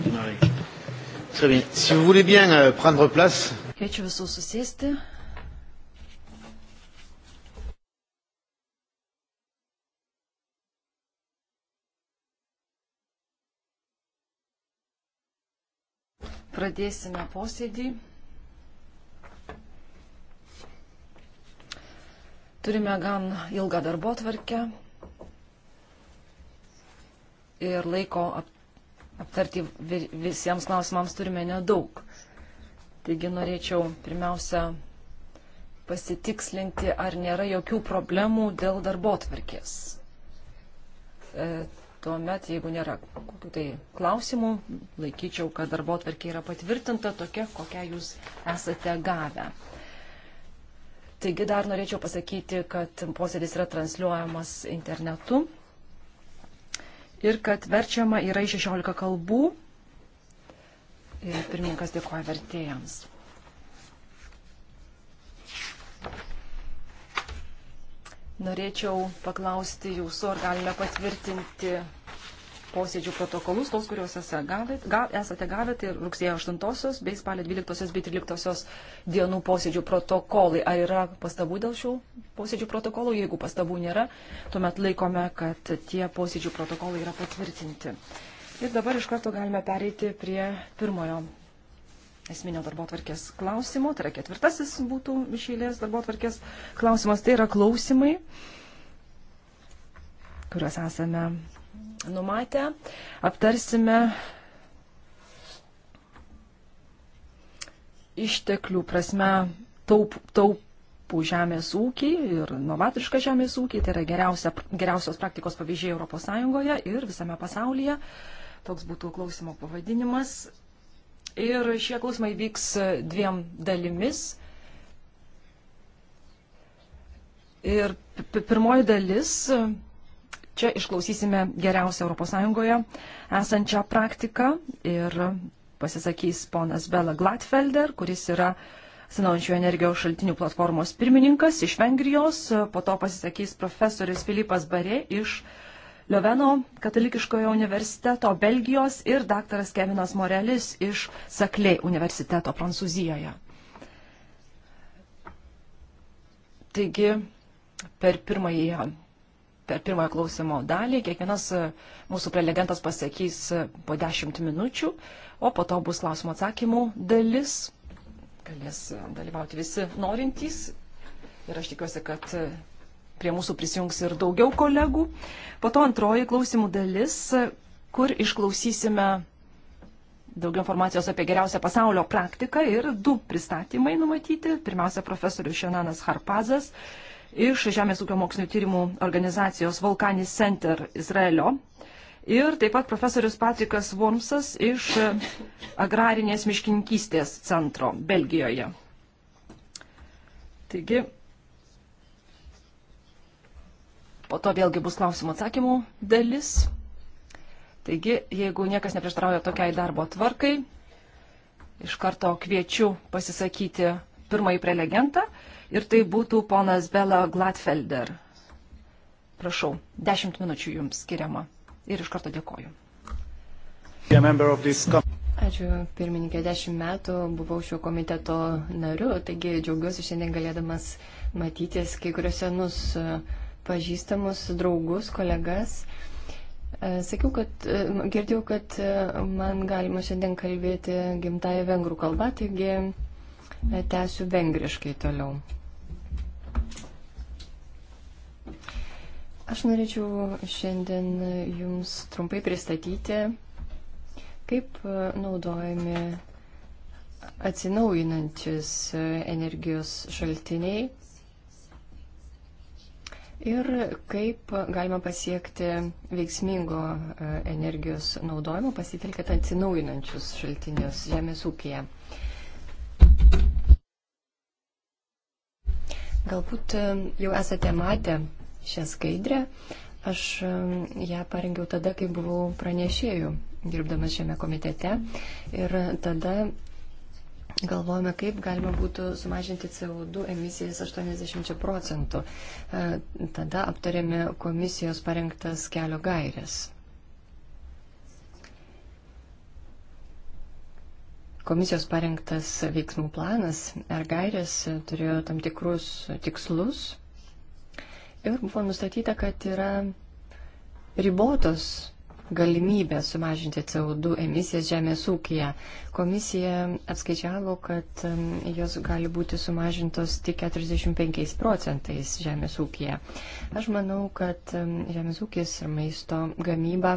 va démarrer. Très bien. Si vous voulez bien euh, prendre place. Kviečiu visus susėsti. Pradėsime posėdį. Turime gan ilgą darbo tvarkę ir laiko aptarti visiems klausimams turime nedaug. Taigi norėčiau pirmiausia pasitikslinti, ar nėra jokių problemų dėl darbo tvarkės. E, tuomet, jeigu nėra kokių tai klausimų, laikyčiau, kad darbo tvarkė yra patvirtinta tokia, kokią jūs esate gavę. Taigi dar norėčiau pasakyti, kad posėdis yra transliuojamas internetu ir kad verčiama yra į 16 kalbų. Ir pirmininkas dėkoja vertėjams. Norėčiau paklausti jūsų, ar galime patvirtinti posėdžių protokolus, tos, kuriuos esate gavę, tai rugsėjo 8 bei spalio 12 bei 13 dienų posėdžių protokolai. Ar yra pastabų dėl šių posėdžių protokolų? Jeigu pastabų nėra, tuomet laikome, kad tie posėdžių protokolai yra patvirtinti. Ir dabar iš karto galime pereiti prie pirmojo esminio darbo tvarkės klausimo, tai yra ketvirtasis būtų išėlės darbo tvarkės klausimas, tai yra klausimai kuriuos esame numatę. Aptarsime išteklių prasme taup, taupų žemės ūkį ir novatišką žemės ūkį. Tai yra geriausia, geriausios praktikos pavyzdžiai ES ir visame pasaulyje. Toks būtų klausimo pavadinimas. Ir šie klausimai vyks dviem dalimis. Ir pirmoji dalis Čia išklausysime geriausią ES esančią praktiką ir pasisakys ponas Bela Glatfelder, kuris yra atsinaujančių energijos šaltinių platformos pirmininkas iš Vengrijos, po to pasisakys profesorius Filipas Barė iš Lioveno katalikiškojo universiteto Belgijos ir daktaras Kevinas Morelis iš Saklė universiteto Prancūzijoje. Taigi per pirmąjį per pirmojo klausimo dalį. Kiekvienas e, mūsų prelegentas pasakys e, po 10 minučių, o po to bus klausimo atsakymų dalis. Galės e, dalyvauti visi norintys. Ir aš tikiuosi, kad prie mūsų prisijungs ir daugiau kolegų. Po to antroji klausimų dalis, kur išklausysime daugiau informacijos apie geriausią pasaulio praktiką ir du pristatymai numatyti. Pirmiausia, profesorius Šenanas Harpazas iš Žemės ūkio mokslinio tyrimų organizacijos Volkanis Center Izraelio. Ir taip pat profesorius Patrikas Wormsas iš Agrarinės miškininkystės centro Belgijoje. Taigi, po to vėlgi bus klausimų atsakymų dalis. Taigi, jeigu niekas neprieštarauja tokiai darbo tvarkai, iš karto kviečiu pasisakyti pirmąjį prelegentą ir tai būtų ponas Bela Gladfelder. Prašau, dešimt minučių jums skiriama ir iš karto dėkoju. Ačiū, pirmininkė, dešimt metų buvau šio komiteto nariu, taigi džiaugiuosi šiandien galėdamas matytis kai kurios senus e, pažįstamus, draugus, kolegas. E, sakiau, kad e, girdėjau, kad man galima šiandien kalbėti gimtąją vengrų kalbą, taigi tęsiu vengriškai toliau. Aš norėčiau šiandien Jums trumpai pristatyti, kaip naudojami atsinaujinantis energijos šaltiniai ir kaip galima pasiekti veiksmingo e, energijos naudojimo pasitelkiant atsinaujinančius šaltinius žemės ūkėje. Galbūt e, jau esate matę šią skaidrę. Aš ją parengiau tada, kai buvau pranešėjų, dirbdamas šiame komitete. Ir tada galvojame, kaip galima būtų sumažinti CO2 emisijas 80 procentų. E, tada aptarėme komisijos parengtas kelio gairės. Komisijos parengtas veiksmų planas ar gairės turėjo tam tikrus tikslus ir buvo nustatyta, kad yra ribotos galimybę sumažinti CO2 emisijas žemės ūkija. Komisija apskaičiavo, kad um, jos gali būti sumažintos tik 45 procentais žemės ūkija. Aš manau, kad um, žemės ūkis ir maisto gamyba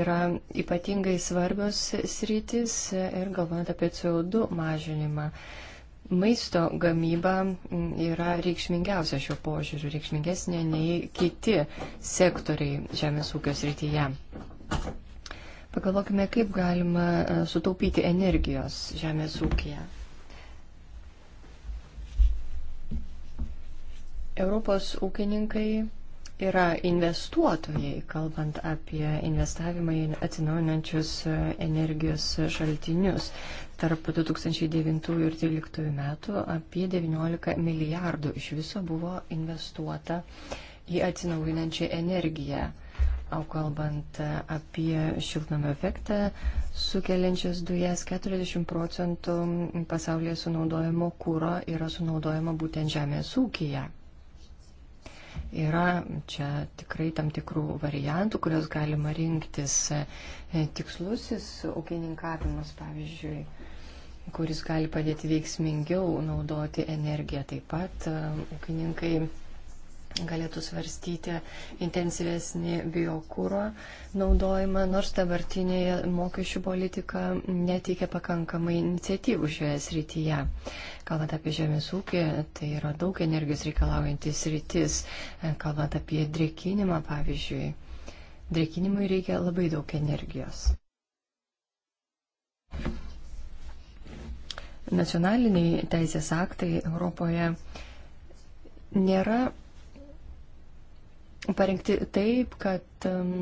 yra ypatingai svarbios sritis ir galvojant apie CO2 mažinimą. Maisto gamyba yra reikšmingiausia šiuo požiūriu, reikšmingesnė nei kiti sektoriai žemės ūkio srityje. Pagalvokime, kaip galima e, sutaupyti energijos žemės ūkija. Europos ūkininkai yra investuotojai, kalbant apie investavimą į atsinaujinančius e, energijos šaltinius. Tarp 2009 ir 2013 metų apie 19 milijardų iš viso buvo investuota į atsinaujinančią energiją. O kalbant apie šiltnamio efektą sukeliančias dujas, 40 procentų pasaulyje sunaudojamo kūro yra sunaudojama būtent žemės ūkija. Yra čia tikrai tam tikrų variantų, kurios galima rinktis. E, tikslusis ūkininkavimas, pavyzdžiui, kuris gali padėti veiksmingiau naudoti energiją. Taip pat e, ūkininkai galėtų svarstyti intensyvesnį biokūro naudojimą, nors dabartinėje mokesčių politika neteikia pakankamai iniciatyvų šioje srityje. Kalbant apie žemės ūkį, tai yra daug energijos reikalaujantis rytis. Kalbant apie drėkinimą, pavyzdžiui, drėkinimui reikia labai daug energijos. Nacionaliniai teisės aktai Europoje nėra parengti taip, kad um,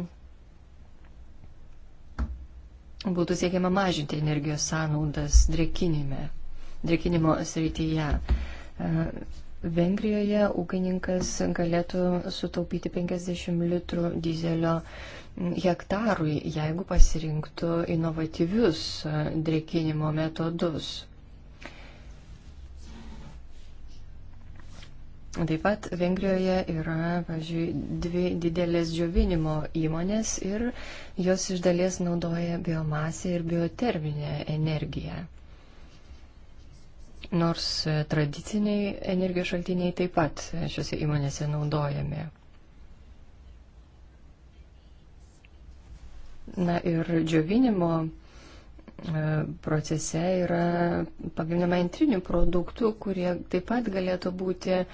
būtų siekiama mažinti energijos sąnaudas drėkinime, drėkinimo srityje. Uh, Vengrijoje ūkininkas galėtų sutaupyti 50 litrų dizelio hektarui, jeigu pasirinktų inovatyvius uh, drėkinimo metodus. Taip pat Vengrijoje yra, pažiūrėjau, dvi didelės džiovinimo įmonės ir jos iš dalies naudoja biomasę ir bioterminę energiją. Nors tradiciniai energijos šaltiniai taip pat šiuose įmonėse naudojami. Na ir džiovinimo E, procese yra pagrindama antrinių produktų, kurie taip pat galėtų būti e,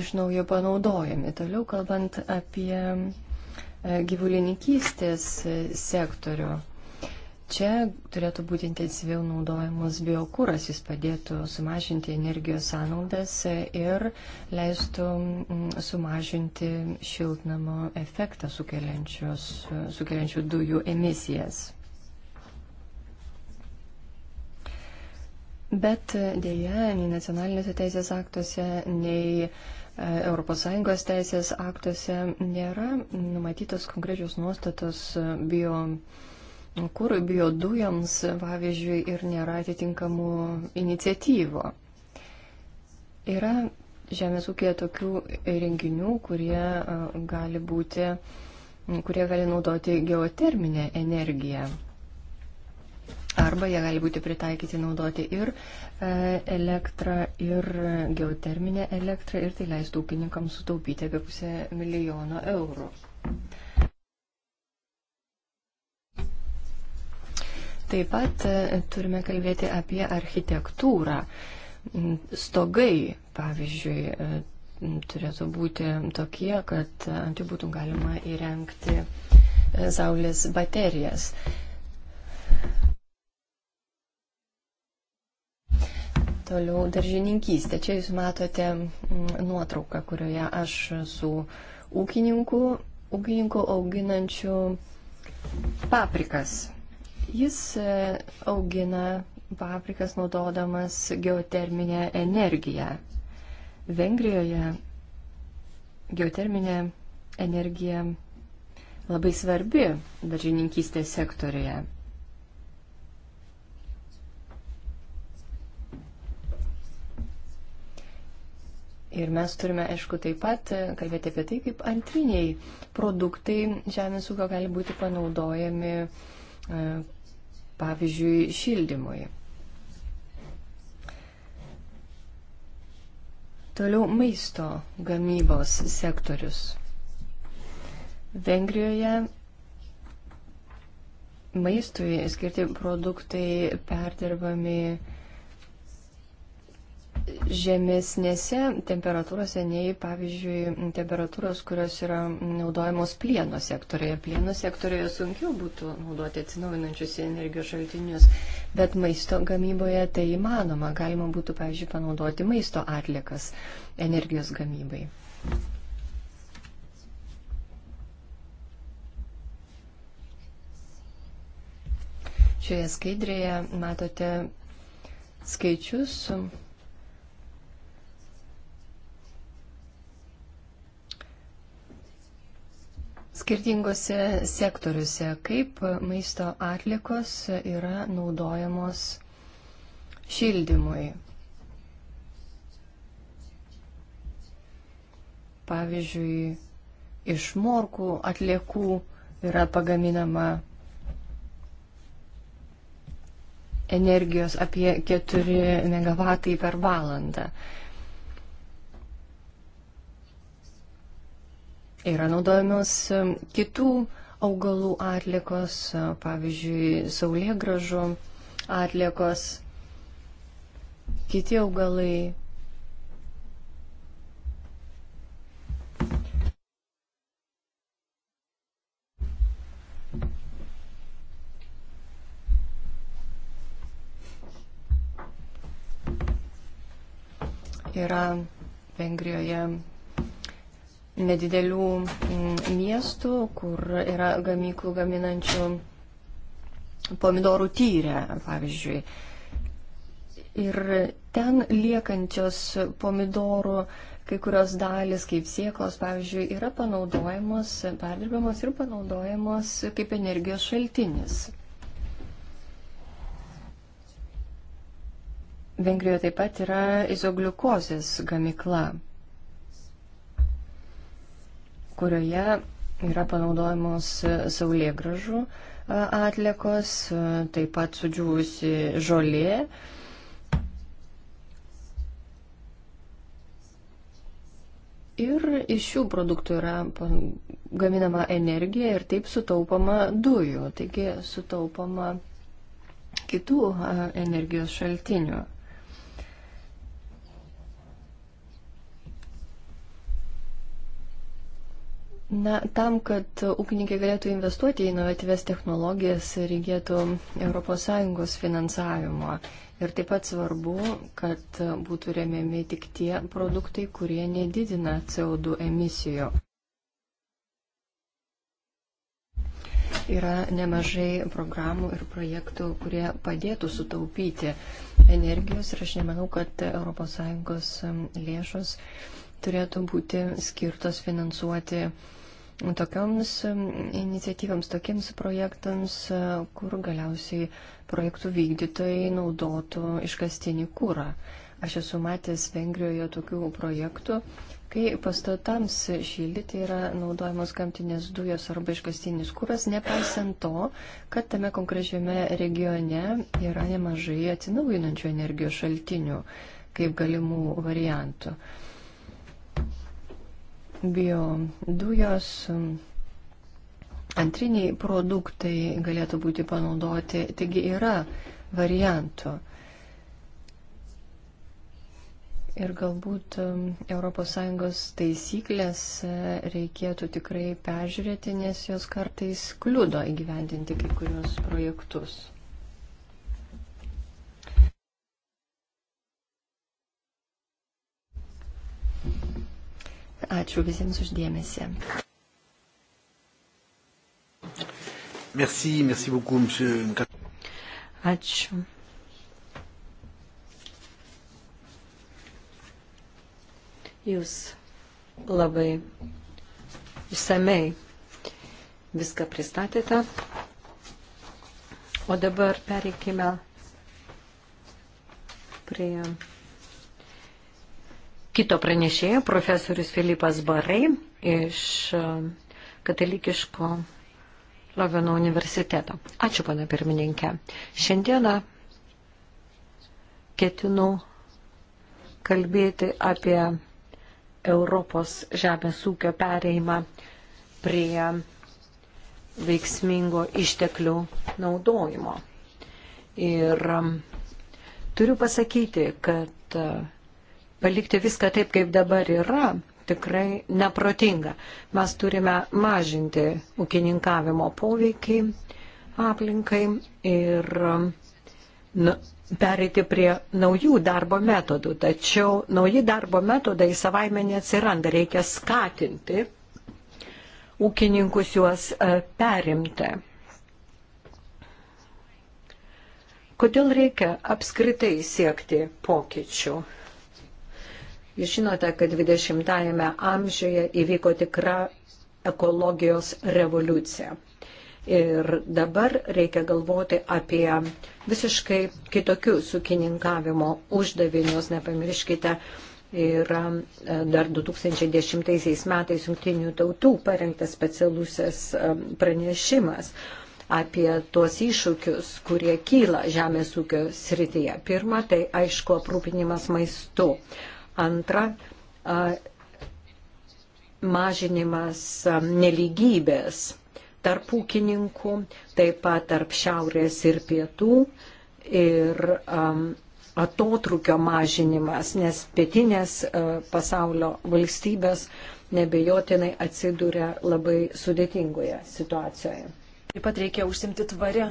iš naujo panaudojami. Toliau kalbant apie e, gyvulininkystės sektorių. Čia turėtų būti intensyviau naudojamas biokūras, jis padėtų sumažinti energijos sąnaudas ir leistų sumažinti šiltnamo efektą sukeliančių dujų emisijas. Bet e, dėja, nei nacionaliniuose teisės aktuose, nei ES teisės aktuose nėra numatytos konkrečios nuostatos e, bio kūrui, biodujoms, pavyzdžiui, ir nėra atitinkamų iniciatyvų. Yra žemės ūkėje tokių renginių, kurie e, gali būti, kurie gali naudoti geoterminę energiją. Arba jie gali būti pritaikyti naudoti ir e, elektrą, ir geoterminę elektrą, ir tai leistų ūkininkams sutaupyti apie pusę milijono eurų. Taip pat e, turime kalbėti apie architektūrą. Mm, stogai, pavyzdžiui, e, turėtų būti tokie, kad ant jų būtų galima įrengti saulės baterijas. Toliau daržininkystė. Čia jūs matote mm, nuotrauką, kurioje aš su ūkininku, ūkininku auginančiu paprikas. Jis e, augina paprikas naudodamas geoterminę energiją. Vengrijoje geoterminė energija labai svarbi daržininkystės sektorėje. Ir mes turime, aišku, taip pat e, kalbėti apie tai, kaip antriniai produktai žemės ūkio gali būti panaudojami, e, pavyzdžiui, šildymui. Toliau maisto gamybos sektorius. Vengrijoje maistui skirti produktai perdirbami žemesnėse temperatūrose nei, pavyzdžiui, temperatūros, kurios yra naudojamos plieno sektorėje. Plieno sektorėje sunkiau būtų naudoti atsinaujinančius energijos šaltinius, bet maisto gamyboje tai įmanoma. Galima būtų, pavyzdžiui, panaudoti maisto atliekas energijos gamybai. Šioje skaidrėje matote skaičius skirtingose sektoriuose, kaip maisto atlikos yra naudojamos šildymui. Pavyzdžiui, iš morkų atliekų yra pagaminama energijos apie 4 MW per valandą. Yra naudojamos kitų augalų atlikos, pavyzdžiui, saulėgražų atlikos, kiti augalai. Yra Vengrijoje nedidelių mm, miestų, kur yra gamyklų gaminančių pomidorų tyrę, pavyzdžiui. Ir ten liekančios pomidorų kai kurios dalis, kaip sieklos, pavyzdžiui, yra panaudojamos, perdirbamos ir panaudojamos kaip energijos šaltinis. Vengrijoje taip pat yra izogliukozės gamikla kurioje yra panaudojamos saulėgražų atlikos, taip pat sudžiūvusi žolė. Ir iš šių produktų yra gaminama energija ir taip sutaupama dujų, taigi sutaupama kitų energijos šaltinių. Na, tam, kad ūkininkai galėtų investuoti į inovatyves technologijas, reikėtų ES finansavimo. Ir taip pat svarbu, kad būtų remiami tik tie produktai, kurie nedidina CO2 emisijų. Yra nemažai programų ir projektų, kurie padėtų sutaupyti energijos ir aš nemanau, kad ES lėšos turėtų būti skirtos finansuoti uh, tokioms iniciatyvams, tokiems projektams, e, kur galiausiai projektų vykdytojai naudotų iškastinį kūrą. Aš esu matęs Vengrijoje tokių projektų, kai pastatams šildyti tai yra naudojamos gamtinės dujos arba iškastinis kūras, nepaisant to, kad tame konkrečiame regione yra nemažai atsinaujinančių energijos šaltinių kaip galimų variantų. Uh, biodujos um, antriniai produktai galėtų būti panaudoti. Taigi yra variantų. Ir galbūt um, ES taisyklės uh, reikėtų tikrai peržiūrėti, nes jos kartais kliudo įgyvendinti kai kurios projektus. Ačiū visiems uždėmesi. Merci, merci beaucoup, monsieur. Ačiū. Jūs labai išsamei viską pristatėte. O dabar pereikime prie kito pranešėjo, profesorius Filipas Barai iš e, katalikiško Lovino universiteto. Ačiū, pana pirmininkė. Šiandieną ketinu kalbėti apie Europos žemės ūkio pereimą prie veiksmingo išteklių naudojimo. Ir e, turiu pasakyti, kad e, palikti viską taip, kaip dabar yra, tikrai neprotinga. Mes turime mažinti ūkininkavimo poveikį aplinkai ir um, nu, pereiti prie naujų darbo metodų. Tačiau nauji darbo metodai savaime neatsiranda, reikia skatinti ūkininkus juos e, perimti. Kodėl reikia apskritai siekti pokyčių? Jūs žinote, kad 20-ame amžiuje įvyko tikra ekologijos revoliucija. Ir dabar reikia galvoti apie visiškai kitokius sukininkavimo uždavinius. Nepamirškite, ir e, dar 2010 metais Junktinių tautų parengtas specialusis e, pranešimas apie tuos iššūkius, kurie kyla žemės ūkio srityje. Pirma, tai aišku aprūpinimas maistu. Antra, mažinimas neligybės tarp ūkininkų, taip pat tarp šiaurės ir pietų ir atotrukio mažinimas, nes pietinės pasaulio valstybės nebejotinai atsiduria labai sudėtingoje situacijoje. Taip pat reikia užsimti tvarę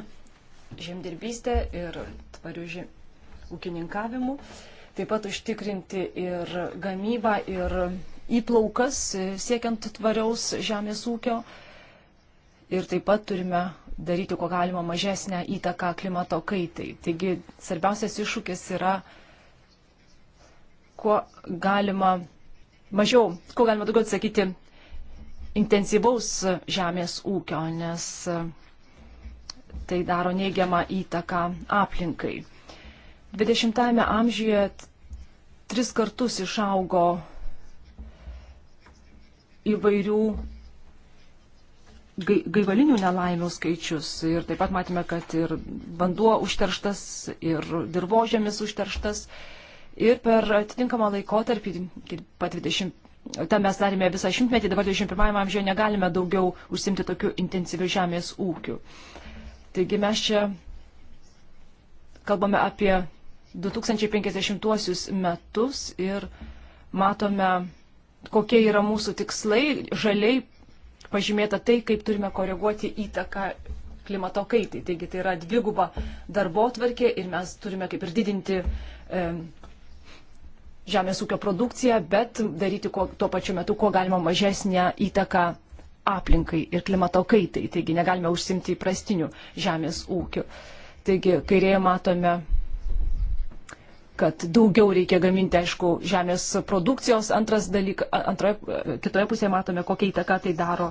žemdirbystę ir tvarių žem... ūkininkavimu. Uh, taip pat užtikrinti ir gamybą, ir įplaukas e, siekiant tvariaus žemės ūkio. Ir taip pat turime daryti, ko galima, mažesnę įtaką klimato kaitai. Taigi svarbiausias iššūkis yra, kuo galima mažiau, kuo galima daugiau atsakyti intensyvaus žemės ūkio, nes e, tai daro neigiamą įtaką aplinkai. 20-ame amžiuje tris kartus išaugo įvairių gaivalinių nelaimių skaičius. Ir taip pat matėme, kad ir vanduo užterštas, ir dirbožėmis užterštas. Ir per atitinkamą laikotarpį, pat 20, tam mes darėme visą šimtmetį, dabar 21 amžiuje negalime daugiau užsimti tokiu intensyviu žemės ūkiu. Taigi mes čia kalbame apie 2050 metus ir matome, kokie yra mūsų tikslai, žaliai pažymėta tai, kaip turime koreguoti įtaką klimato kaitai. Taigi tai yra dviguba darbo tvarkė ir mes turime kaip ir didinti e, žemės ūkio produkciją, bet daryti kuo, tuo pačiu metu, kuo galima mažesnę įtaką aplinkai ir klimato kaitai. Taigi negalime užsimti įprastinių žemės ūkių. Taigi kairėje matome kad daugiau reikia gaminti, aišku, žemės produkcijos. Antras dalykas, antroje, kitoje pusėje matome, kokia įtaka tai daro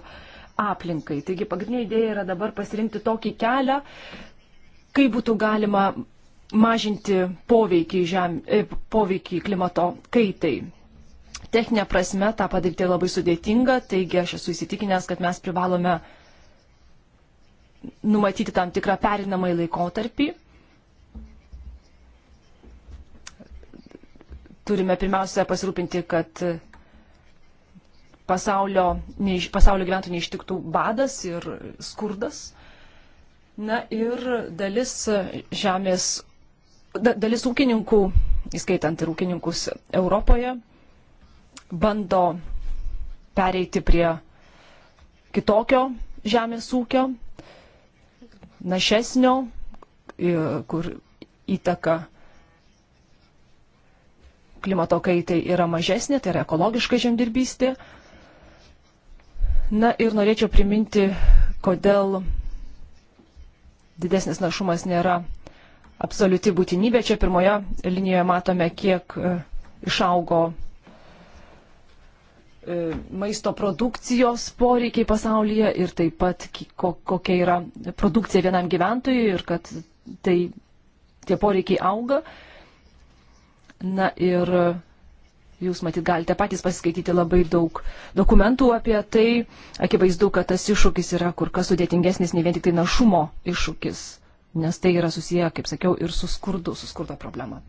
aplinkai. Taigi pagrindinė idėja yra dabar pasirinkti tokį kelią, kaip būtų galima mažinti poveikį, žem, e, poveikį klimato kaitai. Techninė prasme tą padaryti labai sudėtinga, taigi aš esu įsitikinęs, kad mes privalome numatyti tam tikrą perinamąjį laikotarpį turime pirmiausia pasirūpinti, kad pasaulio, neiš, pasaulio gyventojų neištiktų badas ir skurdas. Na ir dalis žemės, da, dalis ūkininkų, įskaitant ir ūkininkus Europoje, bando pereiti prie kitokio žemės ūkio, našesnio, kur įtaka klimato kaitai yra mažesnė, tai yra ekologiška žemdirbystė. Na ir norėčiau priminti, kodėl didesnis našumas nėra absoliuti būtinybė. Čia pirmoje linijoje matome, kiek e, išaugo e, maisto produkcijos poreikiai pasaulyje ir taip pat kokia yra produkcija vienam gyventojui ir kad tai tie poreikiai auga. Na ir jūs matyt galite patys pasiskaityti labai daug dokumentų apie tai. Akivaizdu, kad tas iššūkis yra kur kas sudėtingesnis, ne vien tik tai našumo iššūkis, nes tai yra susiję, kaip sakiau, ir su skurdu, su skurdo problema.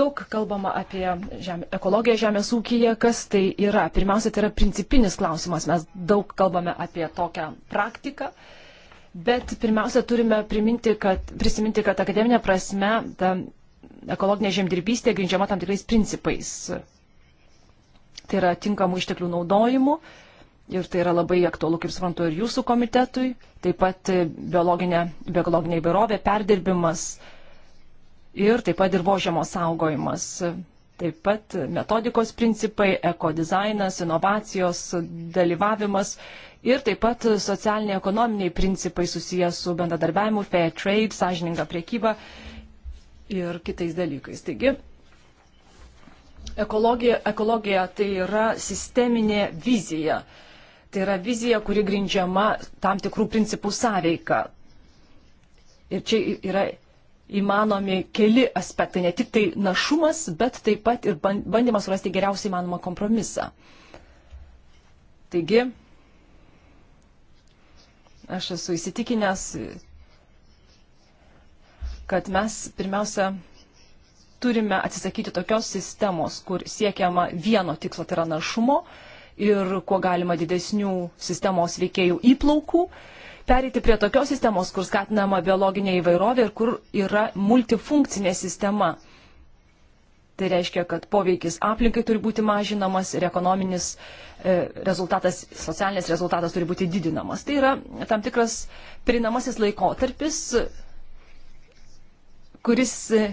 Daug kalbama apie žemė, ekologiją žemės ūkyje, kas tai yra. Pirmiausia, tai yra principinis klausimas, mes daug kalbame apie tokią praktiką, bet pirmiausia, turime priminti, kad, prisiminti, kad akademinė prasme ta ekologinė žemdirbystė grindžiama tam tikrais principais. Tai yra tinkamų išteklių naudojimu ir tai yra labai aktualu, kaip suprantu, ir jūsų komitetui. Taip pat biologinė, biologinė įvairovė, perdirbimas ir taip pat dirbožėmo saugojimas. Taip pat metodikos principai, ekodizainas, inovacijos, dalyvavimas ir taip pat socialiniai ekonominiai principai susijęs su bendradarbiavimu, fair trade, sąžininga priekyba ir kitais dalykais. Taigi, ekologija, ekologija tai yra sisteminė vizija. Tai yra vizija, kuri grindžiama tam tikrų principų sąveika. Ir čia yra įmanomi keli aspektai, ne tik tai našumas, bet taip pat ir bandymas surasti geriausiai įmanomą kompromisą. Taigi, aš esu įsitikinęs, kad mes pirmiausia turime atsisakyti tokios sistemos, kur siekiama vieno tikslo, tai yra našumo ir kuo galima didesnių sistemos veikėjų įplaukų, pereiti prie tokios sistemos, kur skatinama biologinė įvairovė ir kur yra multifunkcinė sistema. Tai reiškia, kad poveikis aplinkai turi būti mažinamas ir ekonominis e, rezultatas, socialinis rezultatas turi būti didinamas. Tai yra tam tikras prinamasis laikotarpis, kuris e,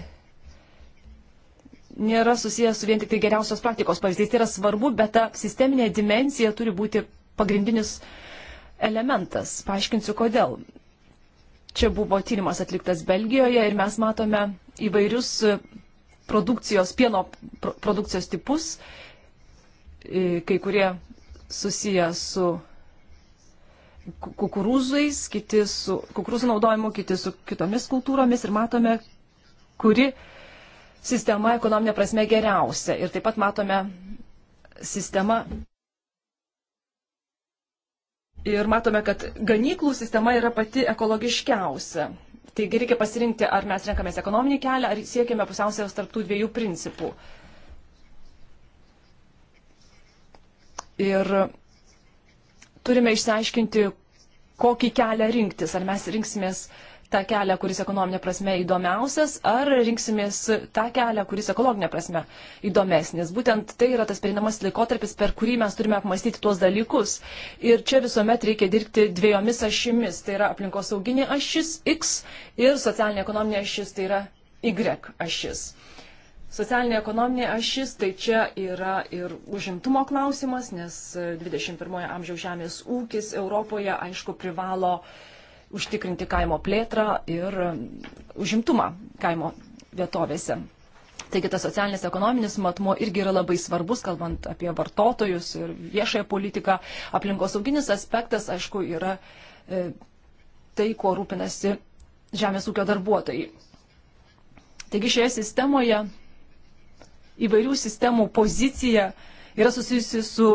nėra susijęs su vien tik tai geriausios praktikos pavyzdys. Tai yra svarbu, bet ta sisteminė dimensija turi būti pagrindinis elementas. Paaiškinsiu, kodėl. Čia buvo tyrimas atliktas Belgijoje ir mes matome įvairius e, produkcijos, pieno produkcijos tipus, e, kai kurie susiję su kukurūzais, kiti su kukurūzų naudojimu, kiti su kitomis kultūromis ir matome, kuri sistema ekonominė prasme geriausia. Ir taip pat matome sistemą. Ir matome, kad ganyklų sistema yra pati ekologiškiausia. Taigi reikia pasirinkti, ar mes renkamės ekonominį kelią, ar siekiame pusiausvėros tarptų dviejų principų. Ir turime išsiaiškinti, kokį kelią rinktis. Ar mes rinksimės uh, tą kelią, kuris ekonominė prasme įdomiausias, ar rinksimės tą kelią, kuris ekologinė prasme įdomesnis. Būtent tai yra tas perinamas laikotarpis, per kurį mes turime apmastyti tuos dalykus. Ir čia visuomet reikia dirbti dviejomis ašimis. Tai yra aplinkosauginė ašis X ir socialinė ekonominė ašis, tai yra Y ašis. Socialinė ekonominė ašis, tai čia yra ir užimtumo klausimas, nes 21 amžiaus žemės ūkis Europoje, aišku, privalo uh, užtikrinti kaimo plėtrą ir užimtumą kaimo vietovėse. Taigi tas socialinis ekonominis matmo irgi yra labai svarbus, kalbant apie vartotojus ir viešąją politiką. Aplinkosauginis aspektas, aišku, yra e, tai, kuo rūpinasi žemės ūkio darbuotojai. Taigi šioje sistemoje įvairių sistemų pozicija yra susijusi su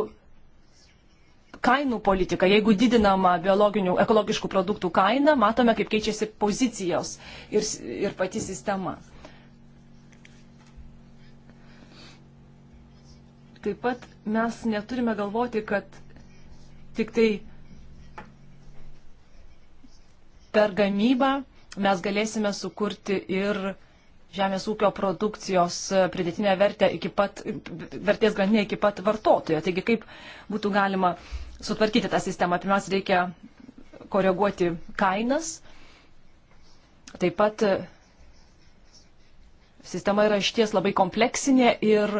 kainų politika. Jeigu didinama biologinių, ekologiškų produktų kaina, matome, kaip keičiasi pozicijos ir, ir pati sistema. Taip pat mes neturime galvoti, kad tik tai per gamybą mes galėsime sukurti ir žemės ūkio produkcijos pridėtinę vertę iki pat, vertės grandinę iki pat vartotojo. Taigi kaip būtų galima uh, sutvarkyti tą sistemą. Pirmiausia, reikia koreguoti kainas. Taip pat e, sistema yra išties labai kompleksinė ir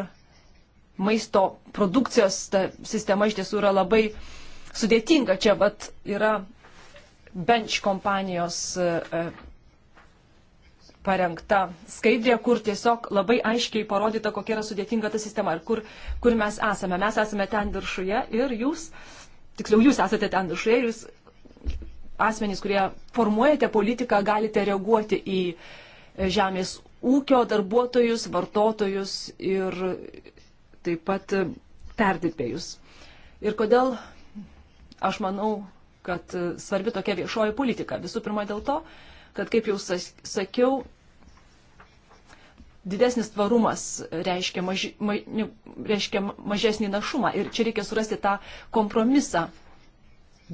maisto produkcijos sistema iš tiesų yra labai sudėtinga. Čia vat yra bench kompanijos e, e, parengta skaidrė, kur tiesiog labai aiškiai parodyta, kokia yra sudėtinga ta sistema ir kur, kur mes esame. Mes esame ten viršuje ir jūs uh, tiksliau jūs esate ten viršuje, jūs asmenys, kurie formuojate politiką, galite reaguoti į e, žemės ūkio darbuotojus, vartotojus ir taip pat e, perdirbėjus. Ir kodėl aš manau, kad e, svarbi tokia viešoji politika. Visų pirma dėl to, kad, kaip jau sakiau, didesnis tvarumas reiškia, maži, ma, reiškia mažesnį našumą. Ir čia reikia surasti tą kompromisą.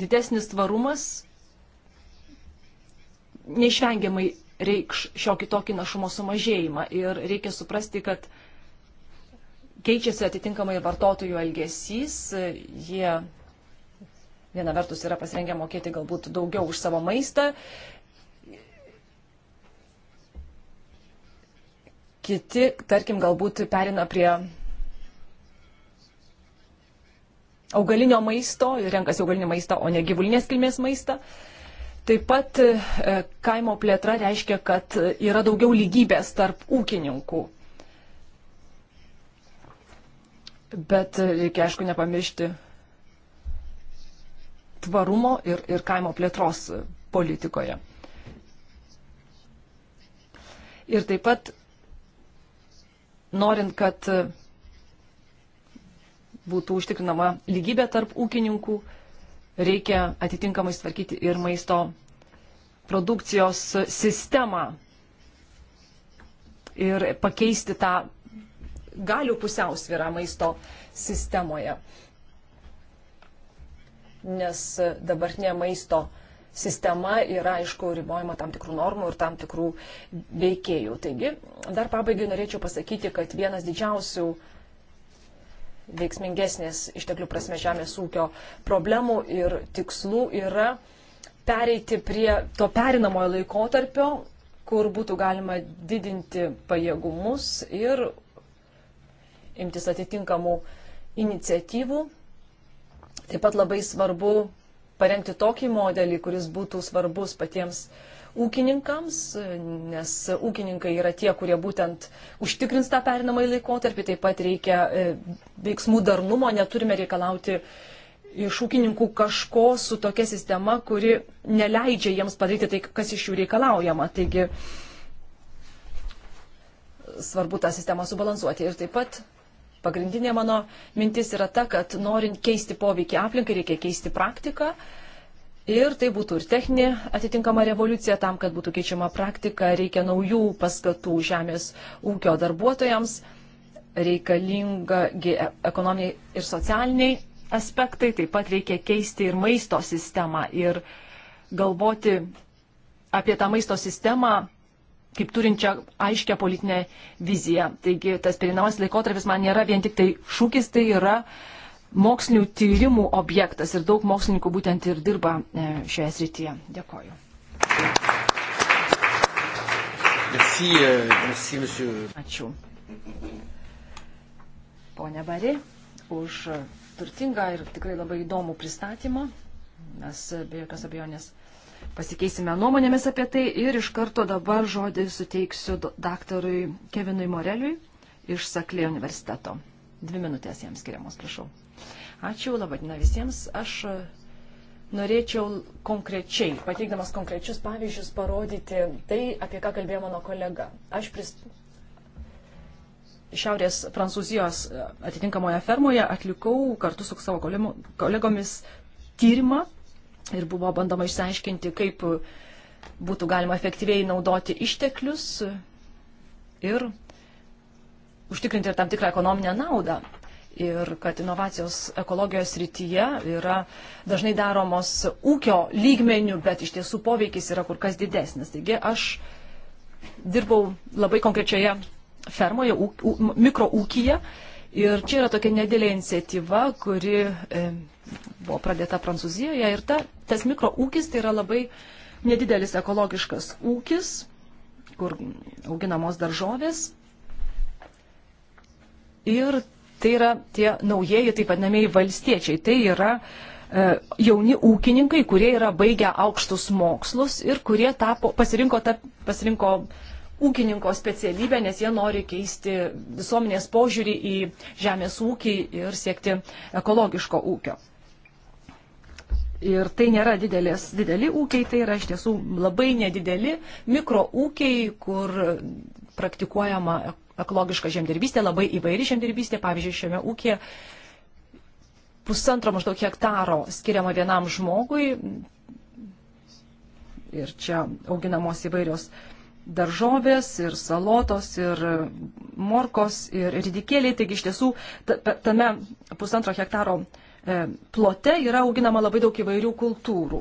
Didesnis tvarumas neišvengiamai reikš šiokį tokį našumo sumažėjimą. Ir reikia suprasti, kad keičiasi atitinkamai vartotojų elgesys. Jie viena vertus yra pasirengę mokėti galbūt daugiau už savo maistą, kiti, tarkim, galbūt perina prie augalinio maisto, renkasi augalinį maistą, o ne gyvulinės kilmės maistą. Taip pat e, kaimo plėtra reiškia, kad yra daugiau lygybės tarp ūkininkų. Bet reikia, aišku, nepamiršti tvarumo ir, ir kaimo plėtros politikoje. Ir taip pat norint, kad būtų užtikrinama lygybė tarp ūkininkų, reikia atitinkamai tvarkyti ir maisto produkcijos sistemą ir pakeisti tą galių pusiausvyrą maisto sistemoje. Nes dabartinė maisto sistema yra, aišku, ribojama tam tikrų normų ir tam tikrų veikėjų. Taigi, dar pabaigai norėčiau pasakyti, kad vienas didžiausių veiksmingesnės išteklių prasme žemės ūkio problemų ir tikslų yra pereiti prie to perinamojo laikotarpio, kur būtų galima didinti pajėgumus ir imtis atitinkamų iniciatyvų. Taip pat labai svarbu parengti tokį modelį, kuris būtų svarbus patiems ūkininkams, nes ūkininkai yra tie, kurie būtent užtikrins tą perinamąjį laikotarpį, taip pat reikia e, veiksmų darnumo, neturime reikalauti iš ūkininkų kažko su tokia sistema, kuri neleidžia jiems padaryti tai, kas iš jų reikalaujama. Taigi svarbu tą sistemą subalansuoti. Ir taip pat Pagrindinė mano mintis yra ta, kad norint keisti poveikį aplinkai, reikia keisti praktiką. Ir tai būtų ir techninė atitinkama revoliucija, tam, kad būtų keičiama praktika, reikia naujų paskatų žemės ūkio darbuotojams, reikalinga e- ekonominiai ir socialiniai aspektai, taip pat reikia keisti ir maisto sistemą ir galvoti apie tą maisto sistemą kaip turinčią aiškę politinę viziją. Taigi tas perinamas laikotarpis man nėra vien tik tai šūkis, tai yra mokslinių tyrimų objektas ir daug mokslininkų būtent ir dirba e, šioje srityje. Dėkoju. Merci, euh, merci, monsieur. Ačiū. Pone Bari, už turtingą ir tikrai labai įdomų pristatymą. Mes be jokios abejonės pasikeisime nuomonėmis apie tai ir iš karto dabar žodį suteiksiu daktarui Kevinui Moreliui iš Saklė universiteto. Dvi minutės jiems skiriamos, prašau. Ačiū, labai diena visiems. Aš e, norėčiau konkrečiai, pateikdamas konkrečius pavyzdžius, parodyti tai, apie ką kalbėjo mano kolega. Aš pris... Šiaurės Prancūzijos e, atitinkamoje fermoje atlikau kartu su savo kolegomis tyrimą ir buvo bandoma išsiaiškinti, kaip būtų galima efektyviai naudoti išteklius ir užtikrinti ir tam tikrą ekonominę naudą. Ir kad inovacijos ekologijos rytyje yra dažnai daromos ūkio lygmenių, bet iš tiesų poveikis yra kur kas didesnis. Taigi aš dirbau labai konkrečioje fermoje, mikroūkyje. Ir čia yra tokia nedėlė iniciatyva, kuri e, buvo pradėta Prancūzijoje ir ta, tas mikroūkis tai yra labai nedidelis ekologiškas ūkis, kur auginamos daržovės. Ir tai yra tie naujieji, taip vadinamieji valstiečiai. Tai yra e, jauni ūkininkai, kurie yra baigę aukštus mokslus ir kurie tapo, pasirinko, ta, pasirinko ūkininko specialybę, nes jie nori keisti visuomenės požiūrį į žemės ūkį ir siekti ekologiško ūkio. Ir tai nėra didelės, dideli ūkiai, tai yra iš tiesų labai nedideli mikroūkiai, kur praktikuojama ekologiška žemdirbystė, labai įvairi žemdirbystė. Pavyzdžiui, šiame ūkėje pusantro maždaug hektaro skiriama vienam žmogui. Ir čia auginamos įvairios daržovės ir salotos ir morkos ir ridikėliai. Taigi iš tiesų tame pusantro hektaro hektaro E, plote yra auginama labai daug įvairių kultūrų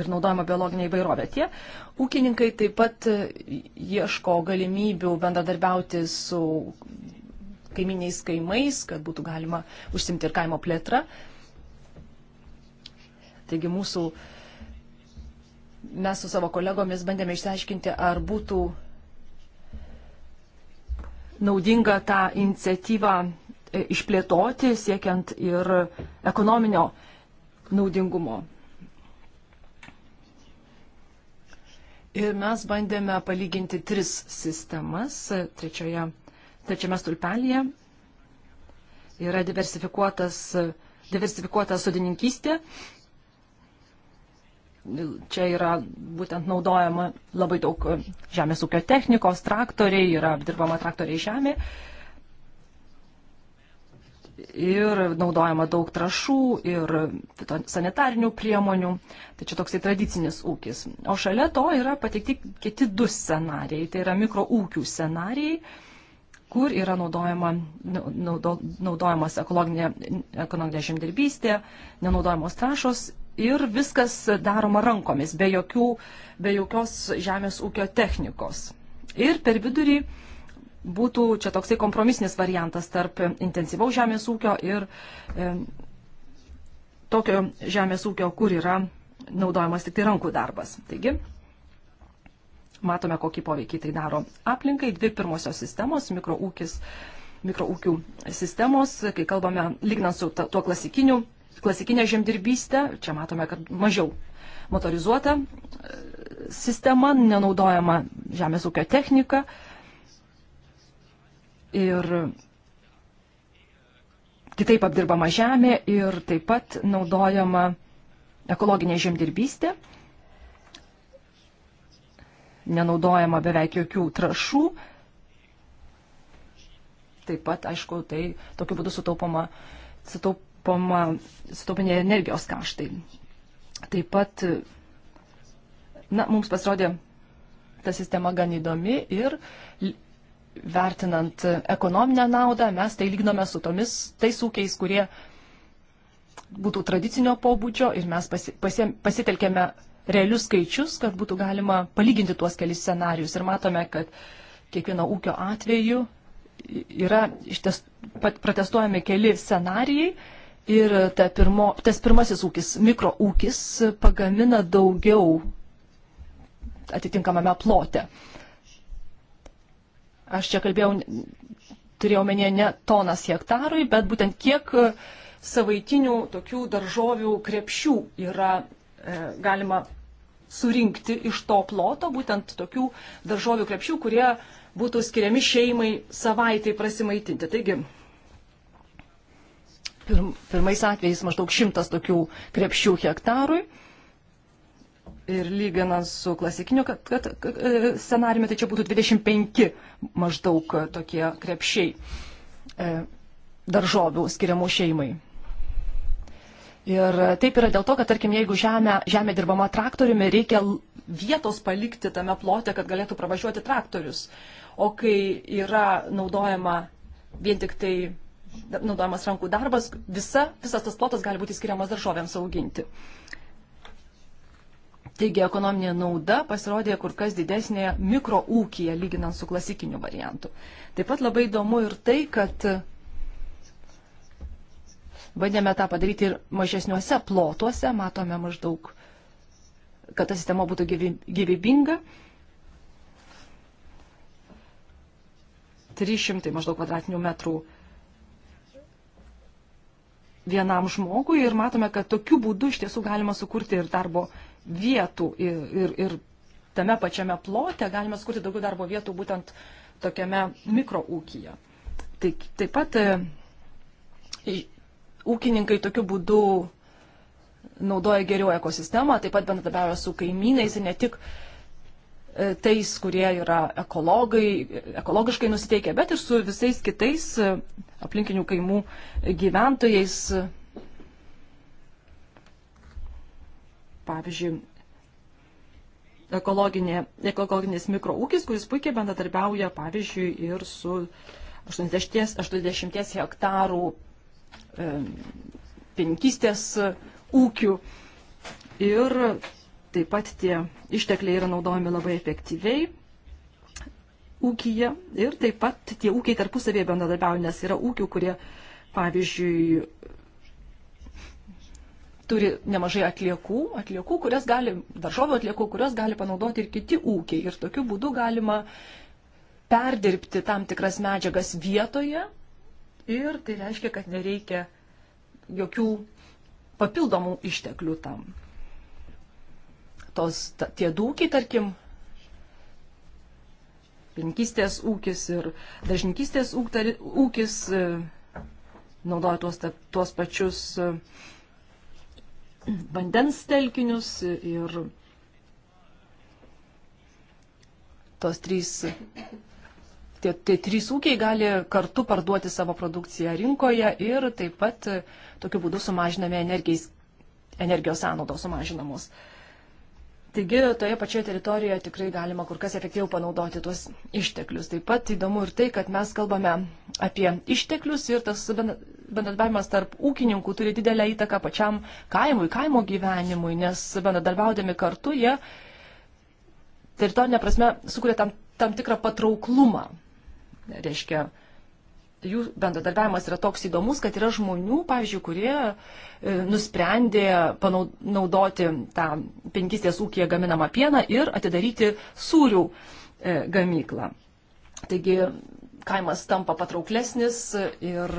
ir naudojama biologinė įvairovė. Tie ūkininkai taip pat e, ieško galimybių bendradarbiauti su kaiminiais kaimais, kad būtų galima užsimti ir kaimo plėtrą. Taigi mūsų, mes su savo kolegomis bandėme išsiaiškinti, ar būtų naudinga tą iniciatyvą išplėtoti, siekiant ir ekonominio naudingumo. Ir mes bandėme palyginti tris sistemas. Trečioje, trečiame stulpelėje yra diversifikuotas, diversifikuota sodininkystė. Čia yra būtent naudojama labai daug žemės ūkio technikos, traktoriai, yra apdirbama traktoriai žemė ir naudojama daug trašų ir sanitarinių priemonių. Tai čia toksai tradicinis ūkis. O šalia to yra pateikti kiti du scenarijai. Tai yra mikroūkių scenarijai, kur yra naudojama, naudo, naudojamas ekologinė, ekonominė žemdirbystė, nenaudojamos trašos ir viskas daroma rankomis, be, jokių, be jokios žemės ūkio technikos. Ir per vidurį būtų čia toksai kompromisinis variantas tarp intensyvaus žemės ūkio ir e, tokio žemės ūkio, kur yra naudojamas tik tai rankų darbas. Taigi, matome, kokį poveikį tai daro aplinkai. Dvi pirmosios sistemos - mikroūkis, mikroūkių sistemos, kai kalbame, lygnant su ta, tuo klasikiniu, klasikinė žemdirbystė, čia matome, kad mažiau motorizuota e, sistema, nenaudojama žemės ūkio technika. E, ir kitaip apdirbama žemė ir taip pat naudojama ekologinė žemdirbystė, nenaudojama beveik jokių trašų. Taip pat, aišku, tai tokiu būdu sutaupama, sutaupama, sutaupinė energijos kaštai. Taip pat, na, mums pasirodė ta sistema gan įdomi ir vertinant ekonominę naudą, mes tai lygnome su tomis tais ūkiais, kurie būtų tradicinio pobūdžio ir mes pasi, pasi, pasitelkėme realius skaičius, kad būtų galima palyginti tuos kelis scenarius. Ir matome, kad kiekvieno ūkio atveju yra išties protestuojami keli scenarijai ir ta pirmo, tas pirmasis ūkis, mikro ūkis, pagamina daugiau atitinkamame plote. Uh, Aš čia kalbėjau, turėjau menė ne tonas hektarui, bet būtent kiek e, savaitinių tokių daržovių krepšių yra e, galima surinkti iš to ploto, būtent tokių daržovių krepšių, kurie būtų skiriami šeimai savaitai prasimaitinti. Taigi, pirmais atvejais maždaug šimtas tokių krepšių hektarui. Ir lyginant su klasikiniu kad, kad, e, scenariumi, tai čia būtų 25 maždaug tokie krepšiai e, daržovių skiriamų šeimai. Ir taip yra dėl to, kad, tarkim, jeigu žemė, žemė dirbama traktoriumi, reikia vietos palikti tame plote, kad galėtų pravažiuoti traktorius. O kai yra naudojama vien tik tai naudojamas rankų darbas, visa, visas tas plotas gali būti skiriamas daržovėms auginti. Taigi ekonominė nauda pasirodė kur kas didesnė mikroūkija lyginant su klasikiniu variantu. Taip pat labai įdomu ir tai, kad bandėme tą padaryti ir mažesniuose plotuose, matome maždaug, kad ta sistema būtų gyvybinga. 300 maždaug kvadratinių metrų vienam žmogui ir matome, kad tokiu būdu iš tiesų galima sukurti ir darbo vietų ir, ir, ir tame pačiame plote galime skurti daugiau darbo vietų būtent tokiame mikroūkyje. Taip, taip pat e, ūkininkai tokiu būdu naudoja geriau ekosistemą, taip pat bendradarbiauja su kaimynais ir ne tik e, tais, kurie yra ekologai, ekologiškai nusiteikę, bet ir su visais kitais e, aplinkinių kaimų gyventojais, pavyzdžiui, ekologinė, ekologinis mikroūkis, kuris puikiai bendradarbiauja, pavyzdžiui, ir su 80, 80 hektarų e, pieninkystės ūkių. Ir taip pat tie ištekliai yra naudojami labai efektyviai ūkija ir taip pat tie ūkiai tarpusavėje bendradarbiauja, nes yra ūkių, kurie, pavyzdžiui, turi nemažai atliekų, atliekų, kurias gali, daržovių atliekų, kurias gali panaudoti ir kiti ūkiai. Ir tokiu būdu galima perdirbti tam tikras medžiagas vietoje. Ir tai reiškia, kad nereikia jokių papildomų išteklių tam. Tos, ta, tie dūkiai, tarkim, pinkystės ūkis ir dažninkystės ūkis e, naudoja tuos, tuos pačius uh, vandens telkinius ir tos trys, tie, tie trys ūkiai gali kartu parduoti savo produkciją rinkoje ir taip pat tokiu būdu sumažiname energijos, energijos sąnaudos sumažinamos. Taigi toje pačioje teritorijoje tikrai galima kur kas efektyviau panaudoti tuos išteklius. Taip pat įdomu ir tai, kad mes kalbame apie išteklius ir tas bendradarbiavimas tarp ūkininkų turi didelę įtaką pačiam kaimui, kaimo gyvenimui, nes bendradarbiaudami kartu jie teritorinė prasme sukuria tam, tam tikrą patrauklumą. Reiškia, jų bendradarbiavimas yra toks įdomus, kad yra žmonių, pavyzdžiui, kurie e, nusprendė panaudoti tą penkistės ūkiją gaminamą pieną ir atidaryti sūrių e, gamyklą. Taigi kaimas tampa patrauklesnis ir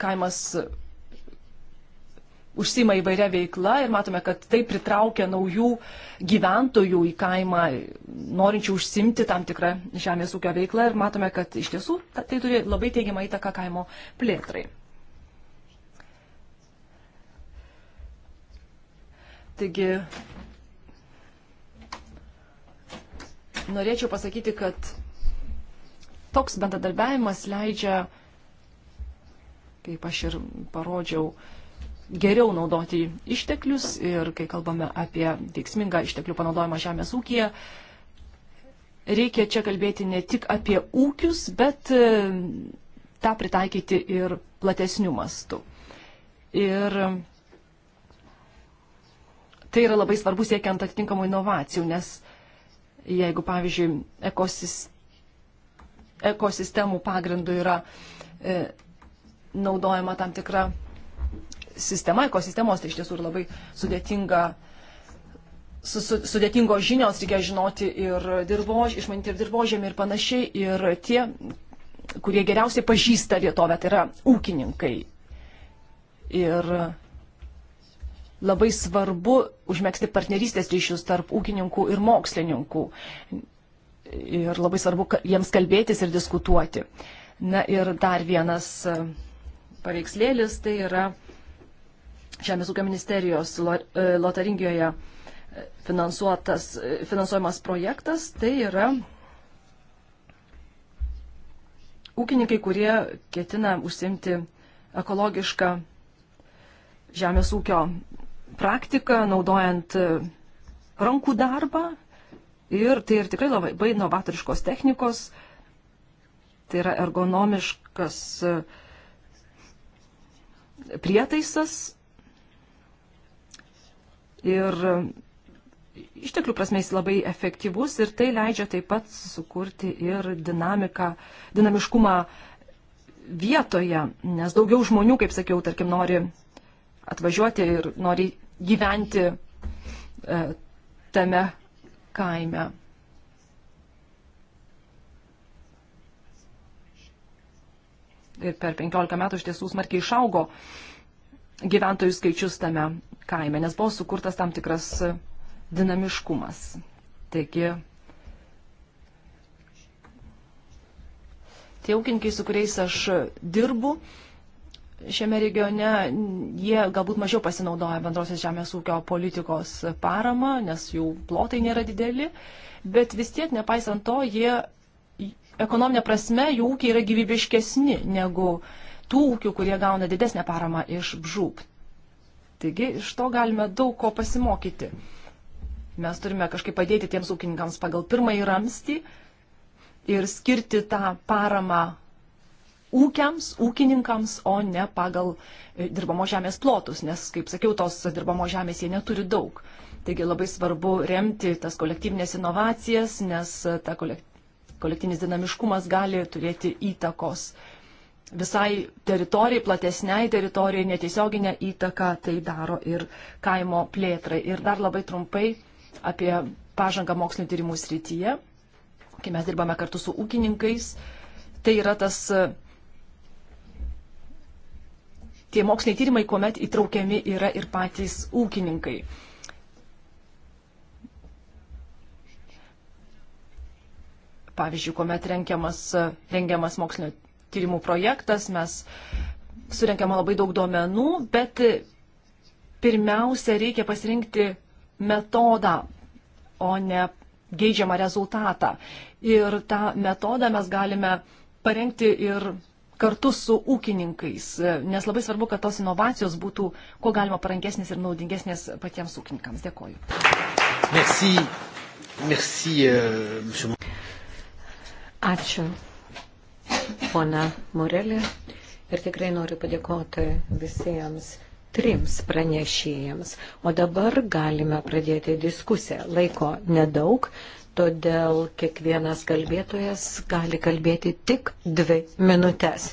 kaimas užsima įvairia veikla ir matome, kad tai pritraukia naujų gyventojų į kaimą, norinčių užsimti tam tikrą žemės ūkio veiklą ir matome, kad iš tiesų tai turi labai teigiamą įtaką kaimo plėtrai. Taigi, norėčiau pasakyti, kad toks bendradarbiavimas leidžia kaip aš ir parodžiau, geriau naudoti išteklius ir kai kalbame apie veiksmingą išteklių panaudojimą žemės ūkiją, reikia čia kalbėti ne tik apie ūkius, bet e, tą pritaikyti ir platesnių mastų. Ir tai yra labai svarbu siekiant atitinkamų inovacijų, nes jeigu, pavyzdžiui, ekosistemų pagrindų yra e, naudojama tam tikra sistema, ekosistemos, tai iš tiesų ir labai sudėtinga. Su, su, sudėtingos žinios reikia žinoti ir dirbož, išmanyti ir dirbožėmį ir panašiai. Ir tie, kurie geriausiai pažįsta vietovę, tai yra ūkininkai. Ir labai svarbu užmėgsti partnerystės ryšius tarp ūkininkų ir mokslininkų. Ir labai svarbu jiems kalbėtis ir diskutuoti. Na ir dar vienas paveikslėlis, tai yra Žemės ūkio ministerijos e, Lotaringijoje e, e, finansuojamas projektas, tai yra ūkininkai, kurie ketina užsimti ekologišką žemės ūkio praktiką, naudojant rankų darbą. Ir tai ir tikrai labai inovatoriškos technikos, tai yra ergonomiškas uh, prietaisas ir išteklių prasme jis labai efektyvus ir tai leidžia taip pat sukurti ir dinamiką, dinamiškumą vietoje, nes daugiau žmonių, kaip sakiau, tarkim, nori atvažiuoti ir nori gyventi e, tame kaime. ir per 15 metų iš tiesų smarkiai išaugo gyventojų skaičius tame kaime, nes buvo sukurtas tam tikras dinamiškumas. Taigi tie ūkininkai, su kuriais aš dirbu šiame regione, jie galbūt mažiau pasinaudoja bendrosios žemės ūkio politikos parama, nes jų plotai nėra dideli, bet vis tiek, nepaisant to, jie ekonominė prasme jų ūkiai yra gyvybiškesni negu tų ūkių, kurie gauna didesnę paramą iš bžūp. Taigi iš to galime daug ko pasimokyti. Mes turime kažkaip padėti tiems ūkininkams pagal pirmąjį ramstį ir skirti tą paramą ūkiams, ūkininkams, o ne pagal e, dirbamo žemės plotus, nes, kaip sakiau, tos dirbamo žemės jie neturi daug. Taigi labai svarbu remti tas kolektyvinės inovacijas, nes ta kolekt kolektinis dinamiškumas gali turėti įtakos visai teritorijai, platesniai teritorijai, netiesioginę įtaką tai daro ir kaimo plėtrai. Ir dar labai trumpai apie pažangą mokslinio tyrimų srityje, kai mes dirbame kartu su ūkininkais. Tai yra tas tie moksliniai tyrimai, kuomet įtraukiami yra ir patys ūkininkai. Pavyzdžiui, kuomet rengiamas, rengiamas mokslinio tyrimų projektas, mes surenkiama labai daug duomenų, bet pirmiausia reikia pasirinkti metodą, o ne geidžiamą rezultatą. Ir tą metodą mes galime parengti ir kartu su ūkininkais, nes labai svarbu, kad tos inovacijos būtų kuo galima parankesnės ir naudingesnės patiems ūkininkams. Dėkoju. Merci. Merci, uh, Ačiū, pona Morelė. Ir tikrai noriu padėkoti visiems trims pranešėjams. O dabar galime pradėti diskusiją. Laiko nedaug, todėl kiekvienas kalbėtojas gali kalbėti tik dvi minutės.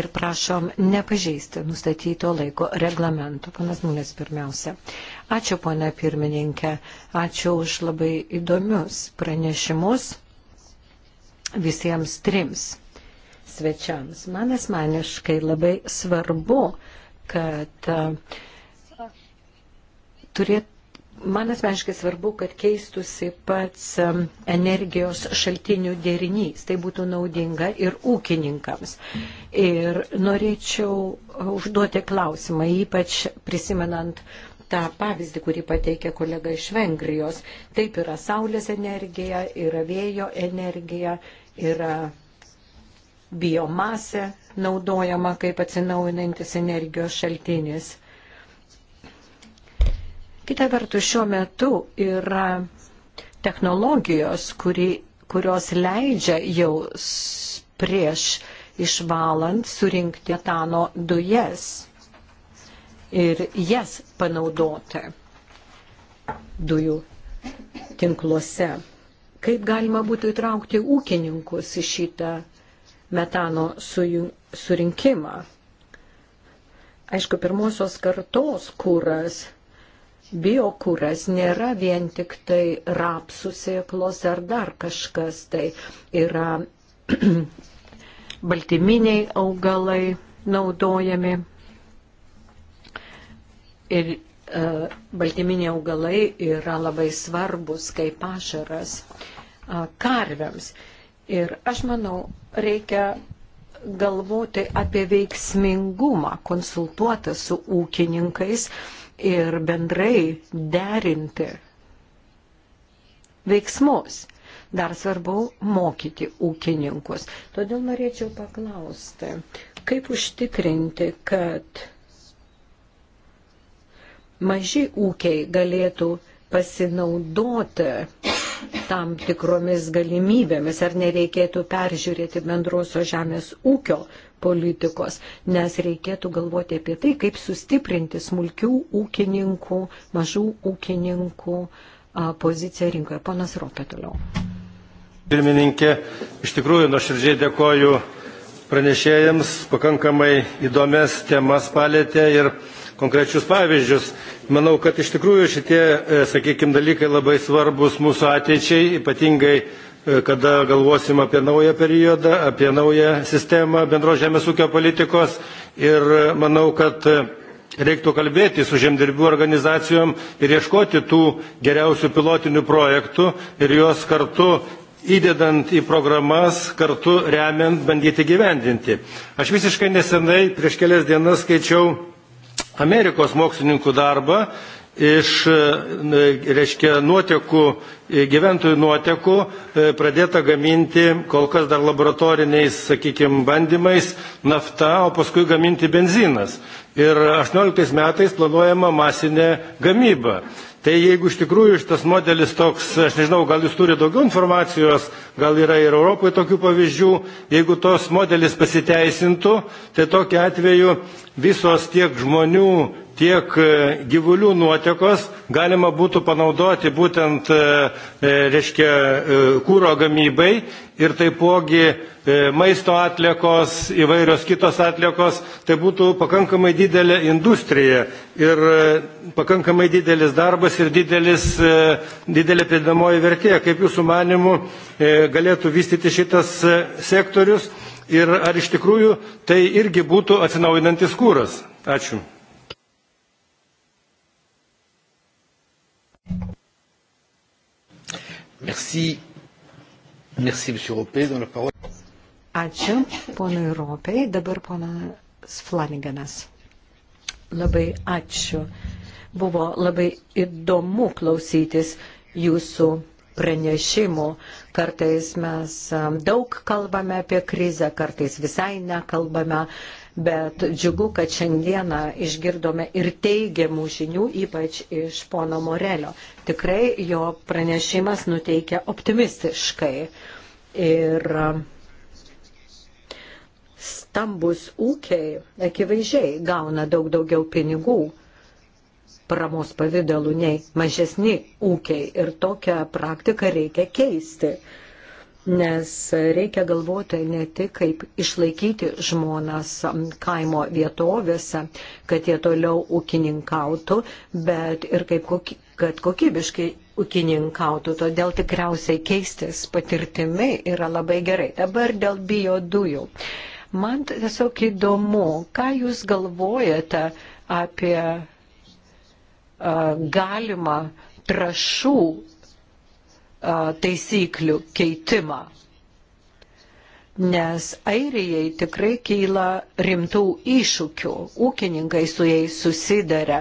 Ir prašom nepažeisti nustatyto laiko reglamento. Panas Mūlės pirmiausia. Ačiū, ponia pirmininkė. Ačiū už labai įdomius pranešimus visiems trims svečiams. Man asmeniškai labai svarbu, kad e, turėtų Man asmeniškai svarbu, kad keistusi pats e, energijos šaltinių derinys. Tai būtų naudinga ir ūkininkams. Ir norėčiau užduoti klausimą, ypač prisimenant tą pavyzdį, kurį pateikė kolega iš Vengrijos. Taip yra saulės energija, yra vėjo energija, yra biomasė naudojama kaip atsinaujinantis energijos šaltinis. Kita vertus, šiuo metu yra technologijos, kuri, kurios leidžia jau prieš išvalant surinkti etano dujas ir jas panaudoti dujų tinkluose kaip galima būtų įtraukti ūkininkus į šitą metano surinkimą. Aišku, pirmosios kartos kūras, biokūras nėra vien tik tai rapsų sėklos ar dar kažkas, tai yra baltyminiai augalai naudojami ir E, baltyminiai augalai yra labai svarbus kaip pašaras e, karviams. Ir aš manau, reikia galvoti apie veiksmingumą, konsultuoti su ūkininkais ir bendrai derinti veiksmus. Dar svarbu mokyti ūkininkus. Todėl norėčiau paklausti, kaip užtikrinti, kad maži ūkiai galėtų pasinaudoti tam tikromis galimybėmis, ar nereikėtų peržiūrėti bendrosios žemės ūkio politikos, nes reikėtų galvoti apie tai, kaip sustiprinti smulkių ūkininkų, mažų ūkininkų poziciją rinkoje. Panas Ropė toliau. Pirmininkė, iš tikrųjų nuoširdžiai dėkoju pranešėjams, pakankamai įdomias temas palėtė ir konkrečius pavyzdžius. Manau, kad iš tikrųjų šitie, e, sakykime, dalykai labai svarbus mūsų ateičiai, ypatingai e, kada galvosim apie naują periodą, apie naują sistemą bendro žemės ūkio politikos ir e, manau, kad reiktų kalbėti su žemdirbių organizacijom ir ieškoti tų geriausių pilotinių projektų ir juos kartu įdedant į programas, kartu remiant, bandyti gyvendinti. Aš visiškai nesenai, prieš kelias dienas skaičiau Amerikos mokslininkų darbą iš e, reiškia, nuotekų, e, gyventojų nuotekų e, pradėta gaminti kol kas dar laboratoriniais, sakykime, bandymais nafta, o paskui gaminti benzinas. Ir 18 metais planuojama masinė gamyba. Tai jeigu iš tikrųjų šitas modelis toks, aš nežinau, gal jūs turite daugiau informacijos, gal yra ir Europoje tokių pavyzdžių, jeigu tos modelis pasiteisintų, tai tokiu atveju visos tiek žmonių, tiek e, gyvulių nuotekos galima būtų panaudoti būtent e, e, reiškia, kūro gamybai ir taipogi maisto atliekos, įvairios kitos atliekos, tai būtų pakankamai didelė industrija ir pakankamai didelis darbas ir didelis, didelė pridamoji vertė. Kaip jūsų manimų galėtų vystyti šitas sektorius ir ar iš tikrųjų tai irgi būtų atsinaujinantis kūras? Ačiū. Merci. Merci, monsieur Ropė, duoda parolę. Ačiū, ponui Ropė, dabar ponas Flaniganas. Labai ačiū. Buvo labai įdomu klausytis jūsų pranešimų. Kartais mes daug kalbame apie krizę, kartais visai nekalbame bet džiugu, kad šiandieną išgirdome ir teigiamų žinių, ypač iš pono Morelio. Tikrai jo pranešimas nuteikia optimistiškai. Ir um, stambus ūkiai akivaizdžiai gauna daug daugiau pinigų paramos pavydalų nei mažesni ūkiai ir tokią praktiką reikia keisti nes reikia galvoti ne tik kaip išlaikyti žmonas kaimo vietovėse, kad jie toliau ūkininkautų, bet ir kaip koky, kad kokybiškai ūkininkautų, todėl tikriausiai keistis patirtimi yra labai gerai. Dabar dėl biodujų. Man tiesiog įdomu, ką Jūs galvojate apie uh, galimą trašų taisyklių keitimą. Nes Airijai tikrai keila rimtų iššūkių, ūkininkai su jais susidarė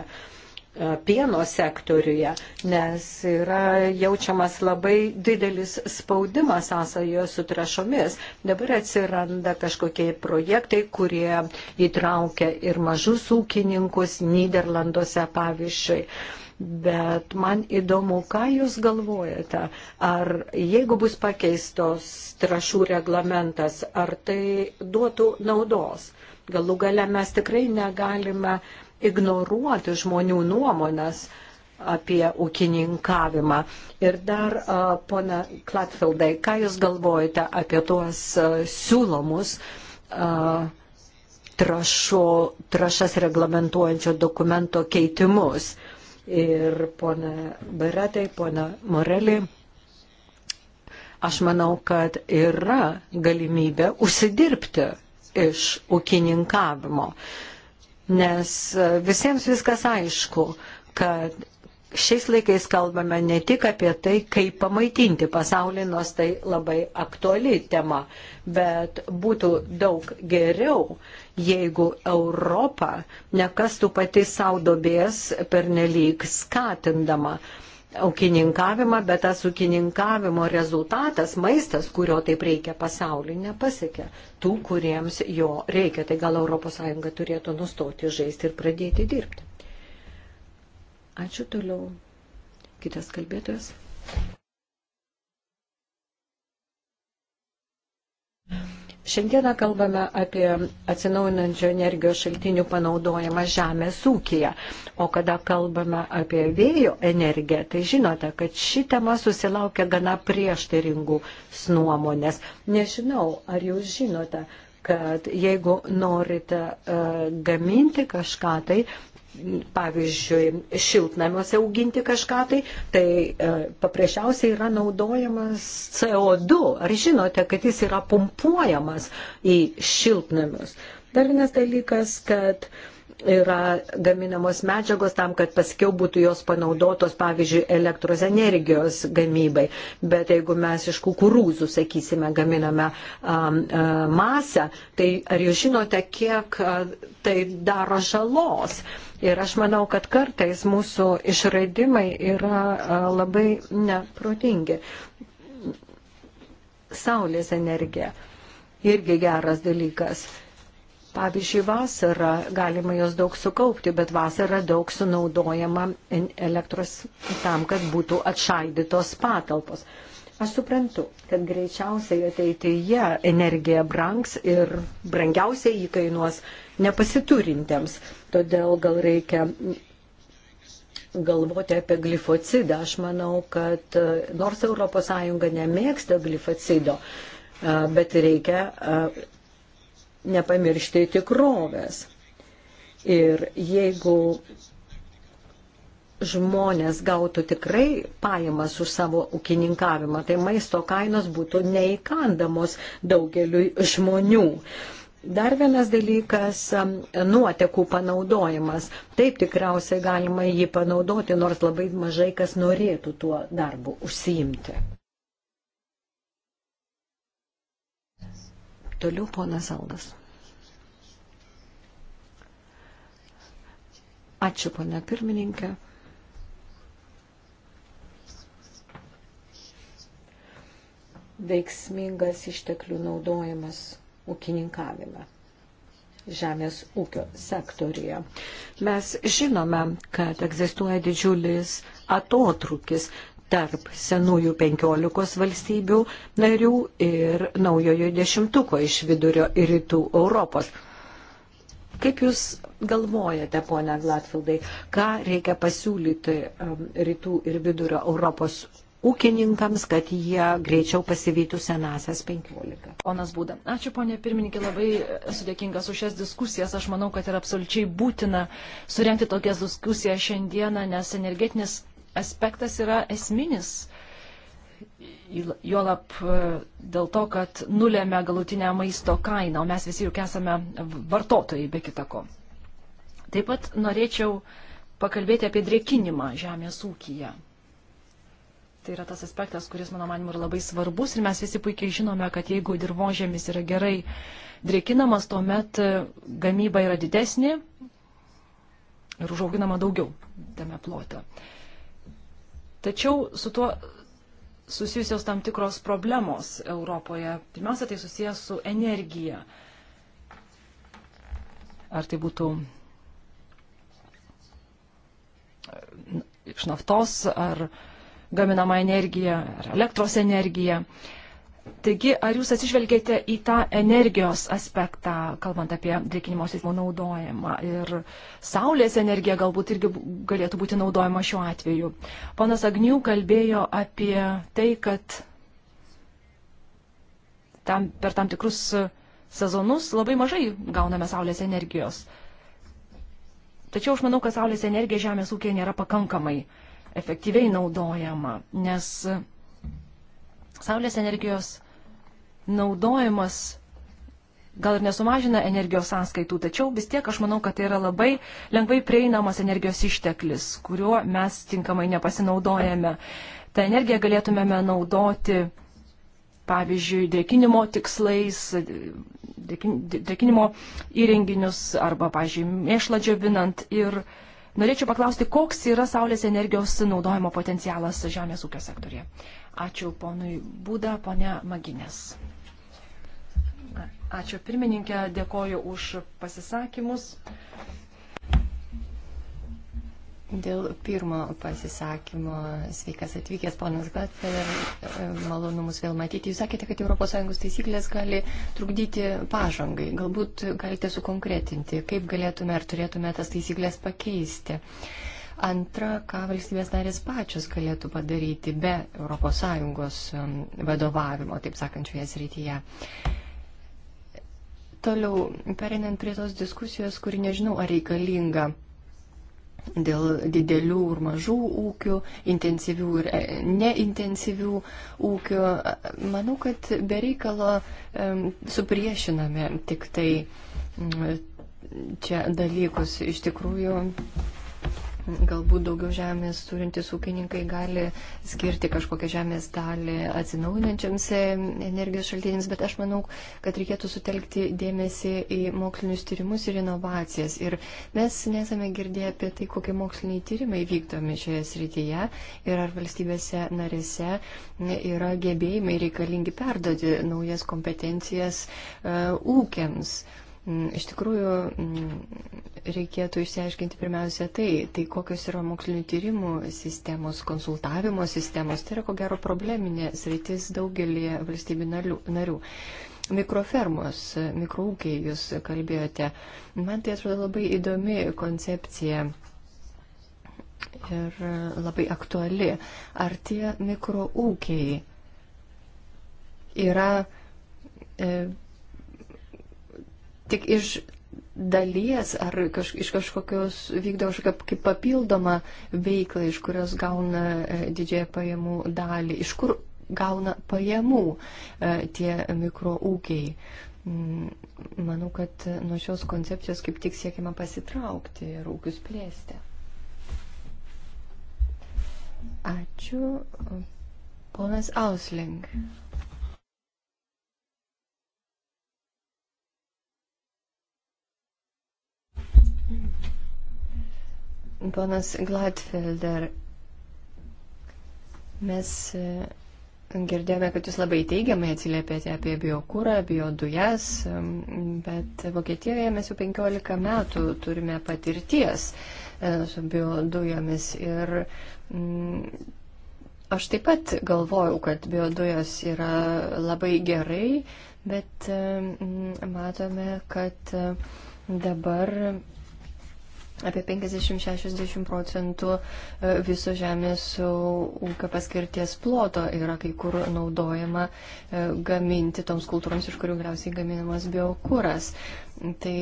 pieno sektoriuje, nes yra jaučiamas labai didelis spaudimas sąsajoje su trašomis. Dabar atsiranda kažkokie projektai, kurie įtraukia ir mažus ūkininkus, Niderlanduose pavyzdžiui bet man įdomu, ką Jūs galvojate, ar jeigu bus pakeistos trašų reglamentas, ar tai duotų naudos. Galų gale mes tikrai negalime ignoruoti žmonių nuomonės apie ūkininkavimą. Ir dar, pona Klatfildai, ką Jūs galvojate apie tuos siūlomus trašo, trašas reglamentuojančio dokumento keitimus? ir pona Beretai, pona Morelį. Aš manau, kad yra galimybė užsidirbti iš ūkininkavimo, nes visiems viskas aišku, kad šiais laikais kalbame ne tik apie tai, kaip pamaitinti pasaulį, nors tai labai aktuali tema, bet būtų daug geriau, jeigu Europa nekastų pati savo dobės pernelyg skatindama ūkininkavimą, bet tas ūkininkavimo rezultatas, maistas, kurio taip reikia pasaulį, nepasiekia tų, kuriems jo reikia. Tai gal ES turėtų nustoti žaisti ir pradėti dirbti. Ačiū toliau. Kitas kalbėtojas. Šiandieną kalbame apie atsinaujinančio energijos šaltinių panaudojimą žemės ūkija, o kada kalbame apie vėjo energiją, tai žinote, kad ši tema susilaukia gana prieštaringų nuomonės. Nežinau, ar jūs žinote, kad jeigu norite uh, gaminti kažką, tai pavyzdžiui, šiltnamiuose auginti kažką tai, tai e, paprasčiausiai yra naudojamas CO2. Ar žinote, kad jis yra pumpuojamas į šiltnamius? Dar vienas dalykas, kad yra gaminamos medžiagos tam, kad paskiau būtų jos panaudotos, pavyzdžiui, elektros energijos gamybai. Bet jeigu mes iš kukurūzų, sakysime, gaminame um, um, masę, tai ar jūs žinote, kiek uh, tai daro žalos? Uh, Ir aš manau, kad kartais mūsų išraidimai yra labai neprotingi. Saulės energija irgi geras dalykas. Pavyzdžiui, vasarą galima jos daug sukaupti, bet vasarą daug sunaudojama elektros tam, kad būtų atšaldytos patalpos. Aš suprantu, kad greičiausiai ateityje energija brangs ir brangiausiai įkainuos nepasiturintiems. Todėl gal reikia galvoti apie glifocidą. Aš manau, kad e, nors ES nemėgsta glifocido, e, bet reikia e, nepamiršti tikrovės. Ir jeigu žmonės gautų tikrai pajamas už savo ūkininkavimą, tai maisto kainos būtų neįkandamos daugeliu žmonių. Uh, Dar vienas dalykas - nuotekų panaudojimas. Taip tikriausiai galima jį panaudoti, nors labai mažai kas norėtų tuo darbu užsiimti. Toliau ponas Aldas. Ačiū, ponia pirmininkė. Veiksmingas išteklių naudojimas ūkininkavimą žemės ūkio sektoriuje. Mes žinome, kad egzistuoja didžiulis atotrukis tarp senųjų penkiolikos valstybių narių ir naujojo dešimtuko iš vidurio ir rytų Europos. Kaip Jūs galvojate, ponia Glatfildai, ką reikia pasiūlyti um, rytų ir vidurio Europos ūkininkams, kad jie greičiau pasivytų senasias 15. Ponas Būda, ačiū ponė pirmininkė, labai esu dėkingas už šias diskusijas. Aš manau, kad yra absoliučiai būtina surenkti tokias diskusijas šiandieną, nes energetinis aspektas yra esminis. Juolap e, dėl to, kad nulėmė galutinę maisto kainą, o mes visi juk esame vartotojai be kitako. Taip pat norėčiau pakalbėti apie drėkinimą žemės ūkiją. Tai yra tas aspektas, kuris, mano manimu, yra labai svarbus ir mes visi puikiai žinome, kad jeigu dirbožėmis yra gerai drėkinamas, tuomet e, gamyba yra didesnė ir užauginama daugiau tame plote. Tačiau su tuo susijusios tam tikros problemos Europoje. Pirmiausia, tai susijęs su energija. Ar tai būtų e, iš naftos, ar uh, gaminamą energiją ar elektros energiją. Taigi, ar jūs atsižvelgėte į tą energijos aspektą, kalbant apie drėkinimo sistemų naudojimą ir saulės energija galbūt irgi galėtų būti naudojama šiuo atveju? Ponas Agnių kalbėjo apie tai, kad tam, per tam tikrus sezonus labai mažai gauname saulės energijos. Tačiau aš manau, kad saulės energija žemės ūkėje nėra pakankamai uh, efektyviai naudojama, nes saulės energijos naudojimas gal ir nesumažina energijos sąskaitų, tačiau vis tiek aš manau, kad tai yra labai lengvai prieinamas energijos išteklis, kuriuo mes tinkamai nepasinaudojame. Ta energija galėtumėme naudoti, pavyzdžiui, drėkinimo tikslais, drėkinimo įrenginius arba, pavyzdžiui, mėšladžio vinant ir uh, Norėčiau paklausti, koks yra saulės energijos naudojimo potencialas žemės ūkio sektorėje. Ačiū ponui Būda, ponia Maginės. Ačiū pirmininkė, dėkoju už pasisakymus. Dėl pirmo pasisakymo, sveikas atvykęs ponas Gatfeler, e, malonu mus vėl matyti. Jūs sakėte, kad ES taisyklės gali trukdyti pažangai. Galbūt galite sukonkretinti, kaip galėtume ar turėtume tas taisyklės pakeisti. Antra, ką valstybės narės pačios galėtų padaryti be ES vadovavimo, taip sakant, šioje srityje. Toliau, perinant prie tos diskusijos, kuri nežinau, ar reikalinga dėl didelių ir mažų ūkių, intensyvių ir e, neintensyvių ūkių. Manau, kad bereikalo supriešiname tik tai čia dalykus. Iš tikrųjų, galbūt daugiau žemės turintys ūkininkai gali skirti kažkokią žemės dalį atsinaujinančiams e, energijos šaltiniams, bet aš manau, kad reikėtų sutelkti dėmesį į mokslinius tyrimus ir inovacijas. Ir mes nesame girdėję apie tai, kokie moksliniai tyrimai vykdomi šioje srityje ir ar valstybėse narėse e, yra gebėjimai reikalingi perduoti naujas kompetencijas uh, ūkiams. Uh, Mm, iš tikrųjų, mm, reikėtų išsiaiškinti pirmiausia tai, tai kokios yra mokslinio tyrimų sistemos, konsultavimo sistemos. Tai yra, ko gero, probleminė sritis daugelį valstybių narių. Mikrofermos, mikroūkiai, jūs kalbėjote. Man tai atrodo labai įdomi koncepcija. Ir labai aktuali. Ar tie mikroūkiai yra e, tik iš dalies ar kaž, iš kažkokios vykdo kažkokią kaip papildomą veiklą, iš kurios gauna e, didžiąją pajamų dalį, iš kur gauna pajamų e, tie mikroūkiai. Mm, manau, kad nuo šios koncepcijos kaip tik siekiama pasitraukti ir ūkius plėsti. Ačiū. Ponas Ausling. Mm. Ponas Gladfelder, mes e, Girdėjome, kad jūs labai teigiamai atsiliepėte apie biokūrą, biodujas, e, bet Vokietijoje mes jau 15 metų turime patirties e, su biodujomis. Ir mm, aš taip pat galvojau, kad biodujos yra labai gerai, bet mm, matome, kad dabar apie 50-60 procentų e, viso žemės ūkio paskirties ploto yra kai kur naudojama e, gaminti toms kultūroms, iš kurių galiausiai gaminamas biokūras. Tai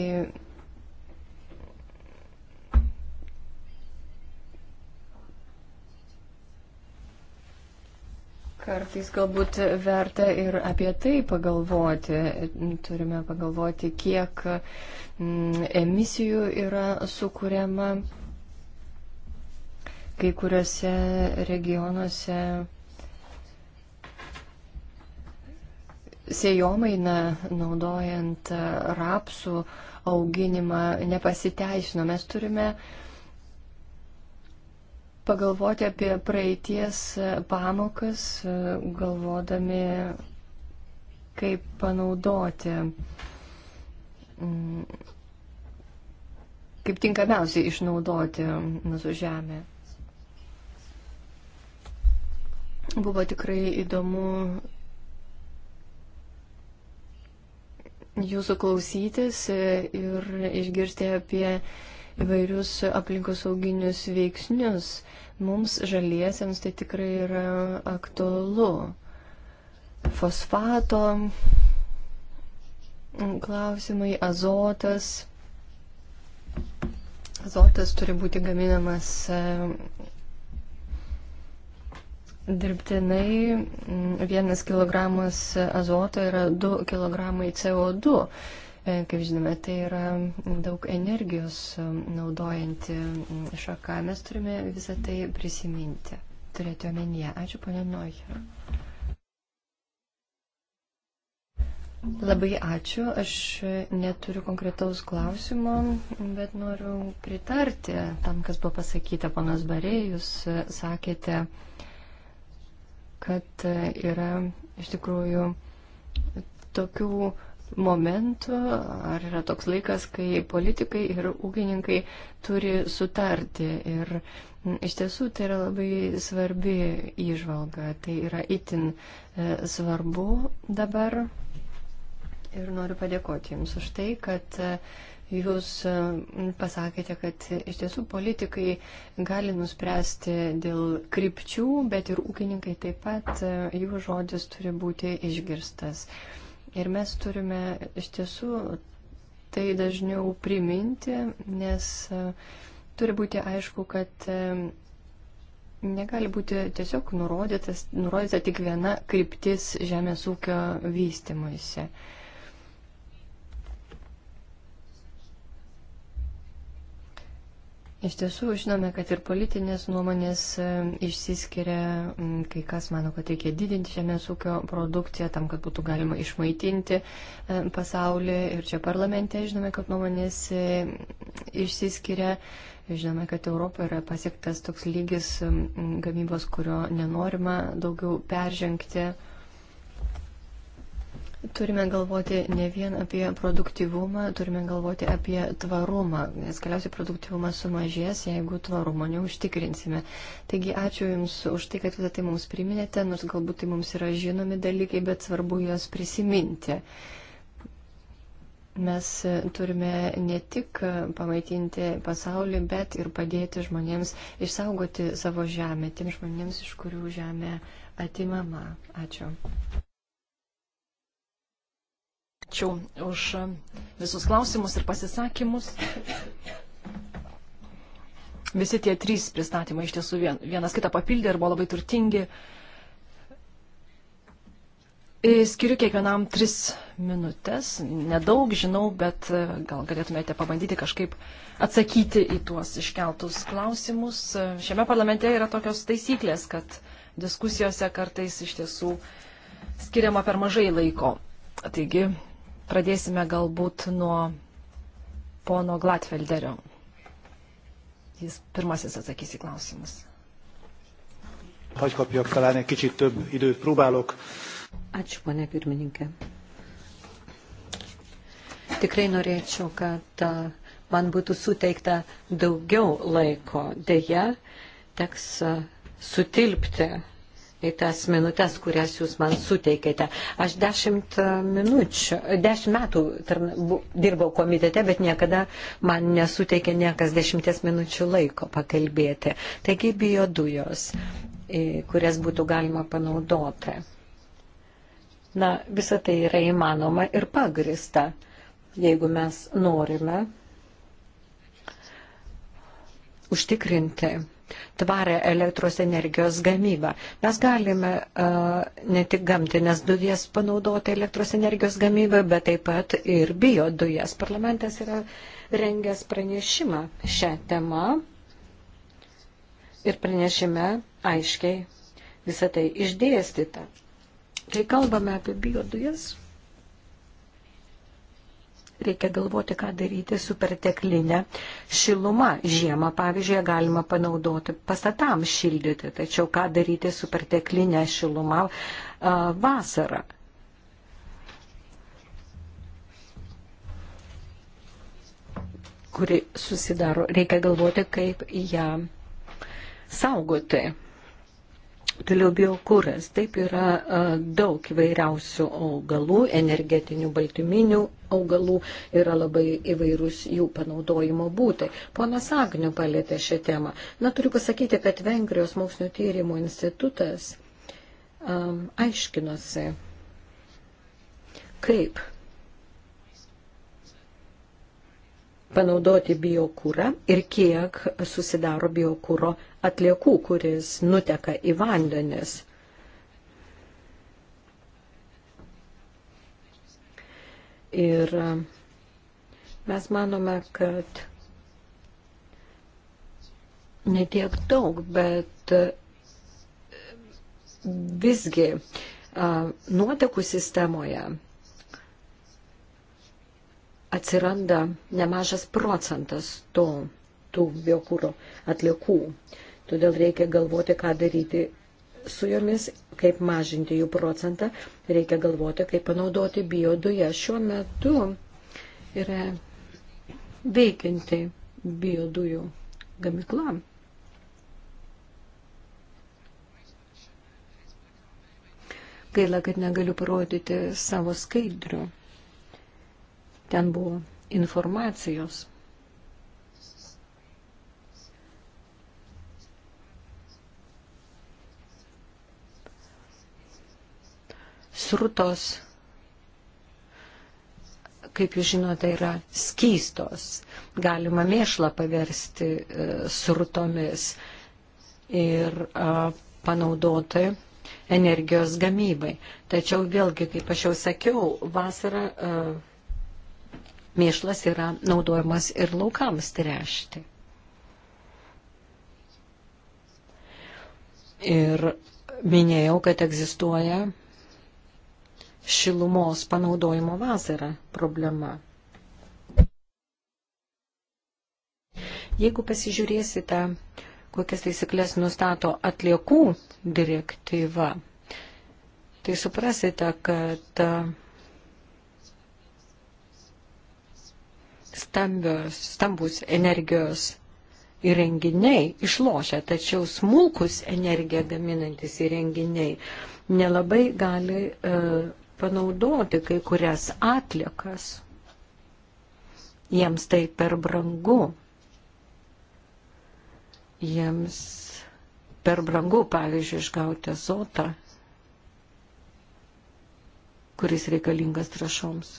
Kartais galbūt verta ir apie tai pagalvoti. Turime pagalvoti, kiek mm, emisijų yra sukūriama kai kuriuose regionuose. Sėjomaina naudojant rapsų auginimą nepasiteisino. Mes turime uh, pagalvoti apie praeities pamokas, galvodami, kaip panaudoti, mm, kaip tinkamiausiai išnaudoti mūsų žemę. Buvo tikrai įdomu jūsų klausytis ir išgirsti apie įvairius aplinkosauginius veiksnius. Mums žaliesiems tai tikrai yra aktualu. Fosfato klausimai, azotas. Azotas turi būti gaminamas e, dirbtinai. Vienas kilogramas azoto yra 2 kilogramai CO2 E, kaip žinome, tai yra daug energijos e, naudojanti šaka. Mes turime visą tai prisiminti, turėti omenyje. Ačiū, ponė Noicher. Labai ačiū. Aš neturiu konkretaus klausimo, bet noriu pritarti tam, kas buvo pasakyta. Ponas Barė, jūs sakėte, kad yra iš tikrųjų tokių momentų, ar yra toks laikas, kai politikai ir ūkininkai turi sutarti. Ir iš tiesų tai yra labai svarbi įžvalga, tai yra itin e, svarbu dabar. Ir noriu padėkoti Jums už tai, kad e, Jūs e, pasakėte, kad iš tiesų politikai gali nuspręsti dėl krypčių, bet ir ūkininkai taip pat jų žodis turi būti išgirstas. Uh, Ir mes turime iš tiesų tai dažniau priminti, nes e, turi būti aišku, kad e, negali būti tiesiog nurodytas, nurodyta tik viena kryptis žemės ūkio vystimuisi. Iš tiesų, žinome, kad ir politinės nuomonės e, išsiskiria, kai kas mano, kad reikia didinti žemės ūkio produkciją tam, kad būtų galima išmaitinti e, pasaulį. Ir čia parlamente žinome, kad nuomonės e, išsiskiria. Žinome, kad Europoje yra pasiektas toks lygis gamybos, kurio nenorima daugiau peržengti. Turime galvoti ne vien apie produktivumą, turime galvoti apie tvarumą, nes galiausiai produktivumas sumažės, jeigu tvarumo neužtikrinsime. Taigi ačiū Jums už tai, kad visą tai mums priminėte, nors galbūt tai mums yra žinomi dalykai, bet svarbu juos prisiminti. Mes turime ne tik pamaitinti pasaulį, bet ir padėti žmonėms išsaugoti savo žemę, tiem žmonėms, iš kurių žemė atimama. Ačiū ačiū už visus klausimus ir pasisakymus. Visi tie trys pristatymai iš tiesų vienas kitą papildė ir buvo labai turtingi. E, skiriu kiekvienam tris minutės, nedaug žinau, bet e, gal galėtumėte pabandyti kažkaip atsakyti į tuos iškeltus klausimus. E, šiame parlamente yra tokios taisyklės, kad diskusijose kartais iš tiesų skiriama per mažai laiko. Taigi Pradėsime galbūt nuo pono Glatfelderio. Jis pirmasis atsakys į klausimus. Ačiū, ponė pirmininkė. Tikrai norėčiau, kad man būtų suteikta daugiau laiko. Deja, teks sutilpti į tas minutės, kurias jūs man suteikėte. Aš dešimt e, minučių, dešimt metų tarna, dirbau komitete, bet niekada man nesuteikė niekas dešimties minučių laiko pakalbėti. Taigi biodujos, kurias būtų galima panaudoti. Na, visa tai yra įmanoma ir pagrista, jeigu mes norime užtikrinti tvarę elektros energijos gamybą. Mes galime e, ne tik gamtinės dujas panaudoti elektros energijos gamybą, bet taip pat ir bio dujas. Parlamentas yra rengęs pranešimą šią temą ir pranešime aiškiai visą tai išdėstyta. Kai kalbame apie bio dujas, reikia galvoti, ką daryti su perteklinė šiluma. Žiemą, pavyzdžiui, galima panaudoti pastatams šildyti, tačiau ką daryti su perteklinė šiluma vasarą. kuri susidaro, reikia galvoti, kaip ją saugoti. Toliau biokūras. Taip yra daug įvairiausių augalų, energetinių baltyminių augalų, yra labai įvairūs jų panaudojimo būtai. Ponas Agniu palėtė šią temą. Na, turiu pasakyti, kad Vengrijos mokslinio tyrimų institutas um, aiškinosi, kaip panaudoti biokūrą ir kiek susidaro biokūro atliekų, kuris nuteka į vandenis. Ir e, mes manome, kad ne tiek daug, bet e, visgi e, nuotekų sistemoje atsiranda nemažas procentas to, tų biokūro atliekų. Todėl reikia galvoti, ką daryti su jomis, kaip mažinti jų procentą, reikia galvoti, kaip panaudoti biodują. Šiuo metu yra veikianti biodujų gamikla. Gaila, kad negaliu parodyti savo skaidrių. Ten buvo informacijos. Srutos, kaip jūs žinote, yra skystos. Galima mėšlą paversti e, srutomis ir e, panaudoti energijos gamybai. Tačiau vėlgi, kaip aš jau sakiau, vasara uh, mėšlas yra naudojamas ir laukams trešti. Ir minėjau, kad egzistuoja šilumos panaudojimo vasarą problema. Jeigu pasižiūrėsite, kokias taisyklės nustato atliekų direktyva, tai suprasite, kad uh, stambios, stambus energijos įrenginiai išlošia, tačiau smulkus energiją gaminantis įrenginiai nelabai gali e, panaudoti kai kurias atliekas. Jiems tai per brangu. Jiems per brangu, pavyzdžiui, išgauti azotą, kuris reikalingas trašoms.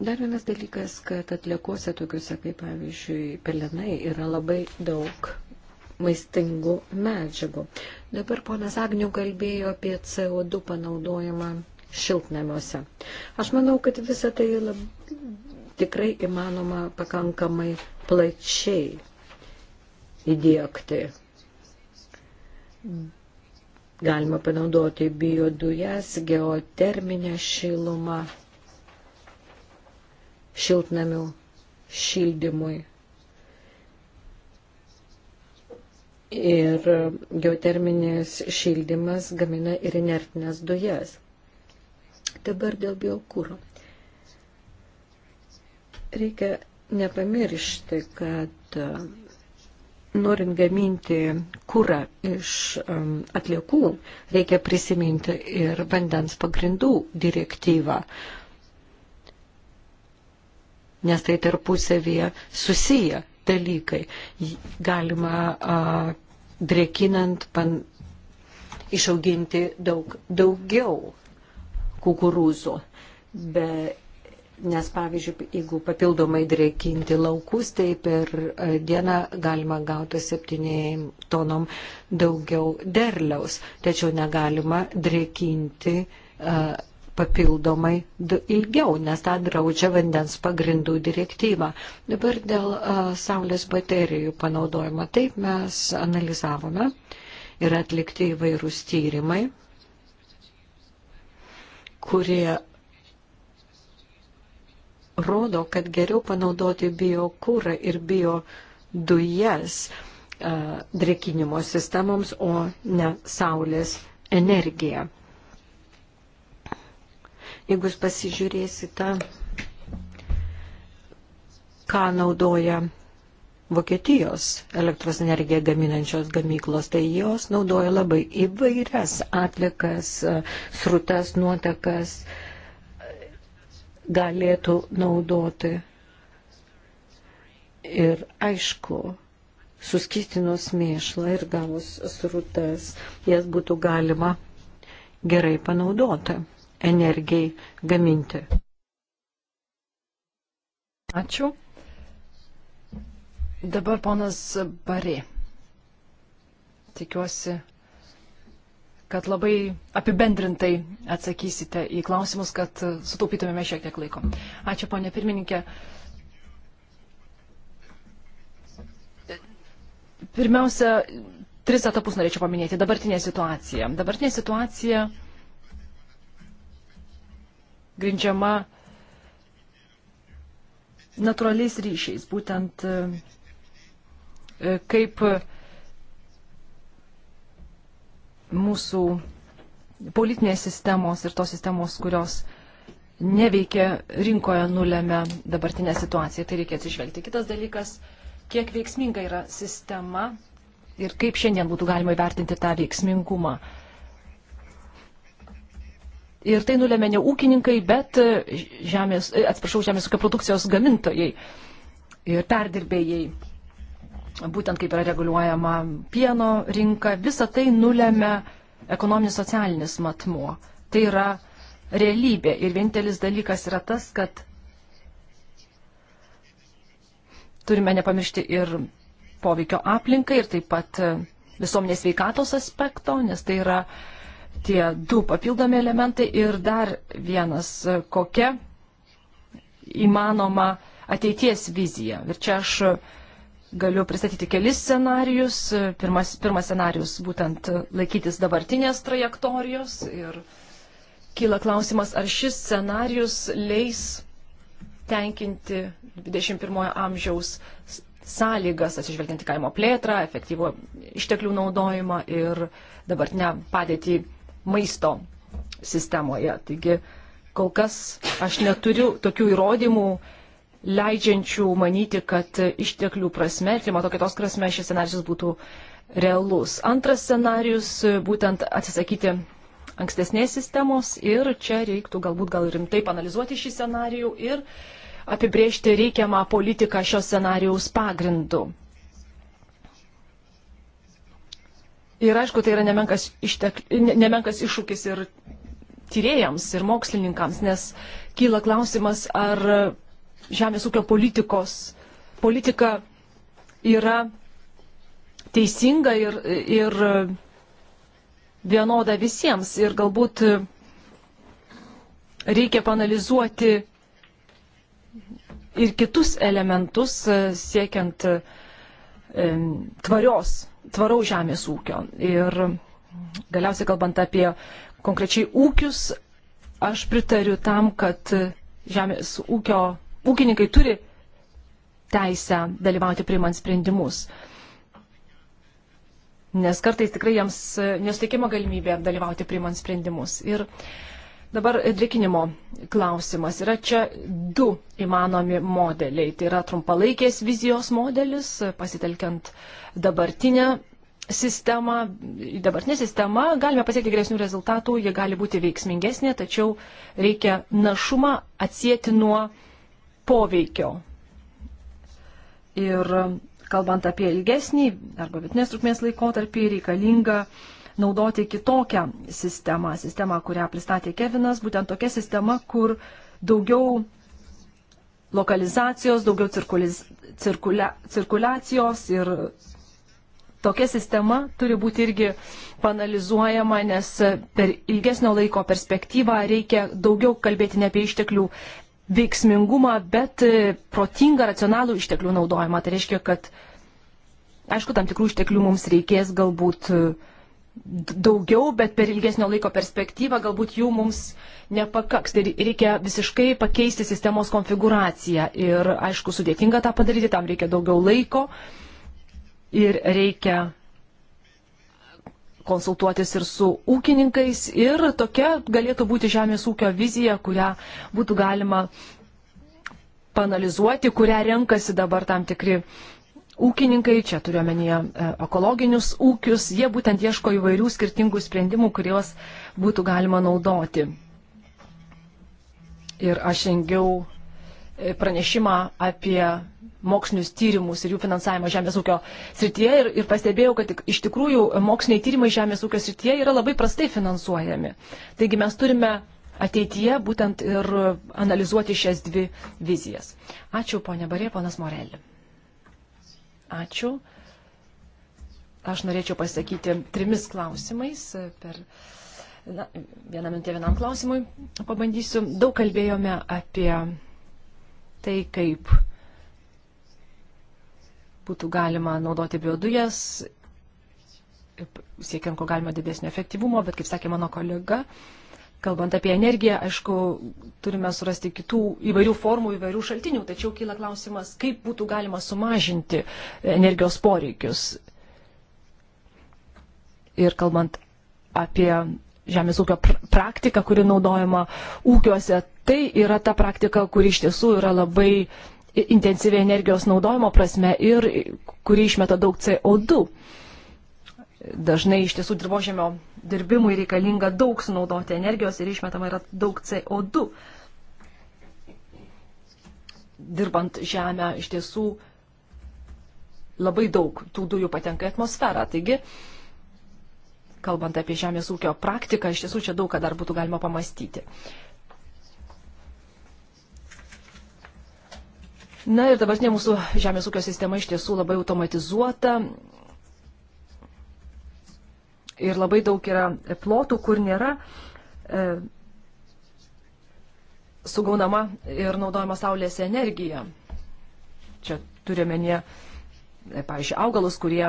Dar vienas dalykas, kad atliekose tokiuose kaip pavyzdžiui pelenai yra labai daug maistingų medžiagų. Dabar ponas Agnių kalbėjo apie CO2 panaudojimą šiltnamiuose. Aš manau, kad visą tai lab... tikrai įmanoma pakankamai plačiai įdėkti. Galima panaudoti biodujas, geoterminę šilumą šiltnamių šildymui. Ir geoterminis šildymas gamina ir inertinės dujas. Dabar dėl biokūro. Reikia nepamiršti, kad um, norint gaminti kūrą iš um, atliekų, reikia prisiminti ir vandens pagrindų direktyvą, nes tai tarpusavyje susiję dalykai. Galima a, drėkinant pan, išauginti daug, daugiau kukurūzų. Be, nes, pavyzdžiui, jeigu papildomai drėkinti laukus, tai per dieną galima gauti 7 tonom daugiau derliaus. Tačiau negalima drėkinti uh, papildomai ilgiau, nes tą draudžia vandens pagrindų direktyva. Dabar dėl saulės baterijų panaudojimo. Taip mes analizavome ir atlikti įvairūs tyrimai, kurie rodo, kad geriau panaudoti biokūrą ir biodujas drekinimo sistemoms, o ne saulės energiją. Jeigu jūs pasižiūrėsite, ką naudoja Vokietijos elektros energiją gaminančios gamyklos, tai jos naudoja labai įvairias atlikas, srutas, nuotekas, galėtų naudoti. Ir aišku, suskistinus mėšlą ir gavus srutas, jas būtų galima gerai panaudoti energijai gaminti. Ačiū. Dabar ponas Barė. Tikiuosi, kad labai apibendrintai atsakysite į klausimus, kad sutaupytumėme šiek tiek laiko. Ačiū, ponė pirmininkė. Pirmiausia, tris etapus norėčiau paminėti. Dabartinė situacija. Dabartinė situacija. Dabartinė situacija grindžiama natūraliais ryšiais, būtent e, kaip mūsų politinės sistemos ir tos sistemos, kurios neveikia rinkoje, nulėmė dabartinę situaciją. Tai reikia atsižvelgti. Kitas dalykas, kiek veiksminga yra sistema ir kaip šiandien būtų galima įvertinti tą veiksmingumą. Uh, Ir tai nulėmė ne ūkininkai, bet e, žemės, e, atsiprašau, žemės ūkio produkcijos gamintojai ir perdirbėjai. Būtent kaip yra reguliuojama pieno rinka, visa tai nulėmė ekonominis socialinis matmuo. Tai yra realybė. Ir vienintelis dalykas yra tas, kad turime nepamiršti ir poveikio aplinkai, ir taip pat e, visuomenės veikatos aspekto, nes tai yra uh, tie du papildomi elementai ir dar vienas, e, kokia įmanoma ateities vizija. Ir čia aš e, galiu pristatyti kelis scenarius. E, pirmas, pirmas scenarius būtent laikytis dabartinės trajektorijos ir kyla klausimas, ar šis scenarius leis tenkinti 21 amžiaus sąlygas, atsižvelgiant į kaimo plėtrą, efektyvų išteklių naudojimą ir dabartinę padėtį maisto sistemoje. Taigi kol kas aš neturiu tokių įrodymų, leidžiančių manyti, kad išteklių prasme, klimato kitos prasme šis scenarius būtų realus. Antras scenarius - būtent atsisakyti ankstesnės sistemos ir čia reiktų galbūt gal rimtai panalizuoti šį scenarijų ir apibriežti reikiamą politiką šios scenarijaus pagrindu. Ir aišku, tai yra nemenkas, ištek, nemenkas iššūkis ir tyrėjams, ir mokslininkams, nes kyla klausimas, ar žemės ūkio politikos politika yra teisinga ir, ir vienoda visiems. Ir galbūt reikia panalizuoti ir kitus elementus siekiant uh, E, tvarios, tvaraus žemės ūkio. Ir galiausiai kalbant apie konkrečiai ūkius, aš pritariu tam, kad žemės ūkio ūkininkai turi teisę dalyvauti priimant sprendimus. Nes kartais tikrai jiems nesuteikima galimybė dalyvauti priimant sprendimus. Ir uh, Dabar drikinimo klausimas. Yra čia du įmanomi modeliai. Tai yra trumpalaikės vizijos modelis, pasitelkiant dabartinę sistemą. Dabartinė sistema galime pasiekti geresnių rezultatų, jie gali būti veiksmingesnė, tačiau reikia našumą atsijėti nuo poveikio. Ir kalbant apie ilgesnį arba vidutinės trukmės laikotarpį, reikalinga uh, naudoti kitokią sistemą, sistemą, kurią pristatė Kevinas, būtent tokia sistema, kur daugiau lokalizacijos, daugiau cirkuliz, cirkulia, cirkuliacijos ir tokia sistema turi būti irgi panalizuojama, nes per ilgesnio laiko perspektyvą reikia daugiau kalbėti ne apie išteklių veiksmingumą, bet protingą, racionalų išteklių naudojimą. Tai reiškia, kad, aišku, tam tikrų išteklių mums reikės galbūt uh, daugiau, bet per ilgesnio laiko perspektyvą galbūt jų mums nepakaks. Tai reikia visiškai pakeisti sistemos konfiguraciją. Ir aišku, sudėtinga tą padaryti, tam reikia daugiau laiko ir reikia konsultuotis ir su ūkininkais. Ir tokia galėtų būti žemės ūkio vizija, kurią būtų galima panalizuoti, kurią renkasi dabar tam tikri ūkininkai, čia turiuomenyje e, ekologinius ūkius, jie būtent ieško įvairių skirtingų sprendimų, kuriuos būtų galima naudoti. Ir aš rengiau e, pranešimą apie mokslinius tyrimus ir jų finansavimą žemės ūkio srityje ir, ir pastebėjau, kad iš tikrųjų moksliniai tyrimai žemės ūkio srityje yra labai prastai finansuojami. Taigi mes turime ateityje būtent ir analizuoti šias dvi vizijas. Ačiū, ponė Barė, ponas Morelė. Ačiū. Aš norėčiau pasakyti trimis klausimais. Per na, vieną minutę vienam klausimui pabandysiu. Daug kalbėjome apie tai, kaip būtų galima naudoti biodujas, siekiant ko galima didesnio efektyvumo, bet kaip sakė mano kolega, uh, Kalbant apie energiją, aišku, turime surasti kitų įvairių formų, įvairių šaltinių, tačiau kyla klausimas, kaip būtų galima sumažinti energijos poreikius. Ir kalbant apie žemės ūkio pr praktiką, kuri naudojama ūkiuose, tai yra ta praktika, kuri iš tiesų yra labai intensyvi energijos naudojimo prasme ir kuri išmeta daug CO2 dažnai iš tiesų dirbožėmio dirbimui reikalinga daug sunaudoti energijos ir išmetama yra daug CO2. Dirbant žemę iš tiesų labai daug tų dujų patenka į atmosferą. Taigi, kalbant apie žemės ūkio praktiką, iš tiesų čia daug ką dar būtų galima pamastyti. Na ir dabartinė mūsų žemės ūkio sistema iš tiesų labai automatizuota, ir labai daug yra plotų, kur nėra e, sugaunama ir naudojama saulės energija. Čia turime ne, e, pavyzdžiui, augalus, kurie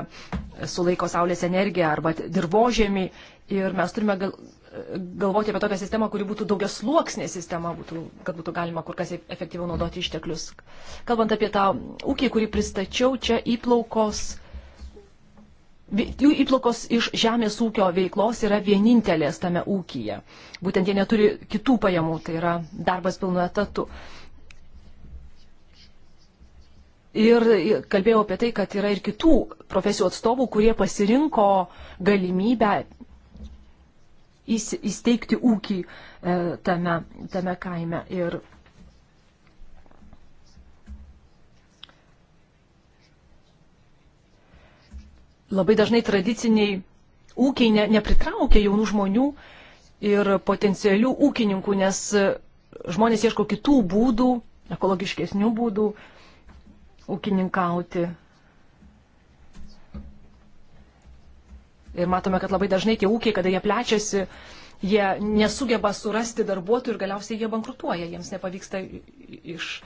sulaiko saulės energiją arba dirbožėmį ir mes turime gal, e, galvoti apie tokią sistemą, kuri būtų daugia sluoksnė sistema, būtų, kad būtų galima kur kas e, efektyviau naudoti išteklius. Kalbant apie tą ūkį, kurį pristačiau, čia įplaukos jų įplaukos iš žemės ūkio veiklos yra vienintelės tame ūkyje. Būtent jie neturi kitų pajamų, tai yra darbas pilnu etatu. Ir kalbėjau apie tai, kad yra ir kitų profesijų atstovų, kurie pasirinko galimybę įsteigti ūkį e, tame, tame kaime. Ir labai dažnai tradiciniai ūkiai ne, nepritraukia jaunų žmonių ir potencialių ūkininkų, nes e, žmonės ieško kitų būdų, ekologiškesnių būdų ūkininkauti. Ir matome, kad labai dažnai tie ūkiai, kada jie plečiasi, jie nesugeba surasti darbuotojų ir galiausiai jie bankrutuoja, jiems nepavyksta iš,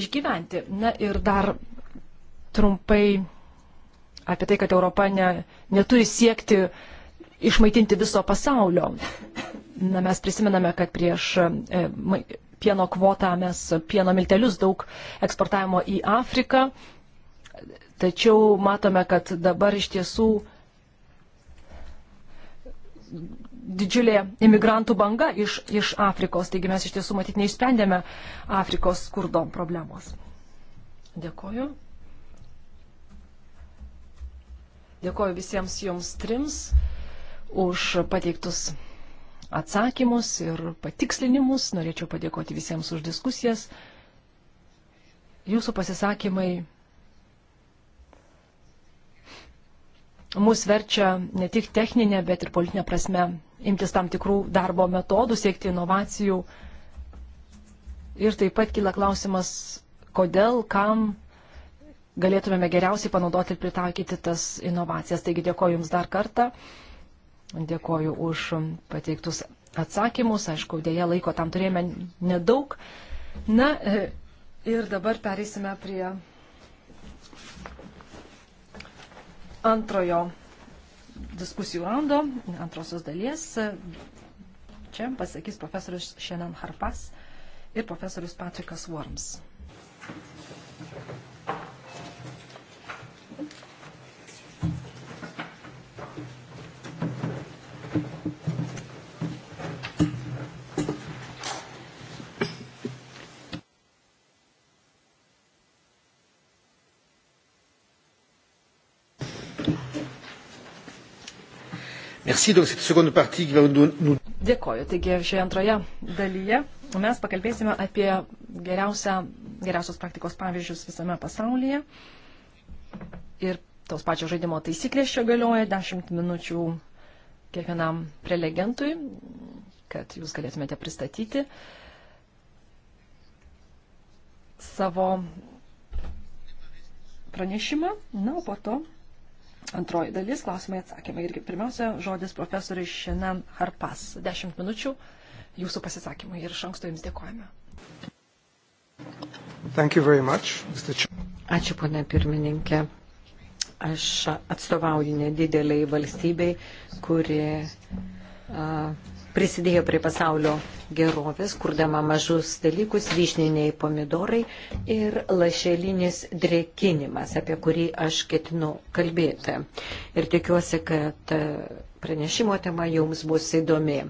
išgyventi. Na ir dar trumpai apie tai, kad Europa ne, neturi siekti išmaitinti viso pasaulio. Na, mes prisimename, kad prieš e, pieno kvotą mes pieno miltelius daug eksportavimo į Afriką, tačiau matome, kad dabar iš tiesų didžiulė imigrantų banga iš, iš Afrikos, taigi mes iš tiesų matyt neišsprendėme Afrikos skurdo problemos. Dėkoju. Dėkoju visiems jums trims už pateiktus atsakymus ir patikslinimus. Norėčiau padėkoti visiems už diskusijas. Jūsų pasisakymai mus verčia ne tik techninė, bet ir politinė prasme imtis tam tikrų darbo metodų, siekti inovacijų. Ir taip pat kyla klausimas, kodėl, kam galėtumėme geriausiai panaudoti ir pritaikyti tas inovacijas. Taigi dėkoju Jums dar kartą, dėkoju už pateiktus atsakymus, aišku, dėja laiko tam turėjome nedaug. Na e, ir dabar pereisime prie antrojo diskusijų raundo, antrosios dalies. Čia pasakys profesorius Šenan Harpas ir profesorius Patrikas Worms. Merci, donc, cette seconde partie qui va nous... Dėkoju. Taigi šioje antroje dalyje mes pakalbėsime apie geriausia, geriausios praktikos pavyzdžius visame pasaulyje. Ir tos pačios žaidimo taisyklės čia galioja 10 minučių kiekvienam prelegentui, kad jūs galėtumėte pristatyti savo pranešimą. Na, o po to Antroji dalis, klausimai atsakymai. Irgi pirmiausia, žodis profesoriai šiandien Harpas. Dešimt minučių jūsų pasisakymai ir iš anksto jums dėkojame. Much, Ačiū, ponė pirmininkė. Aš atstovauju nedideliai valstybei, kuri. Uh, prisidėjo prie pasaulio gerovės, kurdama mažus dalykus, vyšniniai pomidorai ir lašelinis drėkinimas, apie kurį aš ketinu kalbėti. Ir tikiuosi, kad e, pranešimo tema jums bus įdomi.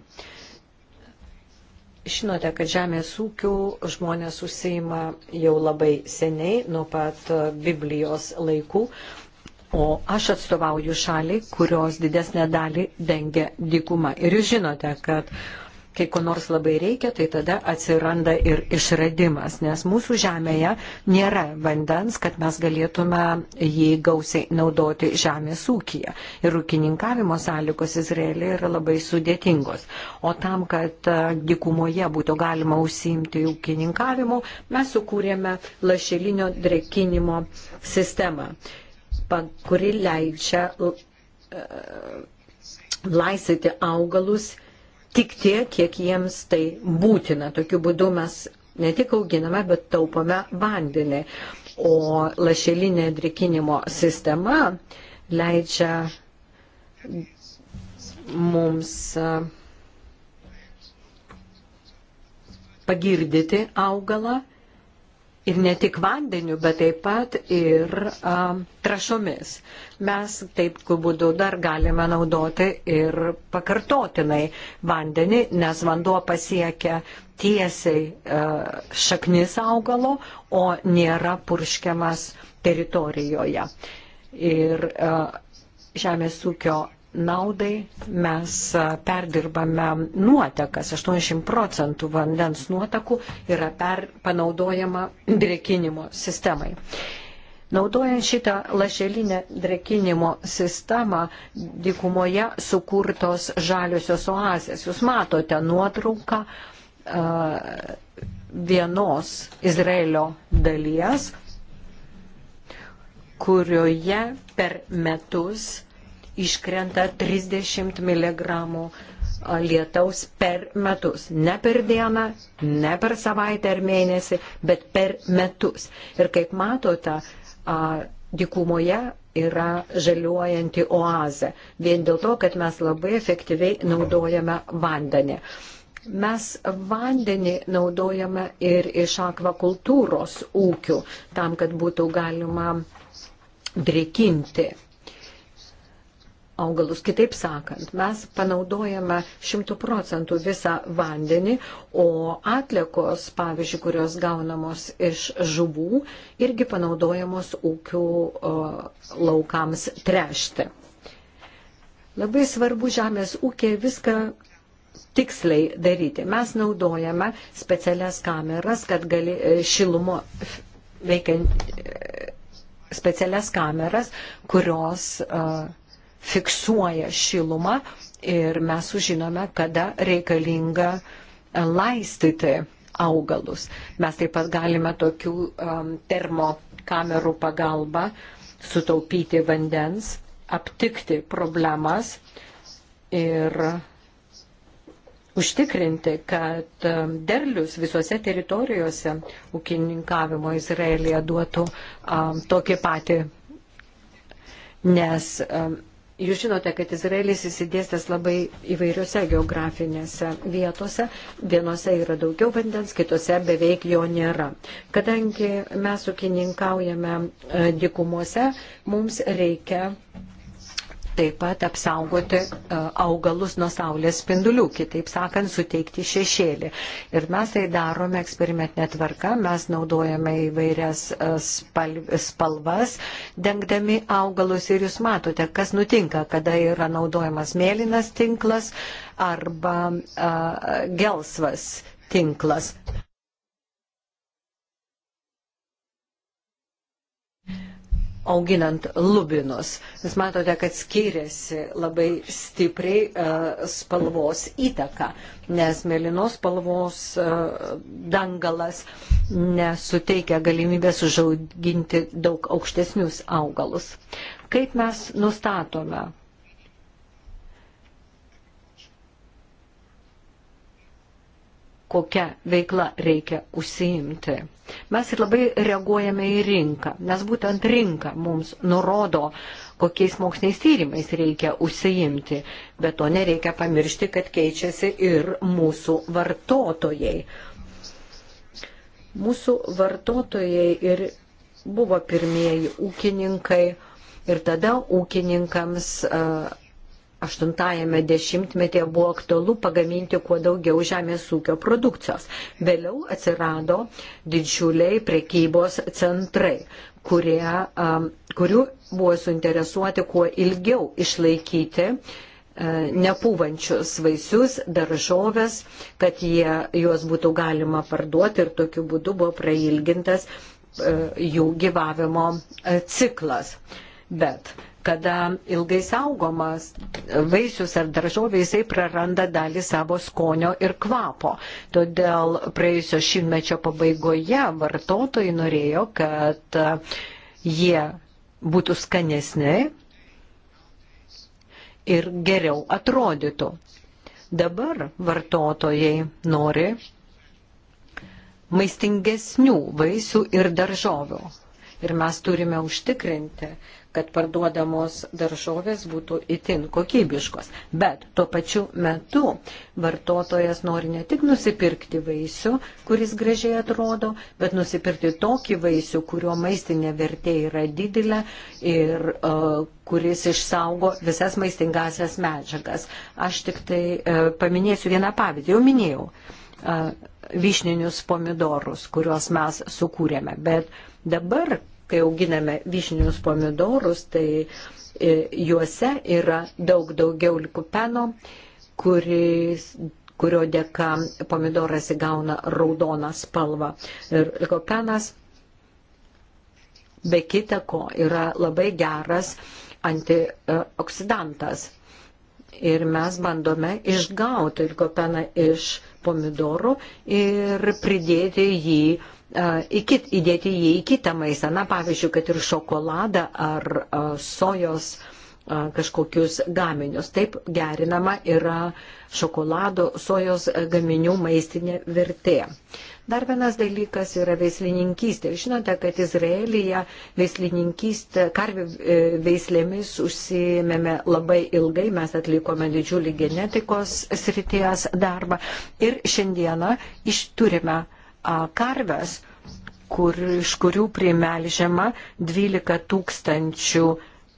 Žinote, kad žemės ūkių žmonės užseima jau labai seniai, nuo pat Biblijos laikų, o aš atstovauju šaliai, kurios didesnę dalį dengia dykuma. Ir jūs žinote, kad kai ko nors labai reikia, tai tada atsiranda ir išradimas, nes mūsų žemėje nėra vandens, kad mes galėtume jį gausiai naudoti žemės ūkija. Ir ūkininkavimo sąlygos Izraelė yra labai sudėtingos. O tam, kad e, dikumoje būtų galima užsiimti ūkininkavimu, mes sukūrėme lašelinio drekinimo sistemą kuri leidžia uh, laisyti augalus tik tiek, kiek jiems tai būtina. Tokiu būdu mes ne tik auginame, bet taupome vandenį. O lašelinė drikinimo sistema leidžia mums uh, pagirdyti augalą ir ne tik vandeniu, bet taip pat ir a, trašomis. Mes taip būdu dar galime naudoti ir pakartotinai vandenį, nes vanduo pasiekia tiesiai a, šaknis augalo, o nėra purškiamas teritorijoje. Ir a, žemės ūkio naudai mes perdirbame nuotekas. 80 procentų vandens nuotekų yra per, panaudojama drėkinimo sistemai. Naudojant šitą lašelinę drekinimo sistemą, dykumoje sukurtos žaliosios oazės. Jūs matote nuotrauką uh, vienos Izraelio dalies, kurioje per metus iškrenta 30 mg lietaus per metus. Ne per dieną, ne per savaitę ar mėnesį, bet per metus. Ir kaip matote, dikumoje yra žaliuojanti oazė. Vien dėl to, kad mes labai efektyviai naudojame vandenį. Mes vandenį naudojame ir iš akvakultūros ūkių, tam, kad būtų galima drėkinti augalus. Kitaip sakant, mes panaudojame šimtų procentų visą vandenį, o atliekos, pavyzdžiui, kurios gaunamos iš žuvų, irgi panaudojamos ūkių laukams trešti. Labai svarbu žemės ūkiai viską tiksliai daryti. Mes naudojame specialias kameras, kad gali e, šilumo veikiant e, specialias kameras, kurios uh, fiksuoja šilumą ir mes sužinome, kada reikalinga laistyti augalus. Mes taip pat galime tokių um, termokamerų pagalba sutaupyti vandens, aptikti problemas ir užtikrinti, kad um, derlius visose teritorijose ūkininkavimo Izraelija duotų um, tokį patį, nes um, Jūs žinote, kad Izraelis įsidėstęs labai įvairiose geografinėse vietose. Vienose yra daugiau vandens, kitose beveik jo nėra. Kadangi mes sukininkaujame e, dikumuose, mums reikia taip pat apsaugoti e, augalus nuo saulės spindulių, kitaip sakant, suteikti šešėlį. Ir mes tai darome eksperimentinę tvarką, mes naudojame įvairias e, spalvas, dengdami augalus ir jūs matote, kas nutinka, kada yra naudojamas mėlynas tinklas arba a, e, gelsvas tinklas. auginant lubinus. Jūs matote, kad skiriasi labai stipriai e, spalvos įtaka, nes mėlynos spalvos e, dangalas nesuteikia galimybės užauginti daug aukštesnius augalus. Kaip mes nustatome kokią veiklą reikia užsiimti. Mes ir labai reaguojame į rinką, nes būtent rinka mums nurodo, kokiais moksliniais tyrimais reikia užsiimti, bet to nereikia pamiršti, kad keičiasi ir mūsų vartotojai. Mūsų vartotojai ir buvo pirmieji ūkininkai ir tada ūkininkams uh, 80-ame dešimtmetyje buvo aktualu pagaminti kuo daugiau žemės ūkio produkcijos. Vėliau atsirado didžiuliai prekybos centrai, kurie, um, kurių buvo suinteresuoti kuo ilgiau išlaikyti e, nepūvančius vaisius, daržovės, kad jie, juos būtų galima parduoti ir tokiu būdu buvo prailgintas e, jų gyvavimo e, ciklas. Bet kada ilgai saugomas vaisius ar daržovė, jisai praranda dalį savo skonio ir kvapo. Todėl praėjusio šimtmečio pabaigoje vartotojai norėjo, kad jie būtų skanesni ir geriau atrodytų. Dabar vartotojai nori maistingesnių vaisių ir daržovių. Ir mes turime užtikrinti, kad parduodamos daržovės būtų itin kokybiškos. Bet tuo pačiu metu vartotojas nori ne tik nusipirkti vaisių, kuris gražiai atrodo, bet nusipirkti tokį vaisių, kurio maistinė vertė yra didelė ir uh, kuris išsaugo visas maistingasias medžiagas. Aš tik tai uh, paminėsiu vieną pavyzdį, jau minėjau. Uh, e, vyšninius pomidorus, kuriuos mes sukūrėme. Bet dabar kai auginame vyšnius pomidorus, tai e, juose yra daug daugiau likupeno, kuris kurio dėka pomidoras įgauna raudoną spalvą. Ir likopenas be kita ko yra labai geras antioksidantas. Ir mes bandome išgauti likopeną iš pomidorų ir pridėti jį į kit, įdėti jį į kitą maistą, na pavyzdžiui, kad ir šokoladą ar sojos kažkokius gaminius. Taip gerinama yra šokolado, sojos gaminių maistinė vertė. Dar vienas dalykas yra veislininkystė. Žinote, kad Izraelyje veislininkystė, karvių e, veislėmis užsiėmėme labai ilgai, mes atlikome didžiulį genetikos srities darbą ir šiandieną išturime karves, kur, iš kurių primelžiama 12 tūkstančių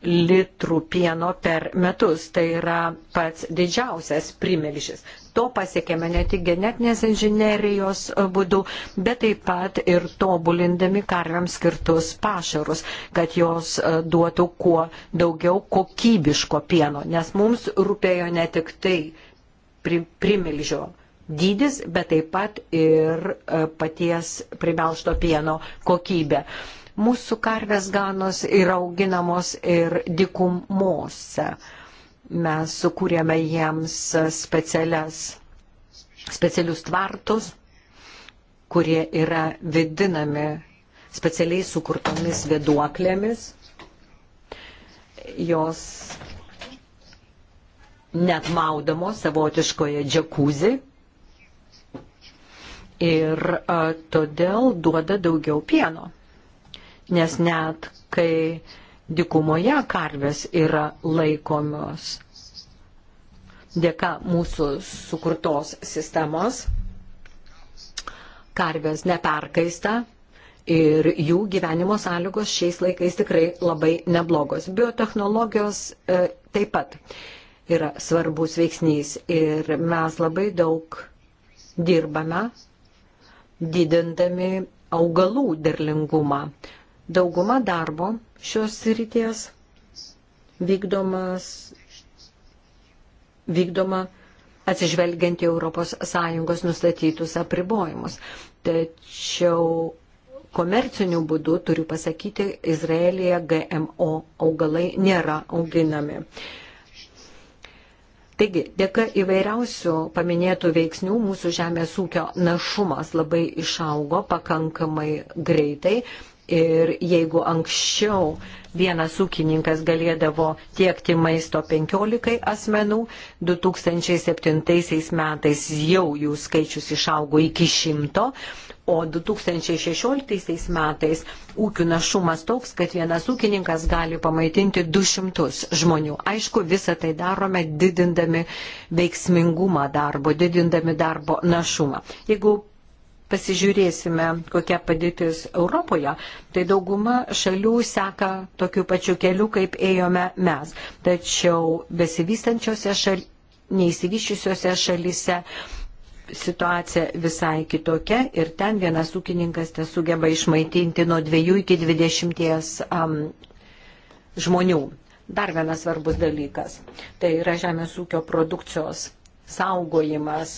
litrų pieno per metus. Tai yra pats didžiausias primelžis. To pasiekėme ne tik genetinės inžinerijos būdu, bet taip pat ir tobulindami karviams skirtus pašarus, kad jos duotų kuo daugiau kokybiško pieno, nes mums rūpėjo ne tik tai primilžio dydis, bet taip pat ir e, paties primelšto pieno kokybė. Mūsų karvės ganos yra auginamos ir dikumose. Mes sukūrėme jiems specialias, specialius tvartus, kurie yra vidinami specialiai sukurtomis vėduoklėmis. Jos net maudamos savotiškoje džekuzi ir a, todėl duoda daugiau pieno. Nes net kai dikumoje karvės yra laikomos dėka mūsų sukurtos sistemos, karvės neperkaista ir jų gyvenimo sąlygos šiais laikais tikrai labai neblogos. Biotehnologijos e, taip pat yra svarbus veiksnys ir mes labai daug dirbame didindami augalų derlingumą. Dauguma darbo šios ryties vykdomas, vykdoma atsižvelgiant į ES nustatytus apribojimus. Tačiau komerciniu būdu, turiu pasakyti, Izraelija GMO augalai nėra auginami. Uh, Taigi, dėka įvairiausių paminėtų veiksnių mūsų žemės ūkio našumas labai išaugo pakankamai greitai. Ir jeigu anksčiau vienas ūkininkas galėdavo tiekti maisto 15 asmenų, 2007 metais jau jų skaičius išaugo iki 100 o 2016 metais ūkių našumas toks, kad vienas ūkininkas gali pamaitinti 200 žmonių. Aišku, visą tai darome didindami veiksmingumą darbo, didindami darbo našumą. Jeigu pasižiūrėsime, kokia padėtis Europoje, tai dauguma šalių seka tokiu pačiu keliu, kaip ėjome mes. Tačiau besivystančiose šalyse, neįsivyščiusiose šalyse situacija visai kitokia ir ten vienas ūkininkas tesugeba išmaitinti nuo 2 iki 20 um, žmonių. Dar vienas svarbus dalykas - tai yra žemės ūkio produkcijos saugojimas.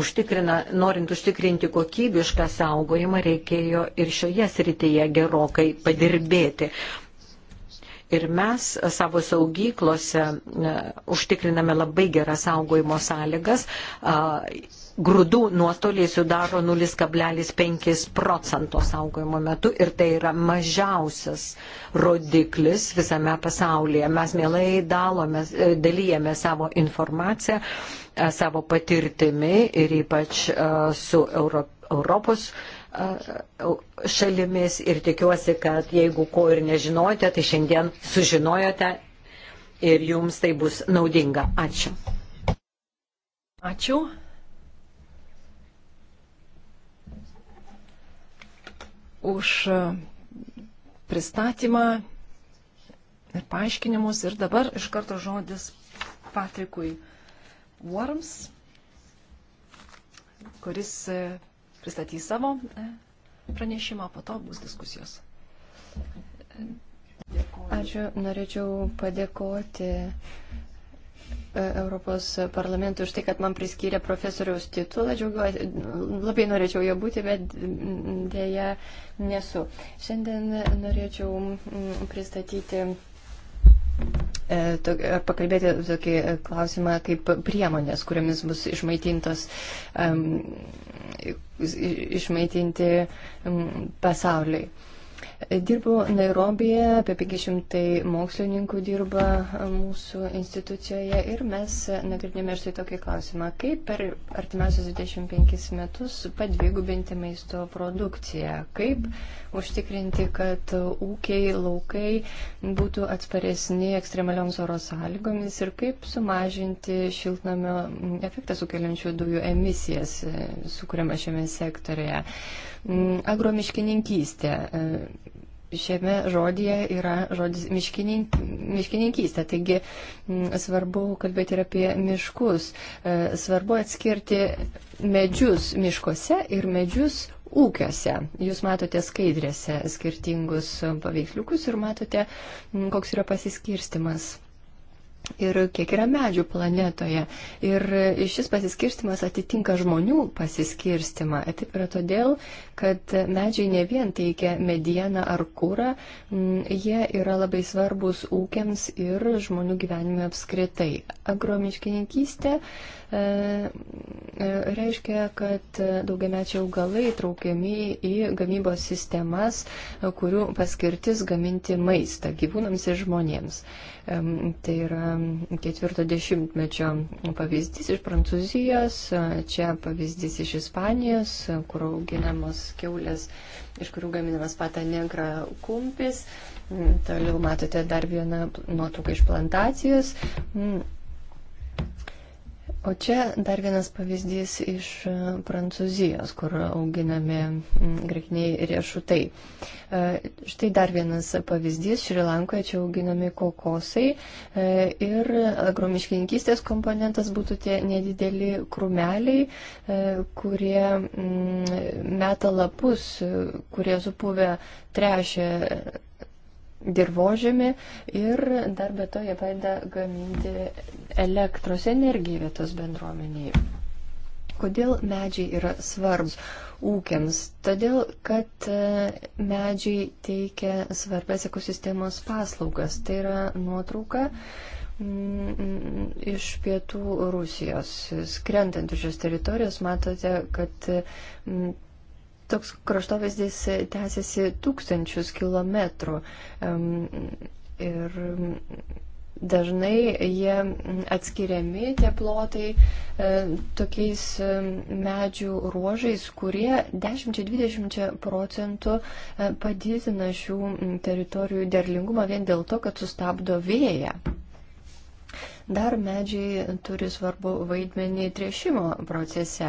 Užtikrina, norint užtikrinti kokybišką saugojimą, reikėjo ir šioje srityje gerokai padirbėti. Ir mes savo saugyklose e, užtikriname labai geras saugojimo sąlygas. Grūdų nuostoliai sudaro 0,5 procento saugojimo metu ir tai yra mažiausias rodiklis visame pasaulyje. Mes mielai dalomės, e, dalyjame savo informaciją, e, savo patirtimi ir ypač su Europos. Europos šalimis ir tikiuosi, kad jeigu ko ir nežinojote, tai šiandien sužinojote ir jums tai bus naudinga. Ačiū. Ačiū. Už e, pristatymą ir paaiškinimus. Ir dabar iš karto žodis Patrikui Worms, kuris e, pristatys savo e, pranešimą, po to bus diskusijos. Dėkuoju. Ačiū. Norėčiau padėkoti e, Europos parlamentui už tai, kad man priskyrė profesoriaus titulą. Džiaugiuosi, labai norėčiau jo būti, bet dėja nesu. Šiandien norėčiau pristatyti E, e, pakalbėti tokį e, klausimą kaip priemonės, kuriamis bus išmaitintos, um, išmaitinti um, pasauliai. Dirbu Nairobije, apie 500 mokslininkų dirba mūsų institucijoje ir mes nagrinėjame štai tokį klausimą, kaip per artimiausius 25 metus padvigubinti maisto produkciją, kaip užtikrinti, kad ūkiai, laukai būtų atsparesni ekstremalioms oro sąlygomis ir kaip sumažinti šiltnamio efektą sukeliančių dujų emisijas, sukuriamą šiame sektorėje. Mm, agromiškininkystė. E, šiame žodėje yra žodis miškinink, miškininkystė, taigi mm, svarbu kalbėti ir apie miškus. E, svarbu atskirti medžius miškuose ir medžius ūkiuose. Jūs matote skaidrėse skirtingus paveiksliukus ir matote, mm, koks yra pasiskirstimas ir kiek yra medžių planetoje. Ir šis pasiskirstimas atitinka žmonių pasiskirstimą. E, taip yra todėl, kad medžiai ne vien teikia medieną ar kūrą, jie yra labai svarbus ūkiams ir žmonių gyvenime apskritai. Agromiškininkystė e, e, reiškia, kad daugiamečiai augalai traukiami į gamybos sistemas, kurių paskirtis gaminti maistą gyvūnams ir žmonėms. Tai yra ketvirto dešimtmečio pavyzdys iš Prancūzijos, čia pavyzdys iš Ispanijos, kur auginamos keulės, iš kurių gaminamas pata negra kumpis. Toliau matote dar vieną nuotrauką iš plantacijos. O čia dar vienas pavyzdys iš e, Prancūzijos, kur auginami grikiniai riešutai. E, štai dar vienas pavyzdys, Šrilankoje čia auginami kokosai e, ir agromiškininkystės komponentas būtų tie nedideli krumeliai, kurie meta lapus, kurie supuvę trešia dirbožėmį ir dar be to jie padeda gaminti elektros energiją vietos bendruomeniai. Kodėl medžiai yra svarbus ūkiams? Todėl, kad e, medžiai teikia svarbės ekosistemos paslaugas. Tai yra nuotrauka mm, mm, Iš pietų Rusijos, skrendant iš šios teritorijos, matote, kad mm, Toks kraštovaizdis tęsiasi tūkstančius kilometrų. Ir dažnai jie atskiriami tie plotai e, tokiais medžių ruožais, kurie 10-20 procentų e, padidina šių teritorijų derlingumą vien dėl to, kad sustabdo vėją. Dar medžiai turi svarbu vaidmenį trešimo procese.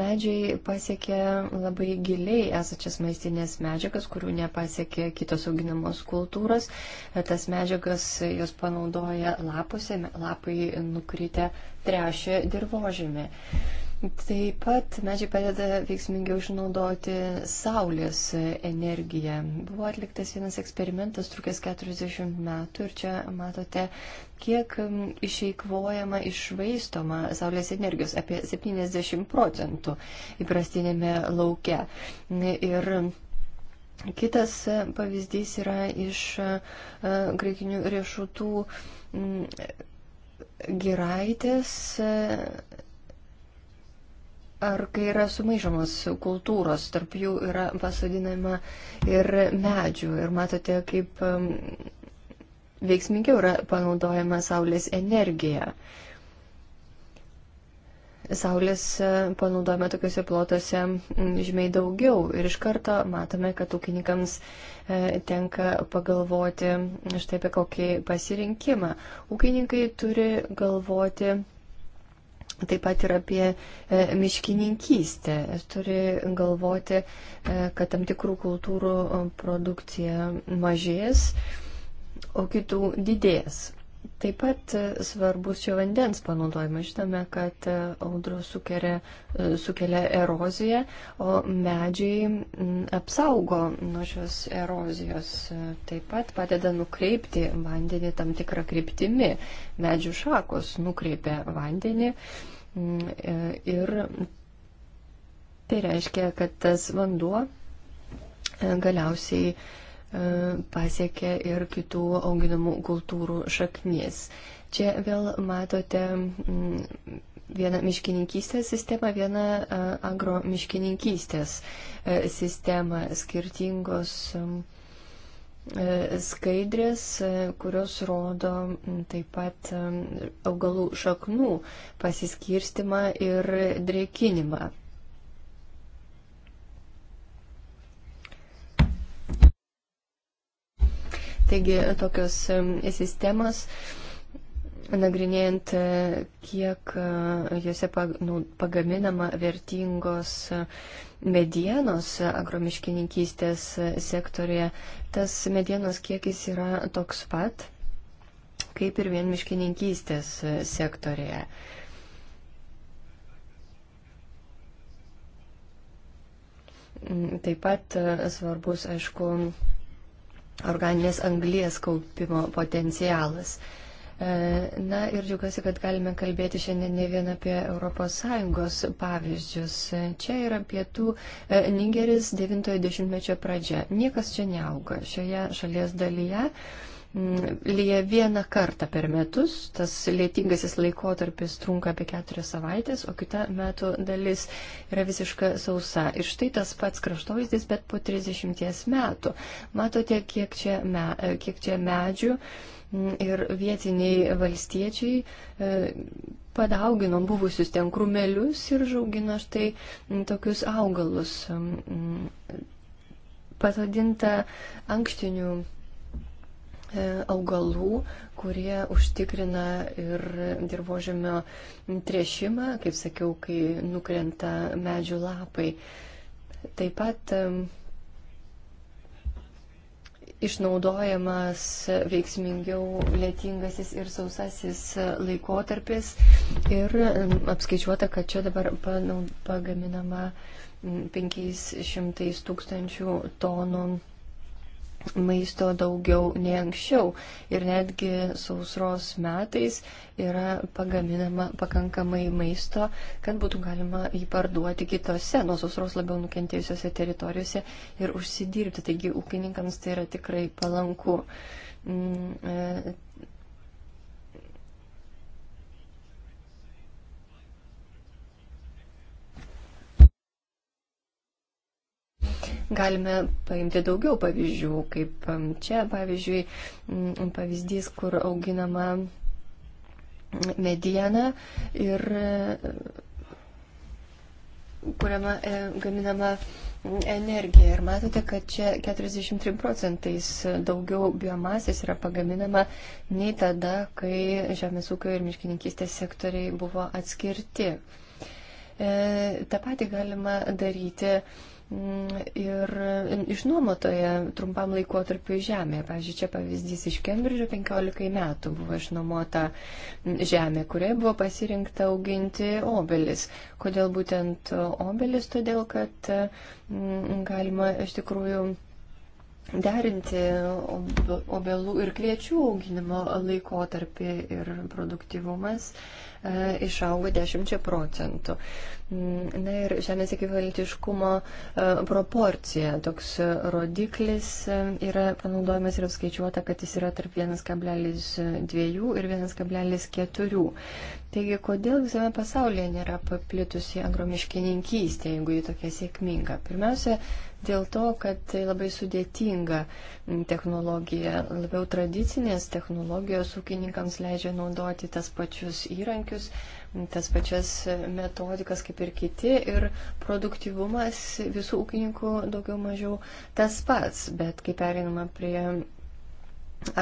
Medžiai pasiekia labai giliai esančias maistinės medžiagas, kurių nepasiekia kitos auginamos kultūros. Tas medžiagas jos panaudoja lapuose, lapai nukritę trešia dirbožėmi. Taip pat medžiai padeda veiksmingiau išnaudoti saulės energiją. Buvo atliktas vienas eksperimentas, trukęs 40 metų ir čia matote, kiek išeikvojama, išvaistoma saulės energijos - apie 70 procentų įprastinėme lauke. Ir kitas pavyzdys yra iš e, graikinių riešutų giraitės Ar kai yra sumaišomos kultūros, tarp jų yra pasodinama ir medžių ir matote, kaip um, veiksmingiau yra panaudojama saulės energija. Saulės e, panaudojame tokiuose plotuose mm, žymiai daugiau ir iš karto matome, kad ūkininkams e, tenka pagalvoti štai apie kokį pasirinkimą. Ūkininkai turi galvoti taip pat ir apie e, miškininkystę. Jis turi galvoti, e, kad tam tikrų kultūrų produkcija mažės, o kitų didės. Taip pat e, svarbus čia vandens panaudojimas. Žinome, kad e, audros sukelia, e, sukelia eroziją, o medžiai apsaugo nuo šios erozijos. Taip pat padeda nukreipti vandenį tam tikrą kryptimį. Medžių šakos nukreipia vandenį ir tai reiškia, kad tas vanduo galiausiai E, pasiekia ir kitų auginamų kultūrų šaknis. Čia vėl matote mm, vieną miškininkystės sistemą, vieną e, agro miškininkystės e, sistemą, skirtingos skaidrės, kurios rodo mm, taip pat augalų šaknų pasiskirstimą ir drėkinimą. Taigi tokios sistemos, nagrinėjant, kiek e, juose nu, pagaminama vertingos e, medienos agromiškininkystės e, sektorėje, tas medienos kiekis yra toks pat kaip ir vien miškininkystės sektorėje. Taip pat svarbus, aišku, organinės anglies kaupimo potencialas. E, na ir džiugiuosi, kad galime kalbėti šiandien ne vien apie ES pavyzdžius. Čia yra pietų e, Nigeris 90-mečio pradžia. Niekas čia neauga šioje šalies dalyje. Mm, lyja vieną kartą per metus, tas lietingasis laikotarpis trunka apie keturias savaitės, o kita metų dalis yra visiška sausa. Ir štai tas pats kraštovaizdis, bet po 30 metų. Matote, kiek čia, me, kiek čia medžių mm, ir vietiniai valstiečiai e, padaugino buvusius ten krumelius ir žaugino štai mm, tokius augalus. Pasodinta ankštinių E, augalų, kurie užtikrina ir dirbožėmio trešimą, kaip sakiau, kai nukrenta medžių lapai. Taip pat e, išnaudojamas veiksmingiau lėtingasis ir sausasis laikotarpis ir e, apskaičiuota, kad čia dabar pagaminama 500 tūkstančių tonų maisto daugiau nei anksčiau. Ir netgi sausros metais yra pagaminama pakankamai maisto, kad būtų galima jį parduoti kitose, nuo sausros labiau nukentėjusiose teritorijose ir užsidirbti. Taigi ūkininkams tai yra tikrai palanku. Mm, e, Galime paimti daugiau pavyzdžių, kaip čia pavyzdžiui pavyzdys, kur auginama mediena ir e, kuriama e, gaminama energija. Ir matote, kad čia 43 procentais daugiau biomasės yra pagaminama nei tada, kai žemės ūkio ir miškininkystės sektoriai buvo atskirti. E, Ta pati galima daryti Mm, ir mm, išnuomotoje trumpam laikotarpiu žemė. Pavyzdžiui, čia pavyzdys iš Kembridžo 15 metų buvo išnuomota mm, žemė, kurioje buvo pasirinkta auginti obelis. Kodėl būtent obelis? Todėl, kad galima iš tikrųjų derinti obelų ir kviečių auginimo laikotarpį ir produktyvumas E, išaugo 10 procentų. Mm, na ir žemės ekvivalentiškumo e, proporcija. Toks rodiklis e, yra panaudojamas ir apskaičiuota, kad jis yra tarp 1,2 ir 1,4. Taigi, kodėl visame pasaulyje nėra paplitusi agromiškininkystė, jeigu ji tokia sėkminga? Pirmiausia, dėl to, kad tai labai sudėtinga technologija. Labiau tradicinės technologijos ūkininkams leidžia naudoti tas pačius įrankius, tas pačias metodikas kaip ir kiti ir produktyvumas visų ūkininkų daugiau mažiau tas pats. Bet kai perinama prie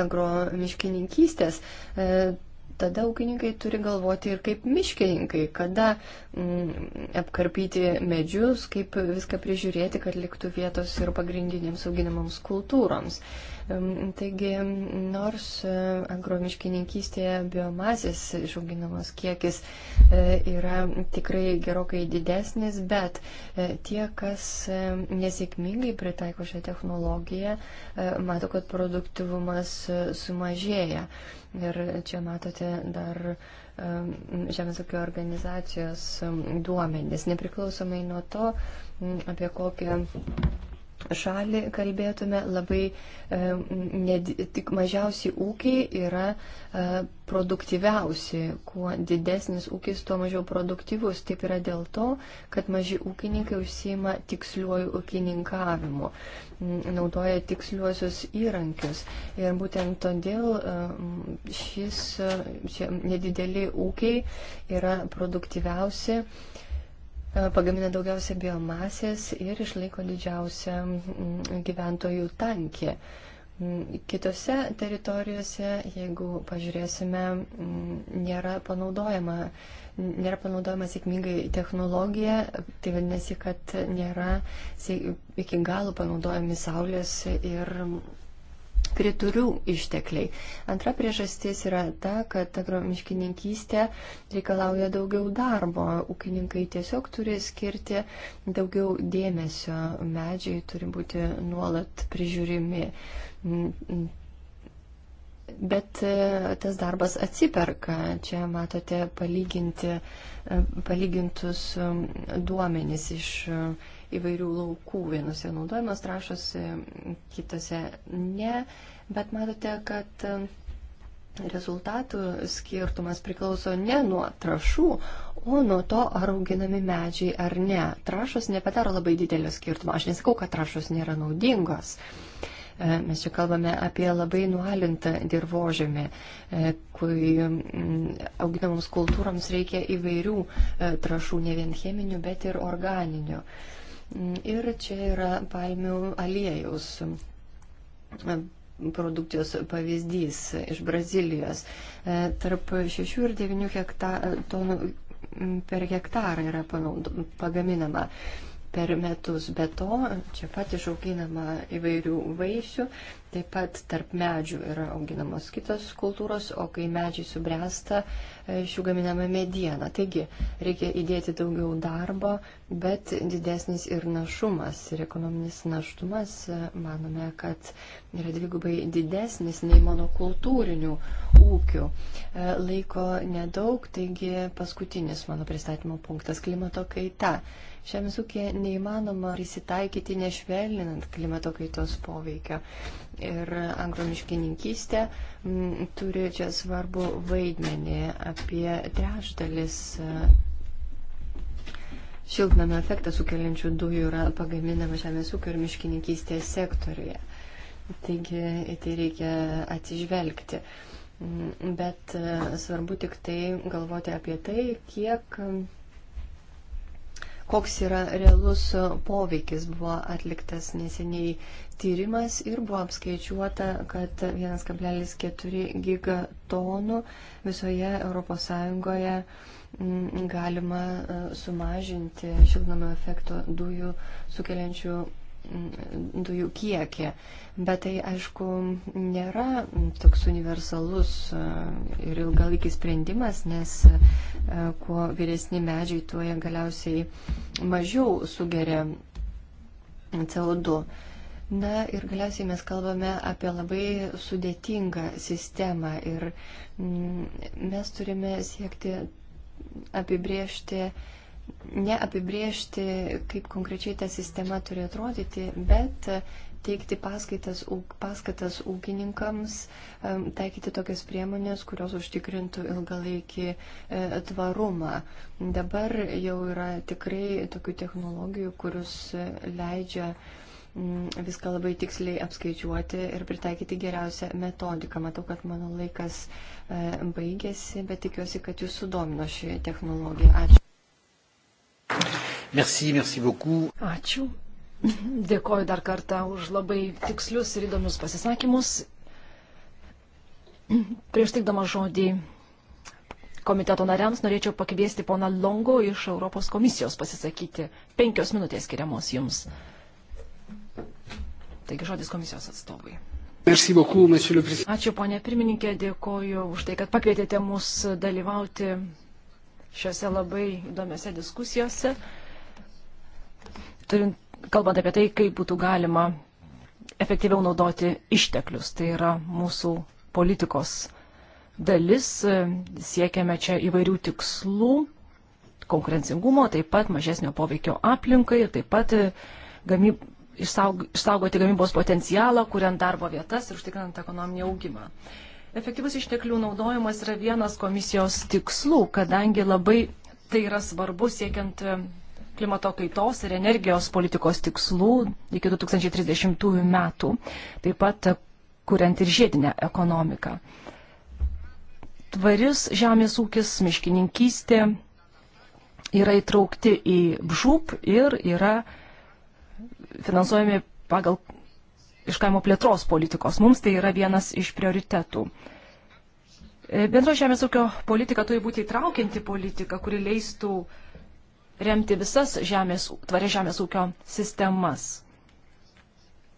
agromiškininkystės, e, tada ūkininkai turi galvoti ir kaip miškininkai, kada mm, apkarpyti medžius, kaip viską prižiūrėti, kad liktų vietos ir pagrindinėms auginamams kultūroms. Mm, Taigi, nors e, agromiškininkystėje biomasės išauginamos kiekis e, yra tikrai gerokai didesnis, bet e, tie, kas nesėkmingai pritaiko šią technologiją, mato, kad produktivumas sumažėja. Ir čia matote dar Žemės ūkio organizacijos duomenys, nepriklausomai nuo to, apie kokią šalį kalbėtume, labai e, ne, tik mažiausi ūkiai yra e, produktyviausi. Kuo didesnis ūkis, tuo mažiau produktyvus. Taip yra dėl to, kad maži ūkininkai užsima tiksliuoju ūkininkavimu, naudoja tiksliuosius įrankius. Ir būtent todėl e, šis nedideli ūkiai yra produktyviausi E, pagamina daugiausia biomasės ir išlaiko didžiausią gyventojų tankį. Kitose teritorijose, jeigu pažiūrėsime, nėra panaudojama, nėra panaudojama sėkmingai technologija, tai vadinasi, kad nėra iki galo panaudojami saulės ir kritulių ištekliai. Antra priežastis yra ta, kad agromiškininkystė reikalauja daugiau darbo. Ūkininkai tiesiog turi skirti daugiau dėmesio, medžiai turi būti nuolat prižiūrimi. Bet e, tas darbas atsiperka. Čia matote palyginti, e, palygintus duomenis iš įvairių laukų. Vienose naudojamos trašos, e, kitose ne. Bet matote, kad e, rezultatų skirtumas priklauso ne nuo trašų, o nuo to, ar auginami medžiai ar ne. Trašos nepadaro labai didelio skirtumo. Aš nesakau, kad trašos nėra naudingos. E, mes čia kalbame apie labai nualintą dirbožėmį, kai mm, auginamoms kultūroms reikia įvairių trašų, ne vien cheminių, bet ir organinių. Ir čia yra palmių aliejaus e, produkcijos pavyzdys iš Brazilijos. E, tarp 6 ir 9 hektar, e, tonų per hektarą yra panaudo, pagaminama per metus. Be to, čia pat išauginama įvairių vaisių, taip pat tarp medžių yra auginamos kitos kultūros, o kai medžiai subręsta, e, iš jų gaminama mediena. Taigi reikia įdėti daugiau darbo, bet didesnis ir našumas, ir ekonominis naštumas, e, manome, kad yra dvigubai didesnis nei monokultūrinių ūkių. E, laiko nedaug, taigi paskutinis mano pristatymo punktas - klimato kaita. Žemės ūkė neįmanoma prisitaikyti nešvelninant klimato kaitos poveikio. Ir agromiškininkystė mm, turi čia svarbu vaidmenį apie trešdalis e, šiltnamio efektą sukeliančių dujų yra pagaminama žemės ūkio ir miškininkystės sektoriuje. Taigi į tai reikia atsižvelgti. Mm, bet e, svarbu tik tai galvoti apie tai, kiek koks yra realus poveikis. Buvo atliktas neseniai tyrimas ir buvo apskaičiuota, kad 1,4 gigatonų visoje ES mm, galima e, sumažinti šiltnamio efekto dujų sukeliančių dujų kiekį. Bet tai, aišku, nėra toks universalus e, ir ilgalaikis sprendimas, nes e, kuo vyresni medžiai, tuo jie galiausiai mažiau sugeria CO2. Na ir galiausiai mes kalbame apie labai sudėtingą sistemą ir mm, mes turime siekti apibriežti uh, neapibriežti, kaip konkrečiai ta sistema turi atrodyti, bet teikti paskaitas, paskatas ūkininkams, taikyti tokias priemonės, kurios užtikrintų ilgalaikį e, tvarumą. Dabar jau yra tikrai tokių technologijų, kurios e, leidžia mm, viską labai tiksliai apskaičiuoti ir pritaikyti geriausią metodiką. Matau, kad mano laikas e, baigėsi, bet tikiuosi, kad jūs sudomino šį technologiją. Ačiū. Merci, merci beaucoup. Ačiū. Dėkoju dar kartą už labai tikslius ir įdomius pasisakymus. Prieš teikdama žodį komiteto nariams norėčiau pakviesti poną Longo iš Europos komisijos pasisakyti. Penkios minutės skiriamos jums. Taigi žodis komisijos atstovai. Ačiū, ponė pirmininkė, dėkoju už tai, kad pakvietėte mus dalyvauti šiuose labai įdomiose diskusijose, turint, kalbant apie tai, kaip būtų galima efektyviau naudoti išteklius. Tai yra mūsų politikos dalis, siekiame čia įvairių tikslų, konkurencingumo, taip pat mažesnio poveikio aplinkai, taip pat e, gamyb, išsaug, išsaugoti gamybos potencialą, kuriant darbo vietas ir užtikrinant ekonominį augimą. Efektyvus išteklių naudojimas yra vienas komisijos tikslų, kadangi labai tai yra svarbu siekiant e, klimato kaitos ir energijos politikos tikslų iki 2030 metų, taip pat e, kuriant ir žiedinę ekonomiką. Tvaris žemės ūkis, miškininkystė yra įtraukti į BŽUP ir yra finansuojami pagal iš kaimo plėtros politikos. Mums tai yra vienas iš prioritetų. E, bendro žemės ūkio politika turi būti įtraukianti politika, kuri leistų remti visas žemės, tvarė žemės ūkio sistemas.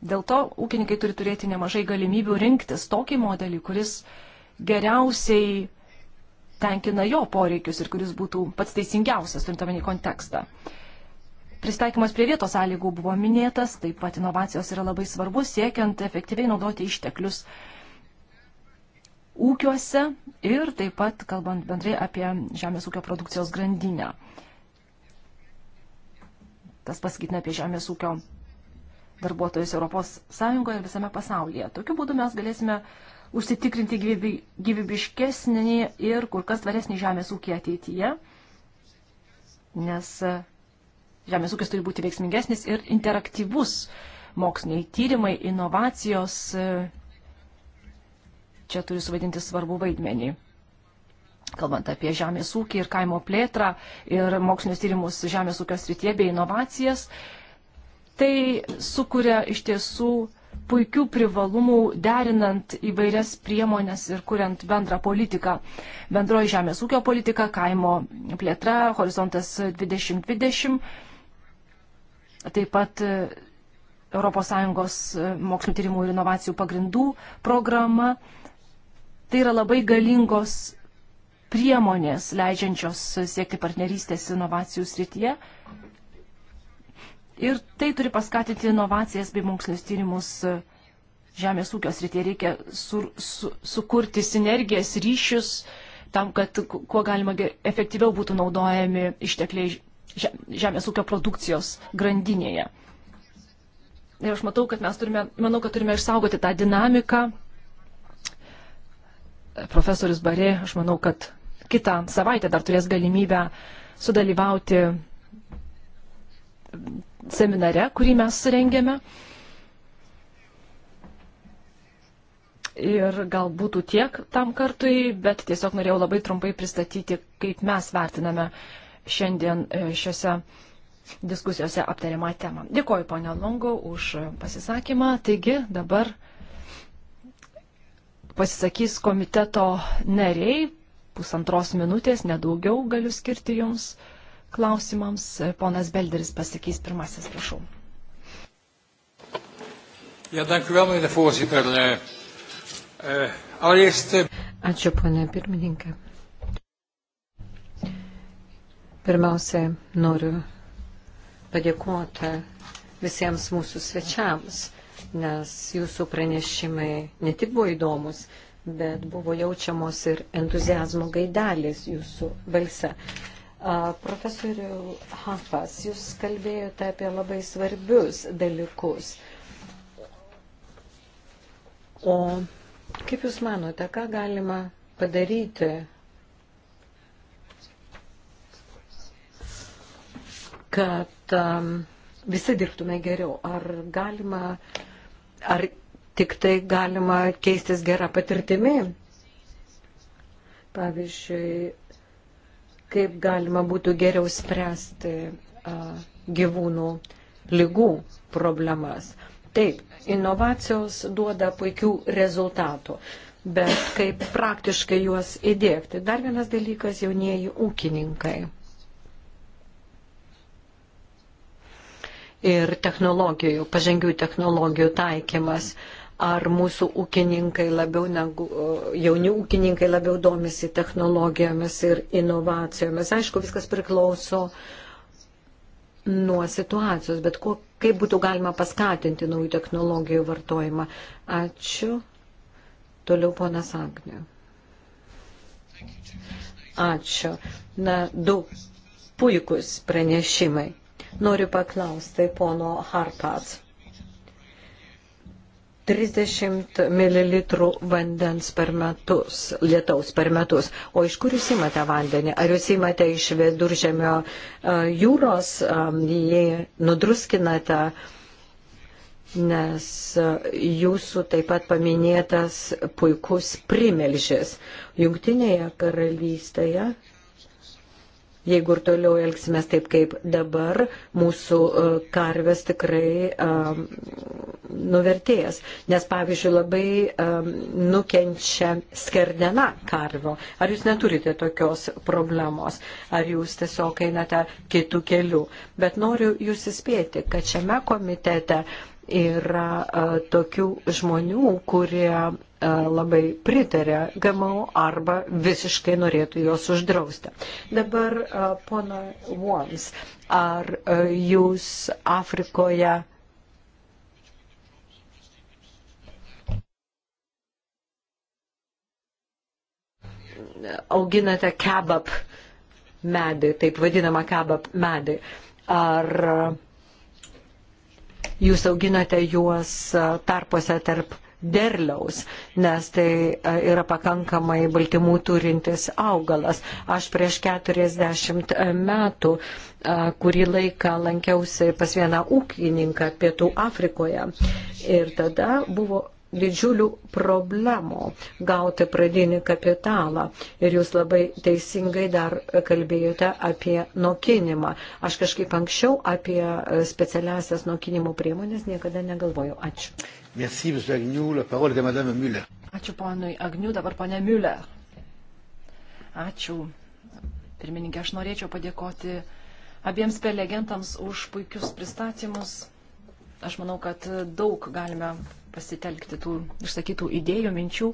Dėl to ūkininkai turi turėti nemažai galimybių rinktis tokį modelį, kuris geriausiai tenkina jo poreikius ir kuris būtų pats teisingiausias, turint omeny kontekstą. Pristaikymas prie vietos sąlygų buvo minėtas, taip pat inovacijos yra labai svarbus, siekiant efektyviai naudoti išteklius ūkiuose ir taip pat kalbant bendrai apie žemės ūkio produkcijos grandinę. Tas pasakytina apie žemės ūkio darbuotojus Europos Sąjungoje ir visame pasaulyje. Tokiu būdu mes galėsime užsitikrinti gyvybi, gyvybiškesnį ir kur kas tvaresnį žemės ūkį ateityje, nes žemės ūkis turi būti veiksmingesnis ir interaktyvus moksliniai tyrimai, inovacijos e, čia turi suvaidinti svarbų vaidmenį. Kalbant apie žemės ūkį ir kaimo plėtrą ir mokslinius tyrimus žemės ūkio srityje bei inovacijas, tai sukuria iš tiesų puikių privalumų derinant įvairias priemonės ir kuriant bendrą politiką. Bendroji žemės ūkio politika, kaimo plėtra, horizontas 2020 taip pat ES e, mokslinio tyrimų ir inovacijų pagrindų programa. Tai yra labai galingos priemonės, leidžiančios siekti partnerystės inovacijų srityje. Ir tai turi paskatinti inovacijas bei mokslinius tyrimus e, žemės ūkio srityje. Reikia sur, su, sukurti sinergijas, ryšius tam, kad kuo galima efektyviau būtų naudojami ištekliai žemės ūkio produkcijos grandinėje. Ir aš matau, kad mes turime, manau, kad turime išsaugoti tą dinamiką. Profesorius Barė, aš manau, kad kitą savaitę dar turės galimybę sudalyvauti seminare, kurį mes rengėme. ir gal būtų tiek tam kartui, bet tiesiog norėjau labai trumpai pristatyti, kaip mes vertiname šiandien e, šiuose diskusijose aptariamą temą. Dėkoju, ponia Longo, už pasisakymą. Taigi dabar pasisakys komiteto nariai, pusantros minutės, nedaugiau galiu skirti jums klausimams. Ponas Belderis pasakys pirmasis, prašau. Ja, dankuvel, meneer voorzitter. Uh, allereerst. Uh... Ačiū, ponė pirmininkė. Pirmiausia, noriu padėkoti visiems mūsų svečiams, nes jūsų pranešimai ne tik buvo įdomus, bet buvo jaučiamos ir entuzijazmo gaidelės jūsų balse. Profesoriu Hafas, jūs kalbėjote apie labai svarbius dalykus. O kaip Jūs manote, ką galima padaryti kad um, visi dirbtume geriau. Ar galima, ar tik tai galima keistis gerą patirtimį? Pavyzdžiui, kaip galima būtų geriau spręsti gyvūnų lygų problemas. Taip, inovacijos duoda puikių rezultatų, bet kaip praktiškai juos įdėkti. Dar vienas dalykas - jaunieji ūkininkai. ir technologijų, pažangių technologijų taikymas. Ar mūsų ūkininkai labiau negu, jauni ūkininkai labiau domisi technologijomis ir inovacijomis. Aišku, viskas priklauso nuo situacijos, bet ko, kaip būtų galima paskatinti naujų technologijų vartojimą. Ačiū. Toliau ponas Agniu. Ačiū. Na, daug puikus pranešimai. Noriu paklausti pono Harpats. 30 ml vandens per metus, lietaus per metus. O iš kur jūs įmate vandenį? Ar jūs įmate iš viduržemio e, jūros, e, jį nudruskinate? nes e, jūsų taip pat paminėtas puikus primelžis. Jungtinėje karalystėje Jeigu ir toliau elgsimės taip kaip dabar, mūsų e, karvės tikrai um, e, nuvertėjas. Nes, pavyzdžiui, labai um, nukenčia skerdena karvio. Ar jūs neturite tokios problemos? Ar jūs tiesiog einate kitų kelių? Bet noriu jūs įspėti, kad šiame komitete yra a, tokių žmonių, kurie E, labai pritarė GMO arba visiškai norėtų juos uždrausti. Dabar, e, pono Worms, ar e, jūs Afrikoje auginate kebab medį, taip vadinamą kebab medį. Ar jūs auginate juos tarpuose tarp derliaus, nes tai e, yra pakankamai baltymų turintis augalas. Aš prieš 40 e, metų e, kurį laiką lankiausi pas vieną ūkininką Pietų Afrikoje ir tada buvo didžiulių problemų gauti pradinį kapitalą. Ir jūs labai teisingai dar kalbėjote apie nokinimą. Aš kažkaip anksčiau apie specialiasias nokinimo priemonės niekada negalvojau. Ačiū. Merci, monsieur Agniu. La parole est à madame Müller. Ačiū ponui Agniu, dabar ponė Müller. Ačiū. Pirmininkė, aš norėčiau padėkoti abiems prelegentams už puikius pristatymus. Aš manau, kad daug galime pasitelkti tų išsakytų idėjų, minčių.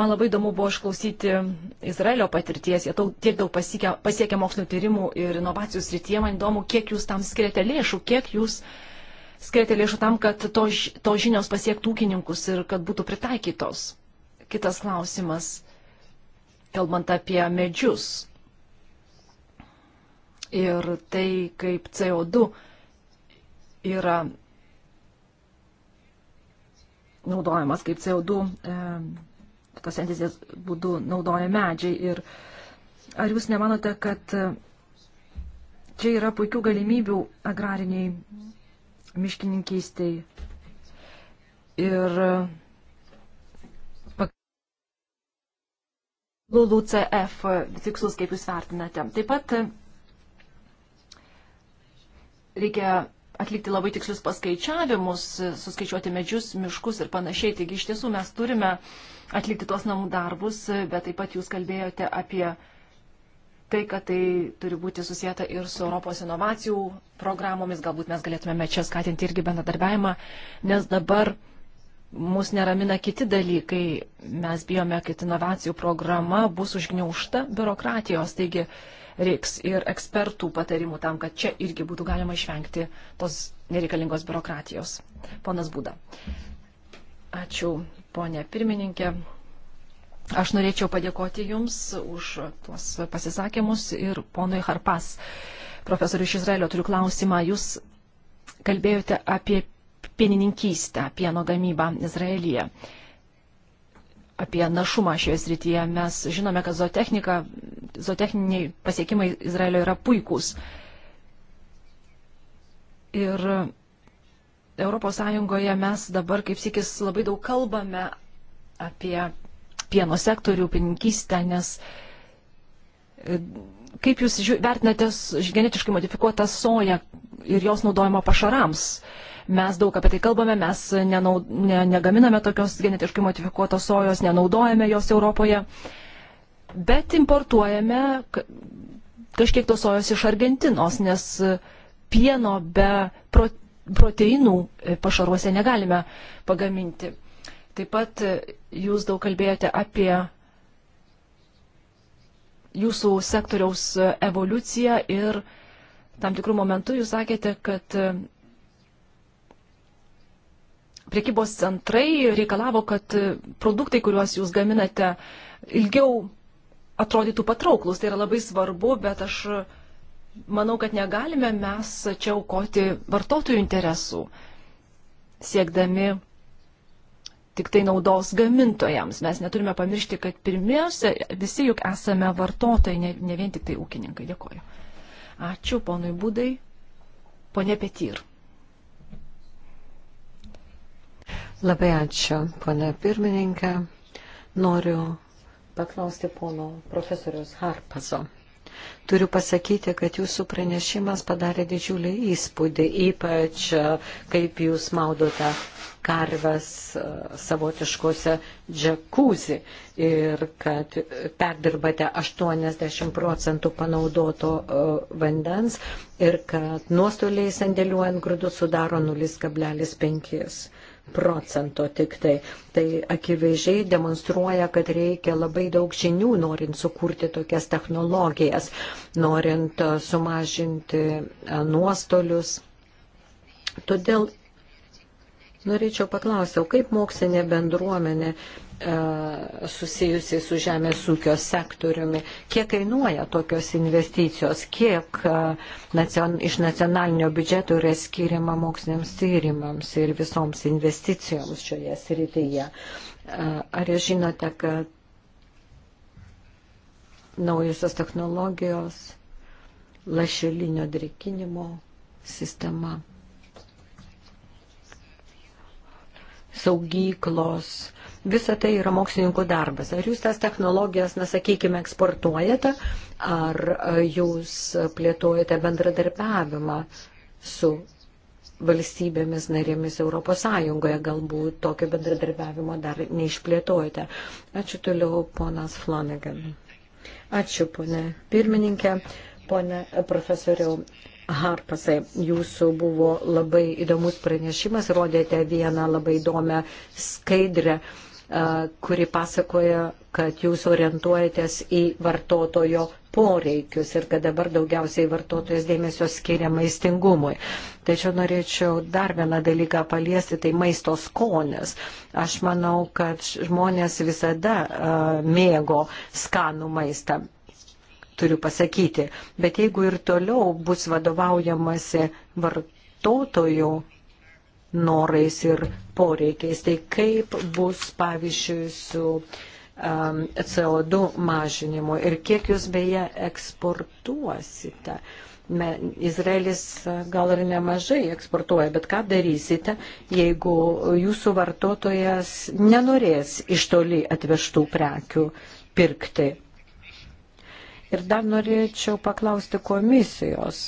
Man labai įdomu buvo išklausyti Izraelio patirties. Jie daug, tiek daug pasiekia, pasiekia mokslinio tyrimų ir inovacijų srityje. Man įdomu, kiek jūs tam skiriate lėšų, kiek jūs uh, skirti lėšų tam, kad to, to žinios pasiektų ūkininkus ir kad būtų pritaikytos. Kitas klausimas, kalbant apie medžius ir tai, kaip CO2 yra naudojamas, kaip CO2 e, tos entizės būdų naudoja medžiai. Ir ar jūs nemanote, kad e, čia yra puikių galimybių agrariniai miškininkystiai. Ir LULUCF tikslus, kaip jūs vertinate. Taip pat reikia atlikti labai tikslius paskaičiavimus, suskaičiuoti medžius, miškus ir panašiai. Taigi iš tiesų mes turime atlikti tuos namų darbus, bet taip pat jūs kalbėjote apie uh, tai, kad tai turi būti susijęta ir su Europos inovacijų programomis, galbūt mes galėtumėme čia skatinti irgi bendradarbiavimą, nes dabar mus neramina kiti dalykai, mes bijome, kad inovacijų programa bus užgniaušta biurokratijos, taigi reiks ir ekspertų patarimų tam, kad čia irgi būtų galima išvengti tos nereikalingos biurokratijos. Ponas Būda. Ačiū, ponė pirmininkė. Aš norėčiau padėkoti Jums už tuos pasisakymus ir ponui Harpas. Profesoriu iš Izraelio turiu klausimą. Jūs kalbėjote apie pienininkystę, pieno gamybą Izraelyje apie našumą šioje srityje. Mes žinome, kad zootechnika, zootechniniai pasiekimai Izraelio yra puikūs. Ir ES mes dabar kaip sikis labai daug kalbame apie pieno sektorių, pininkystę, nes e, kaip jūs vertinate genetiškai modifikuotą soją ir jos naudojimo pašarams? Mes daug apie tai kalbame, mes nenaud, ne, negaminame tokios genetiškai modifikuotos sojos, nenaudojame jos Europoje, bet importuojame kažkiek tos sojos iš Argentinos, nes e, pieno be proteinų e, pašaruose negalime pagaminti. Taip pat Jūs daug kalbėjote apie jūsų sektoriaus evoliuciją ir tam tikrų momentų jūs sakėte, kad e, priekybos centrai reikalavo, kad e, produktai, kuriuos jūs gaminate, ilgiau atrodytų patrauklus. Tai yra labai svarbu, bet aš e, manau, kad negalime mes čia aukoti vartotojų interesų, siekdami tik tai naudos gamintojams. Mes neturime pamiršti, kad pirmiausia, visi juk esame vartotojai, ne, ne vien tik tai ūkininkai. Dėkoju. Ačiū ponui Budai. Pone Petyr. Labai ačiū, pone pirmininkė. Noriu paklausti pono profesorius Harpazo. Turiu pasakyti, kad jūsų pranešimas padarė didžiulį įspūdį, ypač e, kaip jūs maudote karvas e, savotiškose džekuzi ir kad perdirbate 80 procentų panaudoto e, vandens ir kad nuostoliai sandėliuojant grūdus sudaro 0,5 procento tik tai. Tai akivaizdžiai demonstruoja, kad reikia labai daug žinių, norint sukurti tokias technologijas, norint e, sumažinti e, nuostolius. Todėl norėčiau paklausti, o kaip mokslinė bendruomenė E, susijusiai su žemės ūkio sektoriumi. Kiek kainuoja tokios investicijos, kiek e, nacion, iš nacionalinio biudžeto yra skiriama moksliniams tyrimams ir visoms investicijoms šioje srityje. E, ar jūs žinote, kad naujusios technologijos, lašelinio drėkinimo sistema, saugyklos, visa tai yra mokslininkų darbas. Ar jūs tas technologijas, na, sakykime, eksportuojate, ar jūs plėtojate bendradarbiavimą su valstybėmis narėmis Europos Sąjungoje, galbūt tokio bendradarbiavimo dar neišplėtojate. Ačiū toliau, ponas Flanagan. Ačiū, ponė pirmininkė, ponė profesoriau. Harpasai, jūsų buvo labai įdomus pranešimas, rodėte vieną labai įdomią skaidrę kuri pasakoja, kad jūs orientuojatės į vartotojo poreikius ir kad dabar daugiausiai vartotojas dėmesio skiria maistingumui. Tačiau norėčiau dar vieną dalyką paliesti, tai maisto skonis. Aš manau, kad žmonės visada uh, mėgo skanų maistą. Turiu pasakyti, bet jeigu ir toliau bus vadovaujamasi vartotojų norais ir poreikiais. Tai kaip bus, pavyzdžiui, su um, CO2 mažinimu ir kiek jūs beje eksportuosite. Izraelis gal ir nemažai eksportuoja, bet ką darysite, jeigu jūsų vartotojas nenorės iš toli atvežtų prekių pirkti? Ir dar norėčiau paklausti komisijos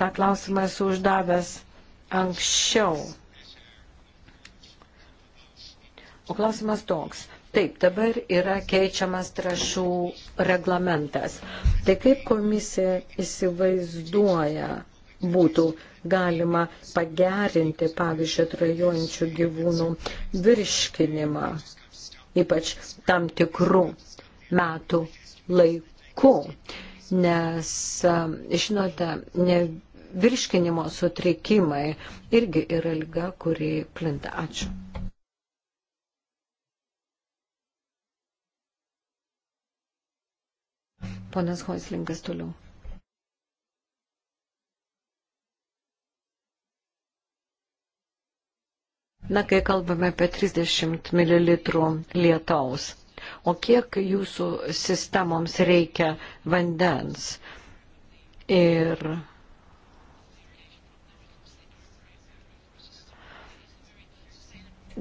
tą klausimą esu uždavęs anksčiau. O klausimas toks. Taip, dabar yra keičiamas trašų reglamentas. Tai kaip komisija įsivaizduoja būtų galima pagerinti, pavyzdžiui, trajojančių gyvūnų virškinimą, ypač tam tikrų metų laiku. Nes, žinote, ne virškinimo sutrikimai irgi yra lyga, kuri plinta. Ačiū. Ponas Hoislingas toliau. Na, kai kalbame apie 30 ml lietaus, o kiek jūsų sistemoms reikia vandens? Ir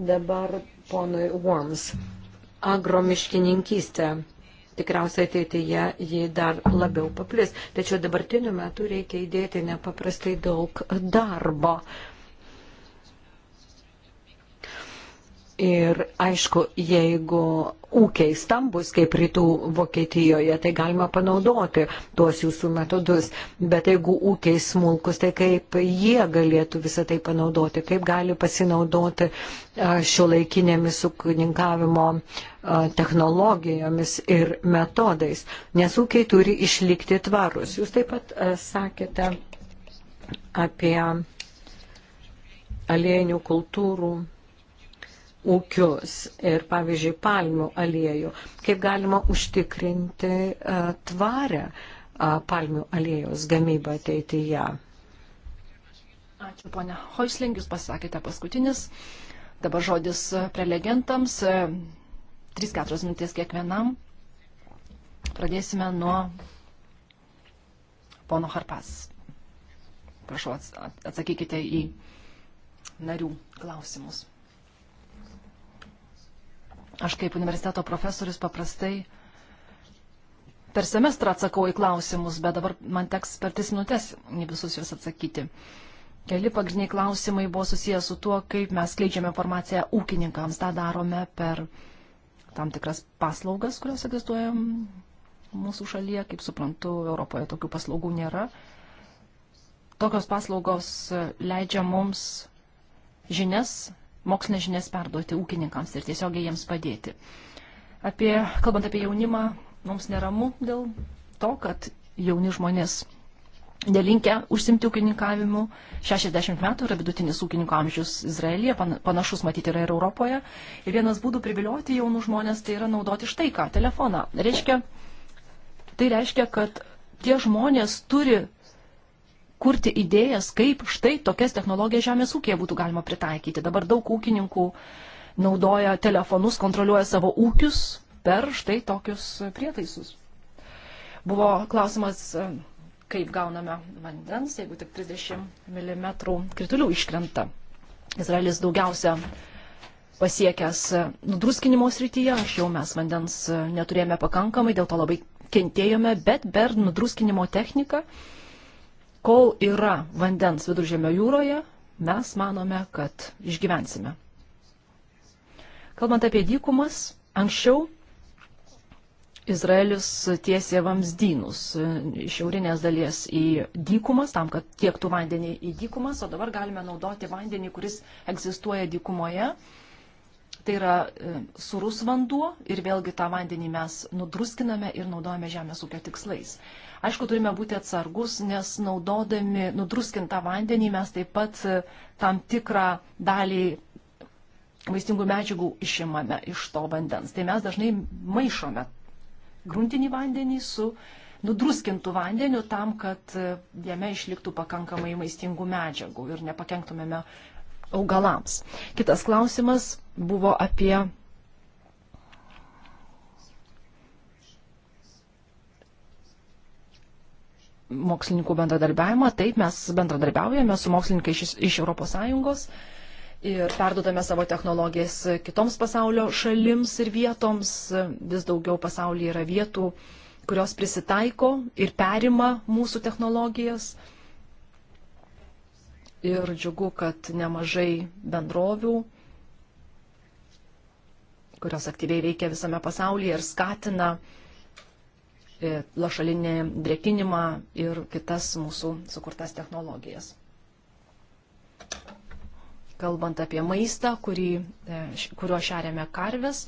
Dabar ponui Uoms. Agromiškininkystė. Tikriausiai ateityje ji dar labiau paplis. Tačiau dabartiniu metu reikia įdėti nepaprastai daug darbo. Uh, Ir aišku, jeigu ūkiai stambus kaip rytų Vokietijoje, tai galima panaudoti tuos jūsų metodus. Bet jeigu ūkiai smulkus, tai kaip jie galėtų visą tai panaudoti, kaip gali pasinaudoti šio laikinėmis sukininkavimo technologijomis ir metodais. Nes ūkiai turi išlikti tvarus. Jūs taip pat sakėte apie aliejinių kultūrų ūkius ir, pavyzdžiui, palmių aliejų, kaip galima užtikrinti e, tvarę e, palmių aliejos gamybą ateityje. Ačiū, ponia Hoisling, jūs pasakėte paskutinis. Dabar žodis e, prelegentams. 3-4 minutės kiekvienam. Pradėsime nuo pono Harpas. Prašau, atsakykite į narių klausimus. Aš kaip universiteto profesorius paprastai per semestrą atsakau į klausimus, bet dabar man teks per tris minutės į visus juos atsakyti. Keli pagrindiniai klausimai buvo susijęs su tuo, kaip mes skleidžiame informaciją ūkininkams. Ta darome per tam tikras paslaugas, kurios egzistuoja mūsų šalyje. Kaip suprantu, Europoje tokių paslaugų nėra. Tokios paslaugos leidžia mums žinias mokslinės žinias perduoti ūkininkams ir tiesiogiai jiems padėti. Apie, kalbant apie jaunimą, mums neramu dėl to, kad jauni žmonės nelinkę užsimti ūkininkavimu. 60 metų yra vidutinis ūkininko amžius Izraelyje, panašus matyti yra ir Europoje. Ir vienas būdų privilioti jaunų žmonės tai yra naudoti štai ką - telefoną. Reiškia, tai reiškia, kad tie žmonės turi kurti idėjas, kaip štai tokias technologijas žemės ūkėje būtų galima pritaikyti. Dabar daug ūkininkų naudoja telefonus, kontroliuoja savo ūkius per štai tokius prietaisus. Buvo klausimas, kaip gauname vandens, jeigu tik 30 mm kritulių iškrenta. Izraelis daugiausia pasiekęs nudruskinimo srityje, anksčiau mes vandens neturėjome pakankamai, dėl to labai kentėjome, bet per nudruskinimo techniką uh, kol yra vandens viduržėmio jūroje, mes manome, kad išgyvensime. Kalbant apie dykumas, anksčiau Izraelis tiesė vamzdynus iš šiaurinės dalies į dykumas, tam, kad tiektų vandenį į dykumas, o dabar galime naudoti vandenį, kuris egzistuoja dykumoje Tai yra e, surus vanduo ir vėlgi tą vandenį mes nudruskiname ir naudojame žemės ūkio tikslais. Aišku, turime būti atsargus, nes naudodami nudruskintą vandenį mes taip pat e, tam tikrą dalį vaistingų medžiagų išimame iš to vandens. Tai mes dažnai maišome gruntinį vandenį su nudruskintų vandeniu tam, kad e, jame išliktų pakankamai maistingų medžiagų ir nepakenktumėme augalams. Kitas klausimas buvo apie mokslininkų bendradarbiavimą. Taip, mes bendradarbiaujame su mokslininkais iš, iš ES ir perdodame savo technologijas kitoms pasaulio šalims ir vietoms. Vis daugiau pasaulyje yra vietų, kurios prisitaiko ir perima mūsų technologijas. Uh, ir džiugu, kad nemažai bendrovių, kurios aktyviai veikia visame pasaulyje ir skatina e, lašalinį drėkinimą ir kitas mūsų sukurtas technologijas. Kalbant apie maistą, kurį, e, kuriuo šeriame karves,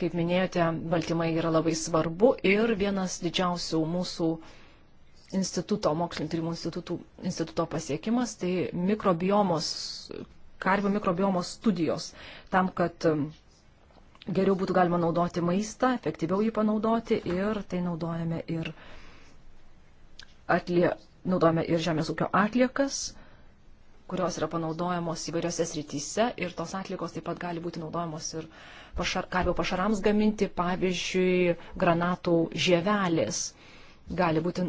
kaip minėjote, baltymai yra labai svarbu ir vienas didžiausių mūsų uh, instituto, mokslinio tyrimų instituto, instituto pasiekimas, tai mikrobiomos, karvių mikrobiomos studijos, tam, kad um, geriau būtų galima naudoti maistą, efektyviau jį panaudoti ir tai naudojame ir, atlie, naudojame ir žemės ūkio atliekas kurios yra panaudojamos įvairiose srityse ir tos atlikos taip pat gali būti naudojamos ir pašar, karvių pašarams gaminti, pavyzdžiui, granatų žievelės gali būti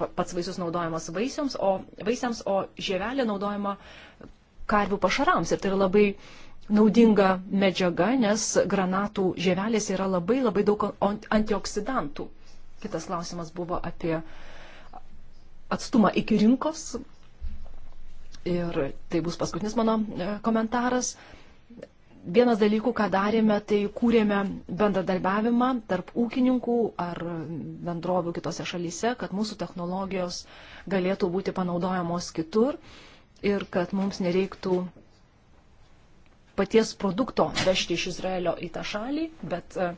pats vaisius naudojamas vaisiams, o, vaisiams, o žievelė naudojama karvių pašarams. Ir tai yra labai naudinga medžiaga, nes granatų žievelės yra labai labai daug antioksidantų. Kitas klausimas buvo apie atstumą iki rinkos. Ir tai bus paskutinis mano e, komentaras. Vienas dalykų, ką darėme, tai kūrėme bendradarbiavimą tarp ūkininkų ar bendrovių kitose šalyse, kad mūsų technologijos galėtų būti panaudojamos kitur ir kad mums nereiktų paties produkto vežti iš Izraelio į tą šalį, bet e,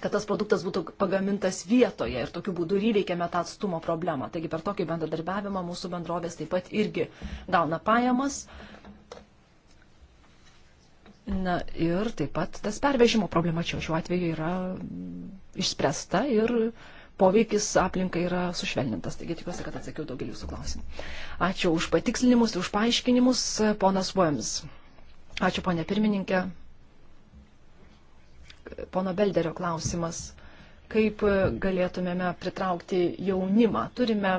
kad tas produktas būtų pagamintas vietoje ir tokiu būdu ir įveikėme tą atstumo problemą. Taigi per tokį bendradarbiavimą mūsų bendrovės taip pat irgi gauna pajamas. Uh, Na ir taip pat tas pervežimo problema čia šiuo atveju yra mm, išspręsta ir poveikis aplinkai yra sušvelnintas. Taigi tikiuosi, kad atsakiau daugelį jūsų klausimų. Ačiū už patikslinimus, už paaiškinimus, ponas Voims. Ačiū, ponė pirmininkė. Pono Belderio klausimas. Kaip galėtumėme pritraukti jaunimą? Turime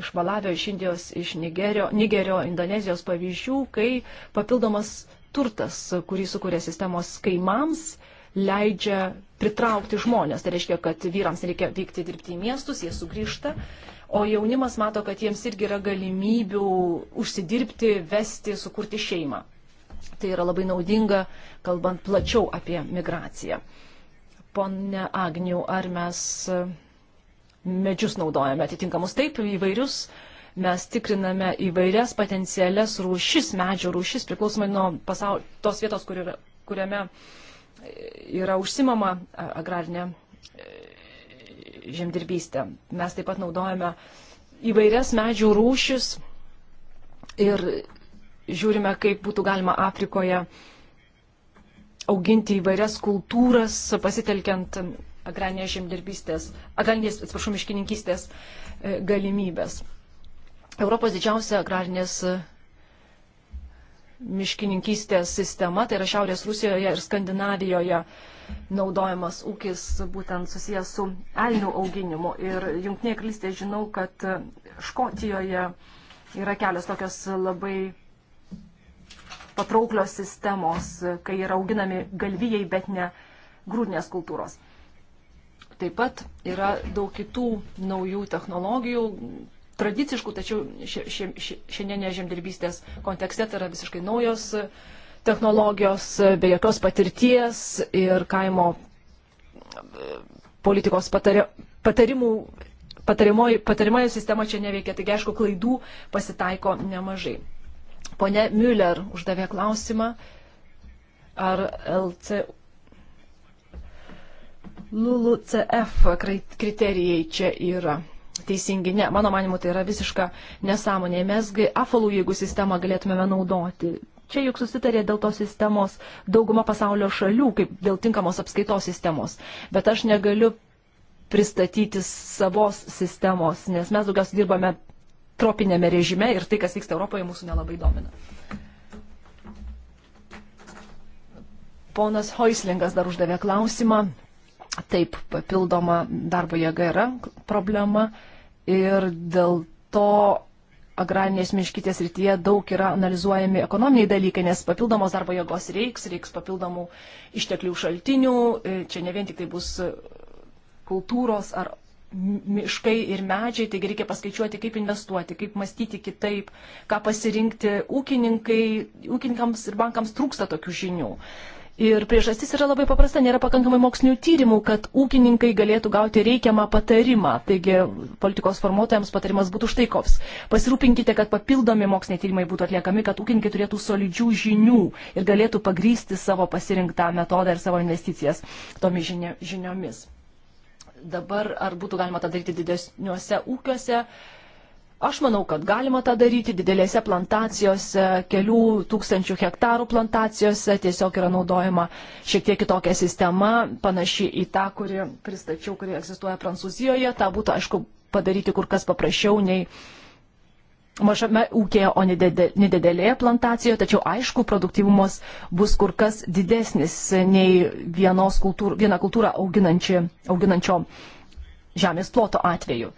iš Malavio, iš Indijos, iš Nigerio, Nigerio, Indonezijos pavyzdžių, kai papildomas turtas, kurį sukuria sistemos kaimams, leidžia pritraukti žmonės. Tai reiškia, kad vyrams reikia vykti dirbti į miestus, jie sugrįžta, o jaunimas mato, kad jiems irgi yra galimybių užsidirbti, vesti, sukurti šeimą. Tai yra labai naudinga, kalbant plačiau apie migraciją. Pone Agnių, ar mes medžius naudojame atitinkamus taip įvairius mes tikriname įvairias potencialias rūšis, medžio rūšis, priklausomai nuo pasaul... tos vietos, kur yra, kuriame e, yra užsimama agrarinė e, žemdirbystė. Mes taip pat naudojame įvairias medžių rūšis ir žiūrime, kaip būtų galima Afrikoje auginti įvairias kultūras, pasitelkiant agrarinės žemdirbystės, agrarinės, atsiprašau, miškininkystės e, galimybės. Europos didžiausia agrarinės e, miškininkystės sistema, tai yra Šiaurės Rusijoje ir Skandinavijoje naudojamas ūkis būtent susijęs su elnių auginimu. Ir Junktinėje karalystėje žinau, kad Škotijoje yra kelios tokios labai patrauklios sistemos, kai yra auginami galvijai, bet ne grūdinės kultūros. Taip pat yra daug kitų naujų technologijų, tradiciškų, tačiau šiandienė žemdirbystės kontekste tai yra visiškai naujos technologijos, be jokios patirties ir kaimo politikos patari, patarimų, patarimoji sistema čia neveikia, taigi aišku, klaidų pasitaiko nemažai. Pone Müller uždavė klausimą, ar LC. LULUCF kriterijai čia yra teisingi. Ne, mano manimu, tai yra visiška nesąmonė. Mes afalų, jeigu sistemą galėtumėme naudoti. Čia juk susitarė dėl tos sistemos dauguma pasaulio šalių, kaip dėl tinkamos apskaitos sistemos. Bet aš negaliu pristatyti savos sistemos, nes mes daugiausiai dirbame tropinėme režime ir tai, kas vyksta Europoje, mūsų nelabai domina. Ponas Hoislingas dar uždavė klausimą Taip, papildoma darbo jėga yra problema ir dėl to agrarinės miškytės rytyje daug yra analizuojami ekonominiai dalykai, nes papildomos darbo jėgos reiks, reiks papildomų išteklių šaltinių, e, čia ne vien tik tai bus kultūros ar miškai ir medžiai, taigi reikia paskaičiuoti, kaip investuoti, kaip mąstyti kitaip, ką pasirinkti. Ūkininkai, ūkininkams ir bankams trūksta tokių žinių. Ir priežastis yra labai paprasta, nėra pakankamai mokslinių tyrimų, kad ūkininkai galėtų gauti reikiamą patarimą. Taigi politikos formuotojams patarimas būtų štai koks. Pasirūpinkite, kad papildomi moksliniai tyrimai būtų atliekami, kad ūkininkai turėtų solidžių žinių ir galėtų pagrysti savo pasirinktą metodą ir savo investicijas tomis žiniomis. Dabar ar būtų galima tą daryti didesniuose ūkiuose? Aš manau, kad galima tą daryti didelėse plantacijose, kelių tūkstančių hektarų plantacijose, tiesiog yra naudojama šiek tiek kitokia sistema, panaši į tą, kuri pristačiau, kuri egzistuoja Prancūzijoje. Ta būtų, aišku, padaryti kur kas paprasčiau nei mažame ūkėje, o nedidelėje plantacijoje, tačiau aišku, produktyvumas bus kur kas didesnis nei vienos kultūr, vieną kultūrą auginančio žemės ploto atveju.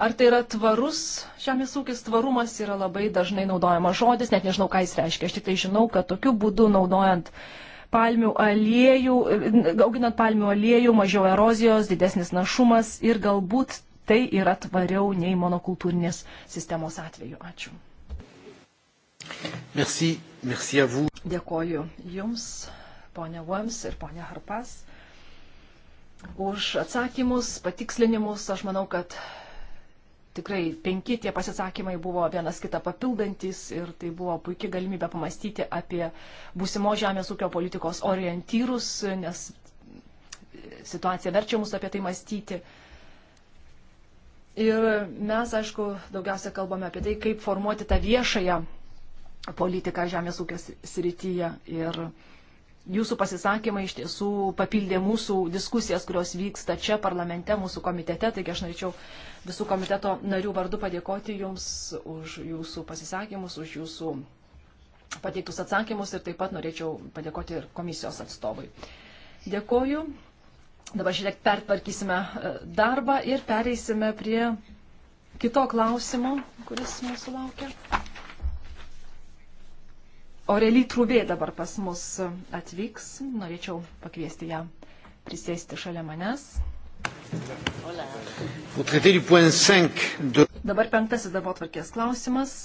Ar tai yra tvarus žemės ūkis? Tvarumas yra labai dažnai naudojamas žodis, net nežinau, ką jis reiškia. Aš tik tai žinau, kad tokiu būdu naudojant palmių aliejų, auginant palmių aliejų, mažiau erozijos, didesnis našumas ir galbūt tai yra tvariau nei monokultūrinės sistemos atveju. Ačiū. Merci, merci Dėkoju Jums, ponia Wams ir ponia Harpas, už atsakymus, patikslinimus. Aš manau, kad tikrai penki tie pasisakymai buvo vienas kitą papildantis ir tai buvo puikia galimybė pamastyti apie būsimo žemės ūkio politikos orientyrus, nes situacija verčia mus apie tai mąstyti. Ir mes, aišku, daugiausia kalbame apie tai, kaip formuoti tą viešąją politiką žemės ūkio srityje. Ir uh, jūsų pasisakymai iš tiesų papildė mūsų diskusijas, kurios vyksta čia parlamente, mūsų komitete. Taigi aš norėčiau visų komiteto narių vardu padėkoti Jums už Jūsų pasisakymus, už Jūsų pateiktus atsakymus ir taip pat norėčiau padėkoti ir komisijos atstovui. Dėkoju. Dabar šiek tiek pertvarkysime e, darbą ir pereisime prie kito klausimo, kuris mūsų laukia. Orely Trubė dabar pas mus atvyks. Norėčiau pakviesti ją prisėsti šalia manęs. Dabar penktasis darbo atvarkės klausimas.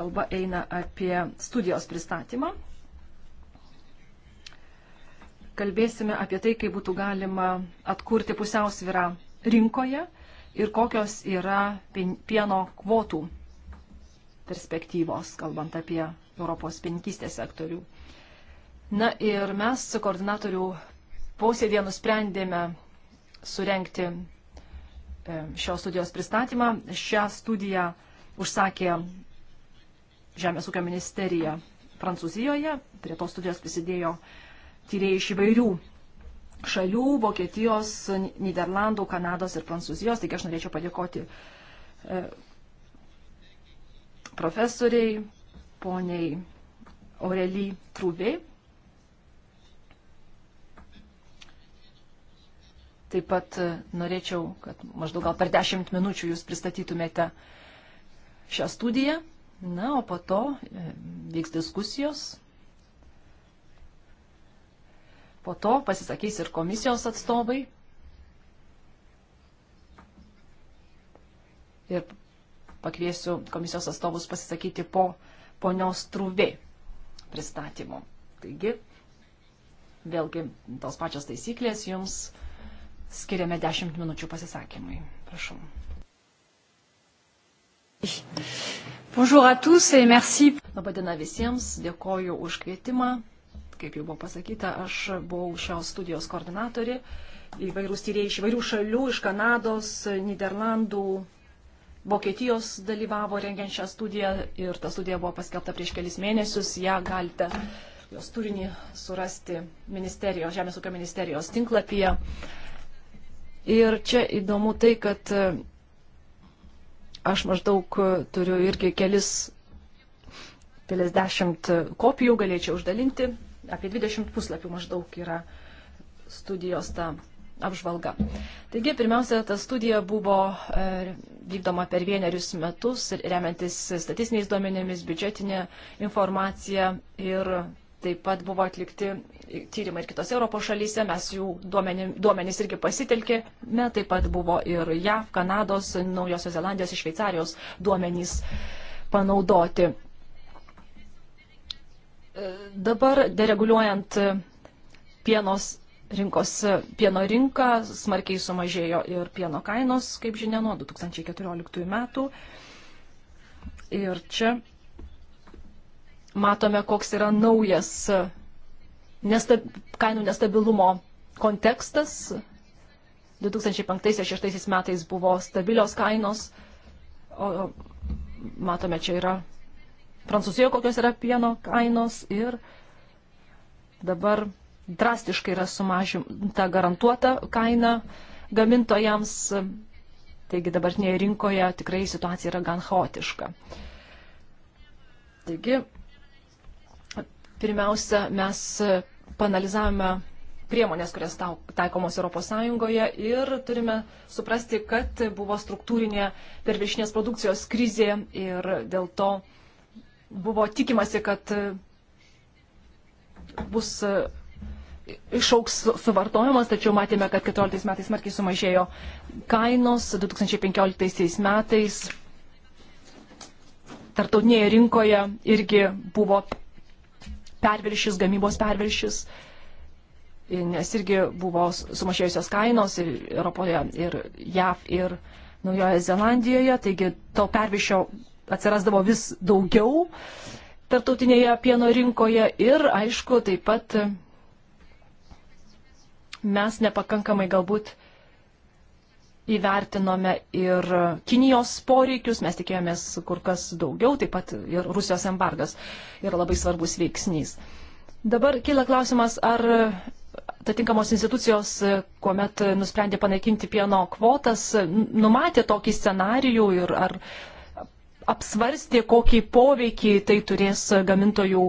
Kalba eina apie studijos pristatymą. Kalbėsime apie tai, kaip būtų galima atkurti pusiausvyrą rinkoje ir kokios yra pieno kvotų perspektyvos, kalbant apie Europos pinkystės sektorių. Na ir mes su koordinatorių posėdėje nusprendėme surenkti e, šios studijos pristatymą. Šią studiją užsakė Žemės ūkio ministerija Prancūzijoje. Prie tos studijos prisidėjo tyrėjai iš įvairių šalių - Vokietijos, Niderlandų, Kanados ir Prancūzijos. Taigi aš norėčiau padėkoti e, profesoriai, poniai Aurely Trūbiai. Taip pat e, norėčiau, kad maždaug gal per dešimt minučių jūs pristatytumėte šią studiją. Na, o po to e, vyks diskusijos. Po to pasisakys ir komisijos atstovai. Ir pakviesiu komisijos atstovus pasisakyti po ponios Truvė pristatymo. Taigi, vėlgi tos pačios taisyklės jums skiriame 10 minučių pasisakymui. Prašau. Bonjour à tous et merci. Labadiena visiems, dėkoju už kvietimą. Kaip jau buvo pasakyta, aš buvau šios studijos koordinatorė. Įvairūs tyrėjai iš įvairių šalių, iš Kanados, Niderlandų, Vokietijos dalyvavo rengiant šią studiją ir ta studija buvo paskelbta prieš kelis mėnesius. Ja galite jos turinį surasti ministerijos, Žemės ūkio ministerijos tinklapyje. Ir čia įdomu tai, kad e, aš maždaug e, turiu irgi kelis, keliasdešimt kopijų galėčiau uždalinti, apie 20 puslapių maždaug yra studijos ta apžvalga. Taigi, pirmiausia, ta studija buvo e, vykdoma per vienerius metus, remiantis statistiniais duomenėmis, biudžetinė informacija ir taip pat buvo atlikti tyrimai ir kitose Europos šalyse, mes jų duomenį, duomenys irgi pasitelkėme, taip pat buvo ir JAV, Kanados, Naujosios Zelandijos ir Šveicarijos duomenys panaudoti. E, dabar dereguliuojant pienos rinkos e, pieno rinka, smarkiai sumažėjo ir pieno kainos, kaip žinia, nuo 2014 metų. Ir čia matome, koks yra naujas e, nestab, kainų nestabilumo kontekstas. 2005-2006 metais buvo stabilios kainos, o matome, čia yra Prancūzijoje kokios yra pieno kainos ir dabar drastiškai yra sumažinta garantuota kaina gamintojams, taigi dabartinėje rinkoje tikrai situacija yra gan chaotiška. Taigi, pirmiausia, mes panalizavome priemonės, kurias taikomos ES ir turime suprasti, kad buvo struktūrinė pervišinės produkcijos krizė ir dėl to buvo tikimasi, kad bus išauks suvartojimas, tačiau matėme, kad 14 metais smarkiai sumažėjo kainos, 2015 metais tartautinėje rinkoje irgi buvo perviršis, gamybos perviršis, nes irgi buvo sumažėjusios kainos ir Europoje, ir JAV, ir Naujoje Zelandijoje, taigi to perviršio atsirasdavo vis daugiau tartautinėje pieno rinkoje ir, aišku, taip pat mes nepakankamai galbūt įvertinome ir Kinijos poreikius, mes tikėjomės kur kas daugiau, taip pat ir Rusijos embargas yra labai svarbus veiksnys. Dabar kyla klausimas, ar atitinkamos institucijos, kuomet nusprendė panaikinti pieno kvotas, numatė tokį scenarijų ir ar apsvarstė, kokį poveikį tai turės gamintojų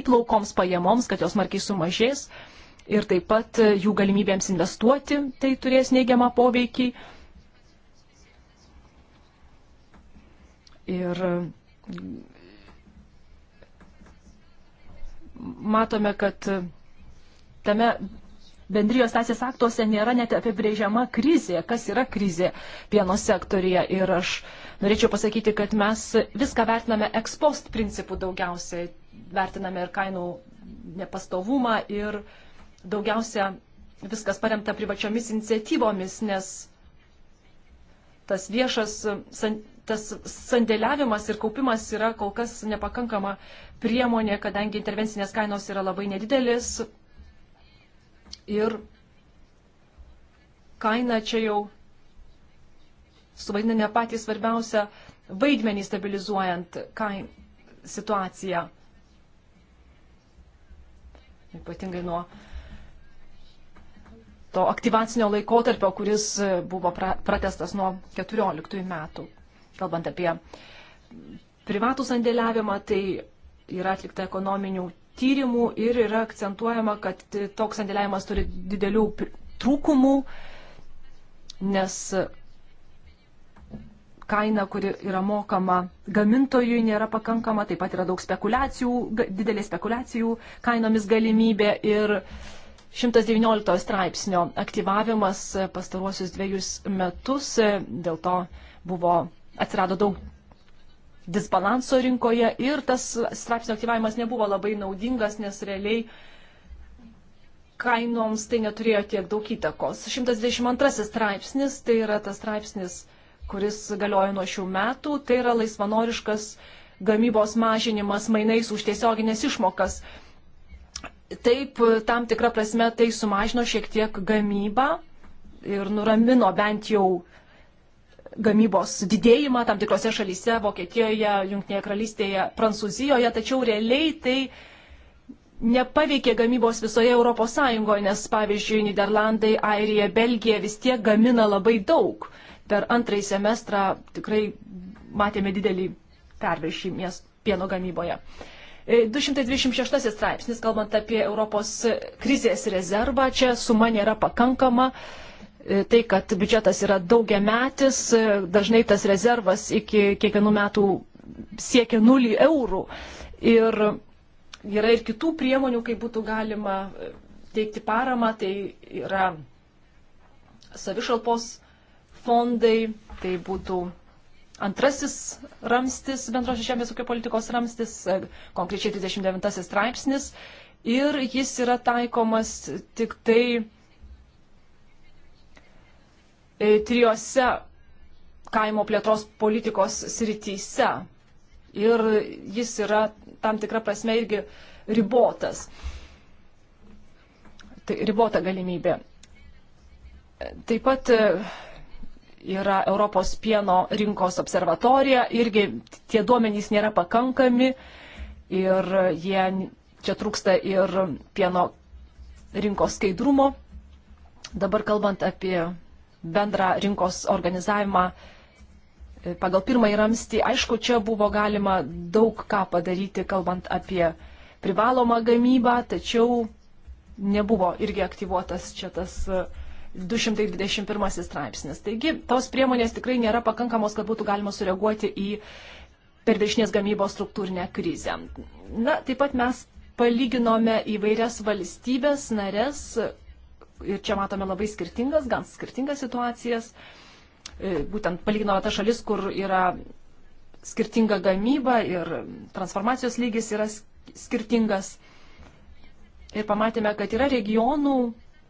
įplaukoms, pajamoms, kad jos markiai sumažės. Uh, ir taip pat e, jų galimybėms investuoti tai turės neigiamą poveikį. Ir e, matome, kad e, tame bendrijos teisės aktuose nėra net apibrėžiama krizė, kas yra krizė pieno sektorija. Ir aš norėčiau pasakyti, kad mes viską vertiname ekspost principų daugiausiai, vertiname ir kainų nepastovumą ir uh, daugiausia viskas paremta privačiomis iniciatyvomis, nes tas viešas, tas sandėliavimas ir kaupimas yra kol kas nepakankama priemonė, kadangi intervencinės kainos yra labai nedidelis ir kaina čia jau suvaidina ne patį svarbiausią vaidmenį stabilizuojant kain, situaciją. Ypatingai nuo to aktyvacinio laikotarpio, kuris e, buvo pratestas nuo 14 metų. Kalbant apie privatų sandėliavimą, tai yra atlikta ekonominių tyrimų ir yra akcentuojama, kad toks sandėliavimas turi didelių trūkumų, nes kaina, kuri yra mokama gamintojui, nėra pakankama, taip pat yra daug spekulacijų, didelė spekulacijų kainomis galimybė ir uh, 119 straipsnio aktyvavimas e, pastaruosius dviejus metus, e, dėl to buvo, atsirado daug disbalanso rinkoje ir tas straipsnio aktyvavimas nebuvo labai naudingas, nes realiai kainoms tai neturėjo tiek daug įtakos. 122 straipsnis, tai yra tas straipsnis, kuris galioja nuo šių metų, tai yra laisvanoriškas gamybos mažinimas mainais už tiesioginės išmokas taip tam tikrą prasme tai sumažino šiek tiek gamybą ir nuramino bent jau gamybos didėjimą tam tikrose šalyse, Vokietijoje, Junktinėje karalystėje, Prancūzijoje, tačiau realiai tai nepaveikė gamybos visoje Europos Sąjungoje, nes pavyzdžiui, Niderlandai, Airija, Belgija vis tiek gamina labai daug. Per antrąjį semestrą tikrai matėme didelį perviršį pieno gamyboje. Uh, 226 e, straipsnis, kalbant apie Europos krizės rezervą, čia suma nėra pakankama. E, tai, kad biudžetas yra daugiametis, e, dažnai tas rezervas iki kiekvienų metų siekia 0 eurų. Ir yra ir kitų priemonių, kaip būtų galima teikti paramą, tai yra savišalpos fondai, tai būtų antrasis ramstis, bendros žemės ūkio politikos ramstis, e, konkrečiai 29 straipsnis, ir jis yra taikomas tik tai e, trijose kaimo plėtros politikos srityse. Ir jis yra tam tikra prasme irgi ribotas. Tai ribota galimybė. Taip pat e, yra Europos pieno rinkos observatorija, irgi tie duomenys nėra pakankami ir jie čia trūksta ir pieno rinkos skaidrumo. Dabar kalbant apie bendrą rinkos organizavimą e, pagal pirmąjį ramstį, aišku, čia buvo galima daug ką padaryti, kalbant apie privalomą gamybą, tačiau nebuvo irgi aktyvuotas čia tas uh, 221 straipsnis. Taigi, tos priemonės tikrai nėra pakankamos, kad būtų galima sureaguoti į perviršinės gamybos struktūrinę krizę. Na, taip pat mes palyginome įvairias valstybės narės ir čia matome labai skirtingas, gan skirtingas situacijas. E, būtent palyginome tą šalis, kur yra skirtinga gamyba ir transformacijos lygis yra skirtingas. Ir pamatėme, kad yra regionų,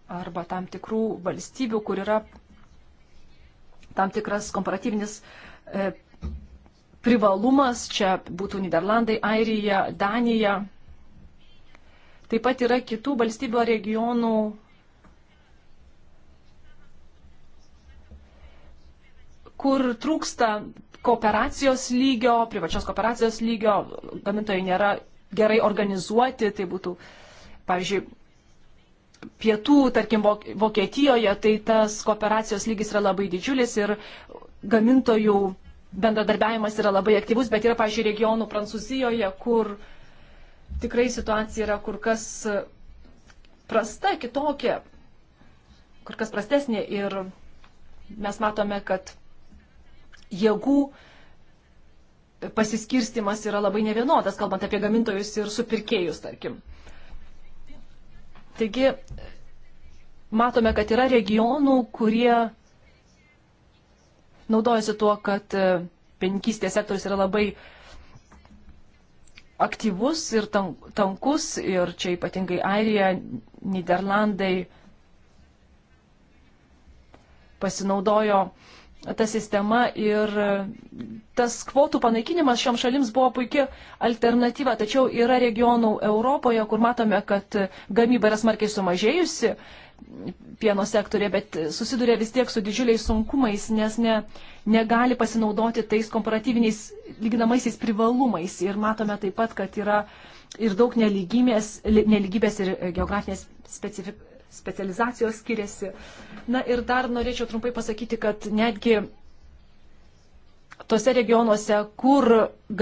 arba tam tikrų valstybių, kur yra tam tikras komparatyvinis e, privalumas, čia būtų Niderlandai, Airija, Danija. Taip pat yra kitų valstybių ar regionų, kur trūksta kooperacijos lygio, privačios kooperacijos lygio, gamintojai nėra gerai organizuoti, tai būtų, pavyzdžiui, pietų, tarkim, Vokietijoje, tai tas kooperacijos lygis yra labai didžiulis ir gamintojų bendradarbiavimas yra labai aktyvus, bet yra, pažiūrėjau, regionų Prancūzijoje, kur tikrai situacija yra kur kas prasta, kitokia, kur kas prastesnė ir mes matome, kad jėgų pasiskirstimas yra labai nevienodas, kalbant apie gamintojus ir supirkėjus, tarkim. Taigi, matome, kad yra regionų, kurie naudojasi tuo, kad e, pieninkystės sektorius yra labai aktyvus ir tankus, ir čia ypatingai Airija, Niderlandai pasinaudojo uh, ta sistema ir tas kvotų panaikinimas šiom šalims buvo puikia alternatyva, tačiau yra regionų Europoje, kur matome, kad gamyba yra smarkiai sumažėjusi pieno sektorė, bet susiduria vis tiek su didžiuliais sunkumais, nes ne, negali pasinaudoti tais komparatyviniais lyginamaisiais privalumais. Ir matome taip pat, kad yra ir daug nelygybės, nelygybės ir geografinės specifik, specializacijos skiriasi. Na ir dar norėčiau trumpai pasakyti, kad netgi tose regionuose, kur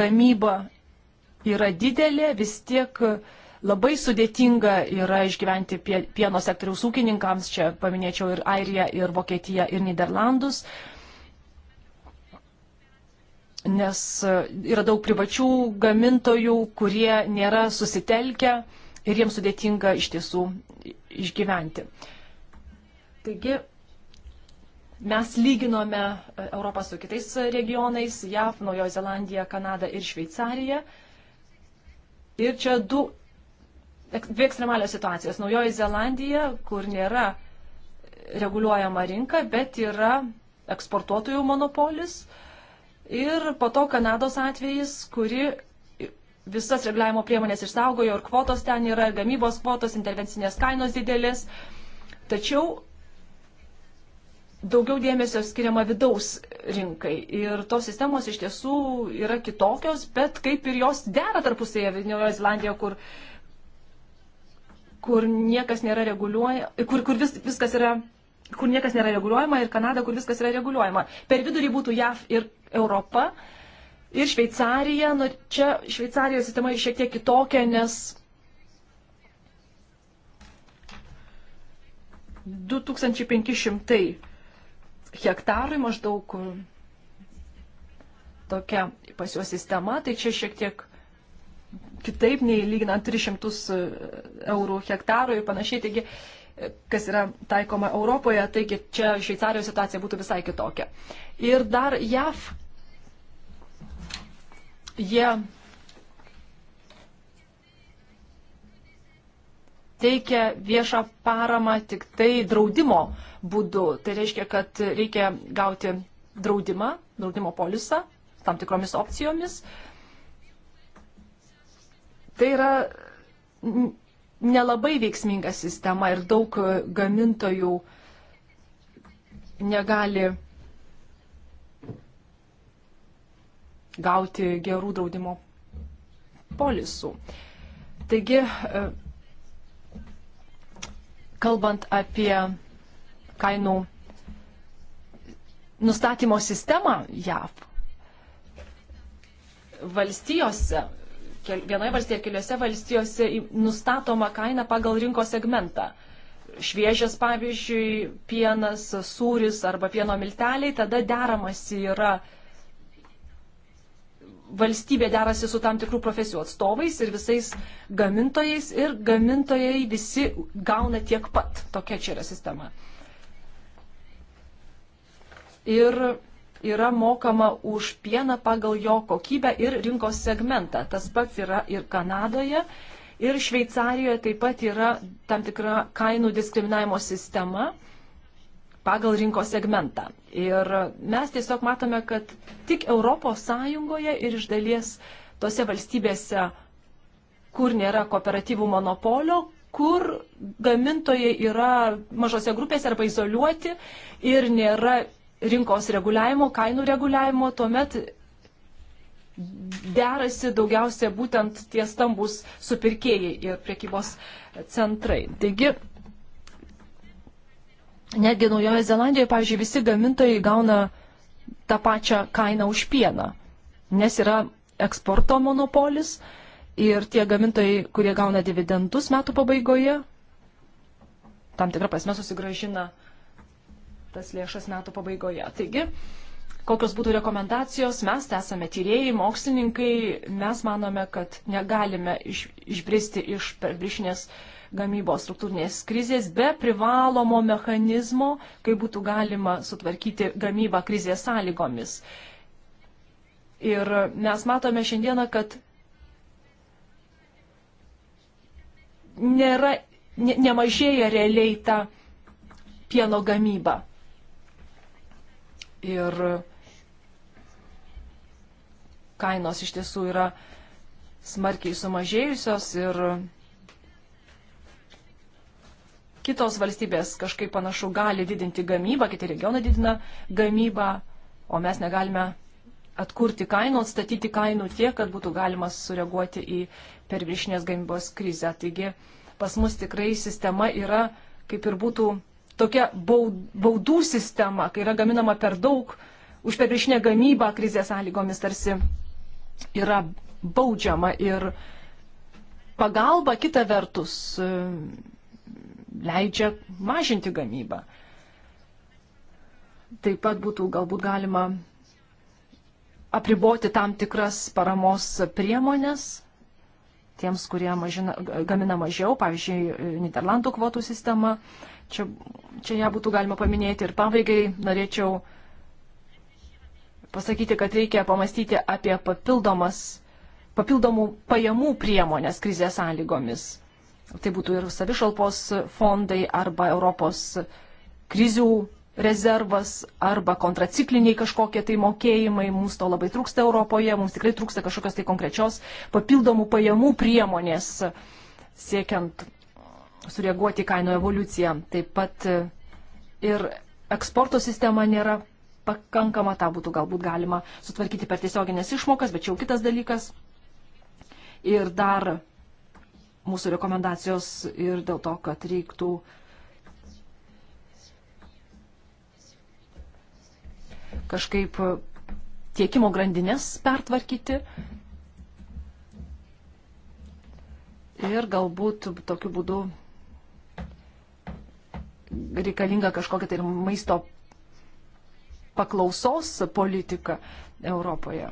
gamyba yra didelė, vis tiek labai sudėtinga yra išgyventi pieno sektoriaus ūkininkams. Čia paminėčiau ir Airiją, ir Vokietiją, ir Niderlandus. Nes yra daug privačių gamintojų, kurie nėra susitelkę ir jiems sudėtinga iš tiesų išgyventi. Taigi mes lyginome e, Europą su kitais regionais - JAV, Naujojo Zelandija, Kanada ir Šveicarija. Ir čia du, dvi ekstremalios situacijos. Naujoji Zelandija, kur nėra reguliuojama rinka, bet yra eksportuotojų monopolis. Ir po to Kanados atvejis, kuri visas reguliavimo priemonės išsaugojo ir kvotos ten yra, ir gamybos kvotos, intervencinės kainos didelis. Tačiau daugiau dėmesio skiriama vidaus rinkai. Ir tos sistemos iš tiesų yra kitokios, bet kaip ir jos dera tarpusėje Vidiniojo Zelandijoje, kur, kur niekas nėra reguliuoja, kur, kur vis, viskas yra kur niekas nėra reguliuojama ir Kanada, kur viskas yra reguliuojama. Per vidurį būtų JAV ir Europa, Ir Šveicarija, nu čia Šveicarijos sistema šiek tiek kitokia, nes 2500 hektarui maždaug tokia pas juos sistema, tai čia šiek tiek kitaip nei lyginant 300 eurų hektarui ir panašiai, taigi kas yra taikoma Europoje, taigi čia Šveicarijos situacija būtų visai kitokia. Ir dar JAV Jie teikia viešą paramą tik tai draudimo būdu. Tai reiškia, kad reikia gauti draudimą, draudimo polisą tam tikromis opcijomis. Tai yra nelabai veiksminga sistema ir daug gamintojų negali gauti gerų draudimo polisų. Taigi, e, kalbant apie kainų nustatymo sistemą JAV, valstijose, vienoje valstijoje, keliose valstijose nustatoma kaina pagal rinkos segmentą. Šviežias, pavyzdžiui, pienas, sūris arba pieno milteliai, tada deramasi yra uh, valstybė derasi su tam tikrų profesijų atstovais ir visais gamintojais ir gamintojai visi gauna tiek pat. Tokia čia yra sistema. Ir yra mokama už pieną pagal jo kokybę ir rinkos segmentą. Tas pats yra ir Kanadoje. Ir Šveicarijoje taip pat yra tam tikra kainų diskriminavimo sistema pagal rinkos segmentą. Ir mes tiesiog matome, kad tik ES ir iš dalies tose valstybėse, kur nėra kooperatyvų monopolio, kur gamintojai yra mažose grupėse arba izoliuoti ir nėra rinkos reguliavimo, kainų reguliavimo, tuomet derasi daugiausia būtent tie stambus supirkėjai ir priekybos centrai. Taigi, Netgi Naujojo Zelandijoje, pavyzdžiui, visi gamintojai gauna tą pačią kainą už pieną, nes yra eksporto monopolis ir tie gamintojai, kurie gauna dividendus metų pabaigoje, tam tikrą prasme susigražina tas lėšas metų pabaigoje. Taigi, kokios būtų rekomendacijos, mes esame tyrėjai, mokslininkai, mes manome, kad negalime iš, išbristi iš perbrišinės gamybos struktūrinės krizės be privalomo mechanizmo, kaip būtų galima sutvarkyti gamybą krizės sąlygomis. Ir mes matome šiandieną, kad nėra, ne, nemažėja realiai ta pieno gamyba. Ir kainos iš tiesų yra smarkiai sumažėjusios ir kitos valstybės kažkaip panašu gali didinti gamybą, kiti regionai didina gamybą, o mes negalime atkurti kainų, atstatyti kainų tiek, kad būtų galima sureaguoti į perviršinės gamybos krizę. Taigi pas mus tikrai sistema yra kaip ir būtų tokia baudų sistema, kai yra gaminama per daug, už perviršinę gamybą krizės sąlygomis tarsi yra baudžiama ir pagalba kita vertus leidžia mažinti gamybą. Taip pat būtų galbūt galima apriboti tam tikras paramos priemonės tiems, kurie mažina, gamina mažiau, pavyzdžiui, Niderlandų kvotų sistema. Čia, čia ją būtų galima paminėti ir pabaigai norėčiau pasakyti, kad reikia pamastyti apie papildomas, papildomų pajamų priemonės krizės sąlygomis. Tai būtų ir savišalpos fondai arba Europos krizių rezervas arba kontracikliniai kažkokie tai mokėjimai, mums to labai trūksta Europoje, mums tikrai trūksta kažkokios tai konkrečios papildomų pajamų priemonės siekiant sureaguoti į kainų evoliuciją. Taip pat ir eksporto sistema nėra pakankama, tą būtų galbūt galima sutvarkyti per tiesioginės išmokas, bet čia jau kitas dalykas. Ir dar mūsų rekomendacijos ir dėl to, kad reiktų kažkaip tiekimo grandinės pertvarkyti ir galbūt tokiu būdu reikalinga kažkokia tai maisto paklausos politika Europoje.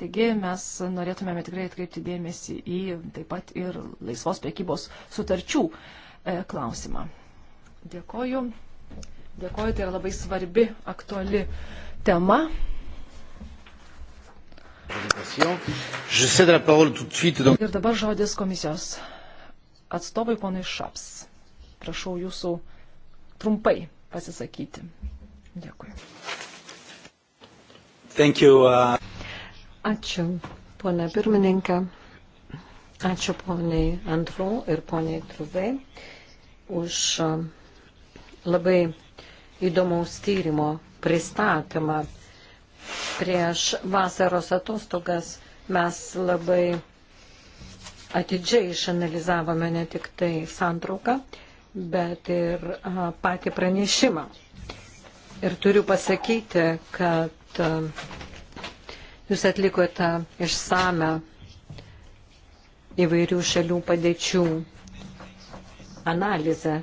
Taigi mes norėtumėme tikrai atkreipti dėmesį į taip pat ir laisvos priekybos sutarčių e, klausimą. Dėkoju. Dėkoju, tai yra labai svarbi, aktuali tema. Ir dabar žodis komisijos atstovai ponui Šaps. Prašau jūsų trumpai pasisakyti. Dėkui. Thank you, uh... Ačiū, ponė pirmininkė. Ačiū poniai Antru ir poniai Truvei už labai įdomaus tyrimo pristatymą. Prieš vasaros atostogas mes labai atidžiai išanalizavome ne tik tai santrauką, bet ir patį pranešimą. Ir turiu pasakyti, kad Jūs atlikote išsame įvairių šalių padėčių analizę.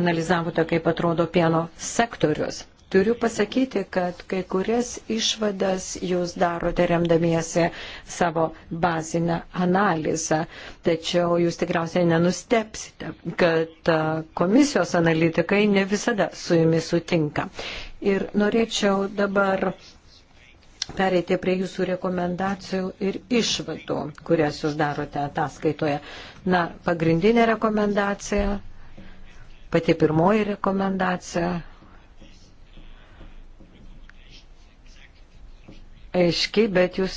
Analizavote, kaip atrodo pieno sektorius. Turiu pasakyti, kad kai kurias išvadas jūs darote remdamiesi savo bazinę analizą, tačiau jūs tikriausiai nenustepsite, kad komisijos analitikai ne visada su jumis sutinka. Ir norėčiau dabar pereiti prie jūsų rekomendacijų ir išvadų, kurias jūs darote ataskaitoje. Na, pagrindinė rekomendacija, pati pirmoji rekomendacija. Aiški, bet jūs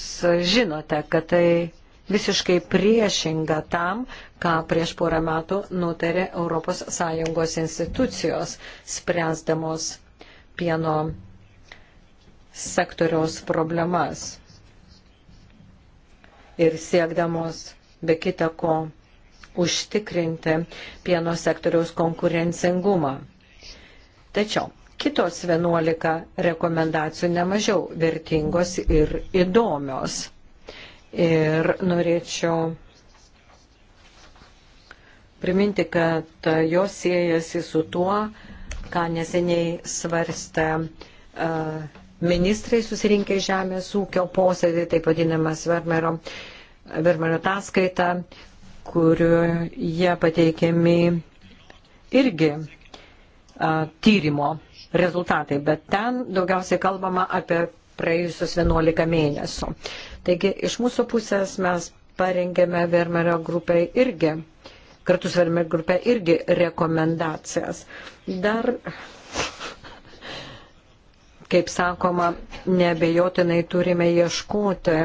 žinote, kad tai visiškai priešinga tam, ką prieš porą metų nutarė ES institucijos, spręsdamos pieno sektoriaus problemas ir siekdamos be kita ko užtikrinti pieno sektoriaus konkurencingumą. Tačiau kitos 11 rekomendacijų nemažiau vertingos ir įdomios. Ir norėčiau priminti, kad jos siejasi su tuo, ką neseniai svarstė uh, ministrai susirinkę žemės ūkio posėdį, taip vadinamas Vermero, Vermero ataskaita, kurioje pateikiami irgi a, tyrimo rezultatai, bet ten daugiausiai kalbama apie praėjusius 11 mėnesių. Taigi iš mūsų pusės mes parengėme Vermerio grupiai irgi, kartu su Vermerio grupė irgi rekomendacijas. Dar kaip sakoma, nebejotinai turime ieškoti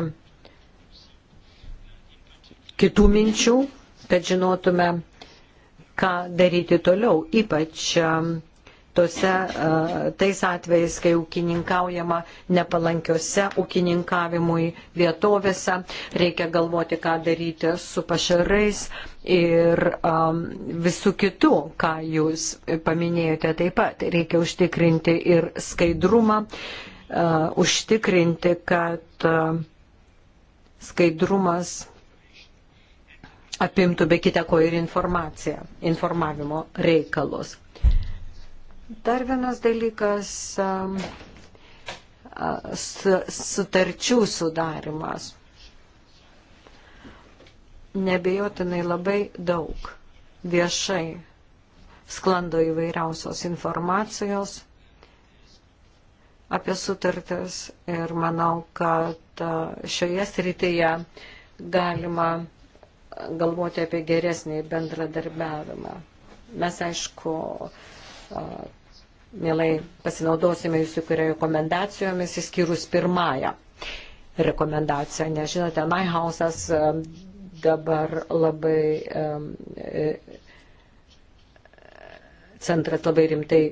kitų minčių, kad žinotume, ką daryti toliau, ypač um, tose, tais atvejais, kai ūkininkaujama nepalankiose ūkininkavimui vietovėse, reikia galvoti, ką daryti su pašarais ir um, visų kitų, ką jūs paminėjote taip pat. Reikia užtikrinti ir skaidrumą, uh, užtikrinti, kad uh, skaidrumas apimtų be kita ko ir informaciją, informavimo reikalus. Dar vienas dalykas sutarčių sudarimas. Nebejotinai labai daug viešai sklando įvairiausios informacijos apie sutartis ir manau, kad šioje srityje galima galvoti apie geresnį bendradarbiavimą. Mes, aišku, mielai pasinaudosime jūsų rekomendacijomis, įskyrus pirmąją rekomendaciją, nes žinote, My House'as um, dabar labai um, e, centras labai rimtai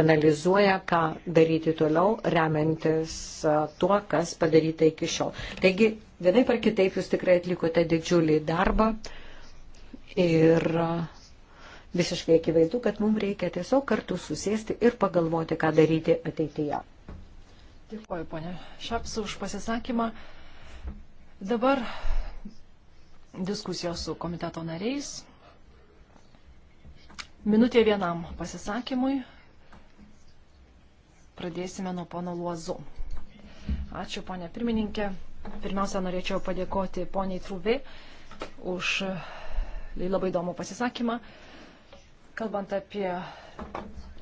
analizuoja, ką daryti toliau, remiantis e, tuo, kas padaryta iki šiol. Taigi, vienai par kitaip jūs tikrai atlikote didžiulį darbą ir uh, visiškai akivaizdu, kad mums reikia tiesiog kartu susėsti ir pagalvoti, ką daryti ateityje. Dėkuoju, ponė Šaps, už pasisakymą. Dabar diskusijos su komiteto nariais. Minutė vienam pasisakymui. Pradėsime nuo pono Luozu. Ačiū, ponė pirmininkė. Pirmiausia, norėčiau padėkoti poniai Truvė už labai įdomų pasisakymą. Kalbant apie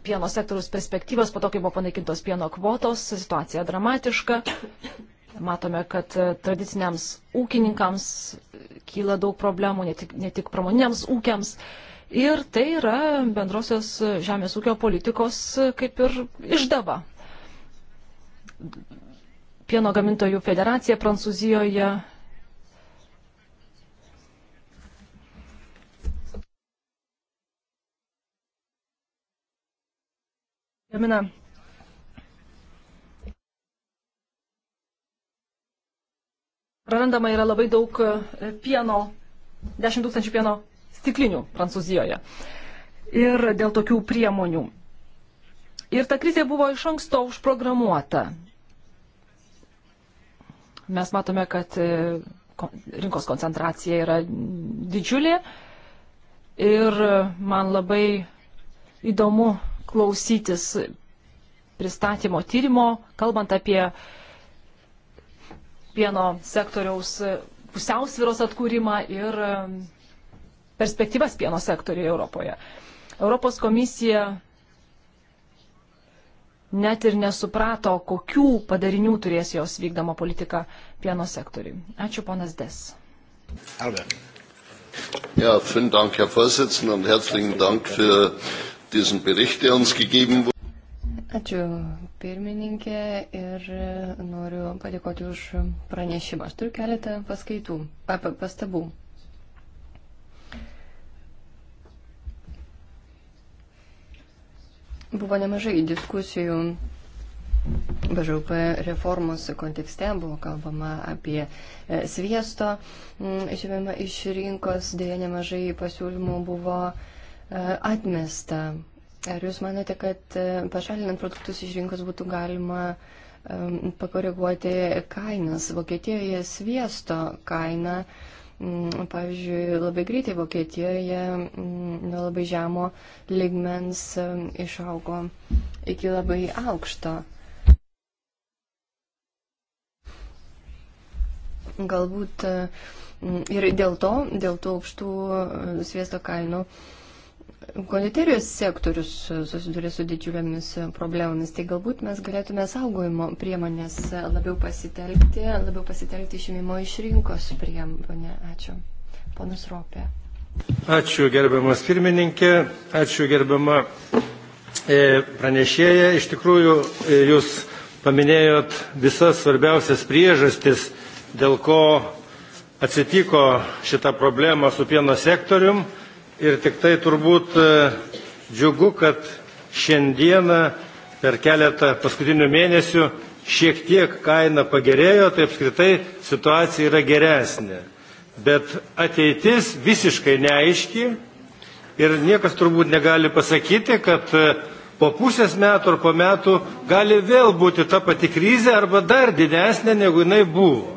pieno sektoriaus perspektyvas, po to, kai buvo panaikintos pieno kvotos, situacija dramatiška. Matome, kad e, tradiciniams ūkininkams e, kyla daug problemų, ne tik, ne tik pramoniniams ūkiams. Ir tai yra bendrosios e, žemės ūkio politikos kaip ir išdava. Pieno gamintojų federacija Prancūzijoje gamina prarandama yra labai daug e, pieno, 10 tūkstančių pieno stiklinių Prancūzijoje. Ir dėl tokių priemonių. Ir ta krizė buvo iš anksto užprogramuota. Mes matome, kad e, rinkos koncentracija yra didžiulė ir e, man labai įdomu klausytis pristatymo tyrimo, kalbant apie pieno sektoriaus pusiausviros atkūrimą ir um, perspektyvas pieno sektoriuje Europoje. Europos komisija net ir nesuprato, kokių padarinių turės jos vykdoma politika pieno sektoriui. Ačiū, ponas Des. Albert. Ja, vielen Dank, Herr Vorsitzender, und herzlichen Dank für diesen Bericht, der uns gegeben wurde. Ačiū pirmininkė ir noriu padėkoti už pranešimą. Aš turiu keletą paskaitų, ap, pastabų. Buvo nemažai diskusijų BŽP reformos kontekste buvo kalbama apie e, sviesto išvėmą iš rinkos, dėja nemažai pasiūlymų buvo E, atmesta. Ar jūs manote, kad e, pašalinant produktus iš rinkos būtų galima e, pakoreguoti kainas? Vokietijoje sviesto kaina, pavyzdžiui, labai greitai Vokietijoje nuo labai žemo ligmens išaugo iki labai aukšto. Galbūt ir dėl to, dėl tų aukštų sviesto kainų, uh, konditerijos sektorius susiduria su didžiulėmis problemomis, tai galbūt mes galėtume saugojimo priemonės labiau pasitelkti, labiau pasitelkti išimimo iš rinkos priemonę. Ačiū. Ponas Ropė. Ačiū gerbiamas pirmininkė, ačiū gerbiama e, pranešėja. Iš tikrųjų, e, jūs paminėjot visas svarbiausias priežastis, dėl ko atsitiko šita problema su pieno sektoriumi ir tik tai turbūt e, džiugu, kad šiandieną per keletą paskutinių mėnesių šiek tiek kaina pagerėjo, tai apskritai situacija yra geresnė. Bet ateitis visiškai neaiški ir niekas turbūt negali pasakyti, kad e, po pusės metų ar po metų gali vėl būti ta pati krizė arba dar didesnė, negu jinai buvo.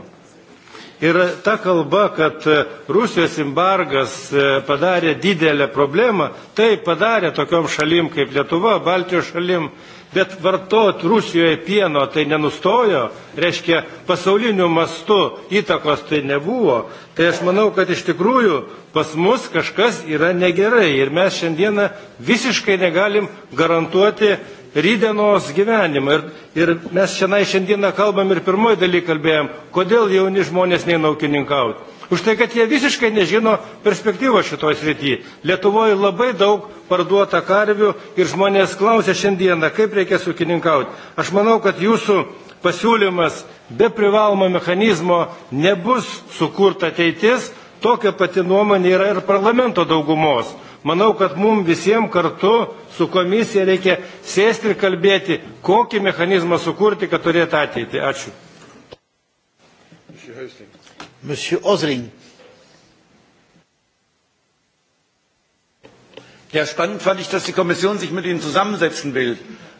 Ir ta kalba, kad e, Rusijos embargas e, padarė didelę problemą, tai padarė tokiom šalim kaip Lietuva, Baltijos šalim, bet vartot Rusijoje pieno tai nenustojo, reiškia pasauliniu mastu įtakos tai nebuvo. Tai aš manau, kad iš tikrųjų pas mus kažkas yra negerai ir mes šiandieną visiškai negalim garantuoti rydienos gyvenimą. Ir, ir mes šiandien, šiandieną kalbam ir pirmoji daly kalbėjom, kodėl jauni žmonės neina ūkininkauti. Už tai, kad jie visiškai nežino perspektyvos šitoje srityje. Lietuvoje labai daug parduota karvių ir žmonės klausia šiandieną, kaip reikės ūkininkauti. Aš manau, kad jūsų pasiūlymas be privalomo mechanizmo nebus sukurta ateitis, tokia pati nuomonė yra ir parlamento daugumos. Manau, kad mums visiems kartu su komisija reikia sėsti ir kalbėti, kokį mechanizmą sukurti, kad turėtų ateitį. Ačiū. Monsieur Osling. Ja, spannend fand ich, dass die Kommission sich mit Ihnen zusammensetzen will.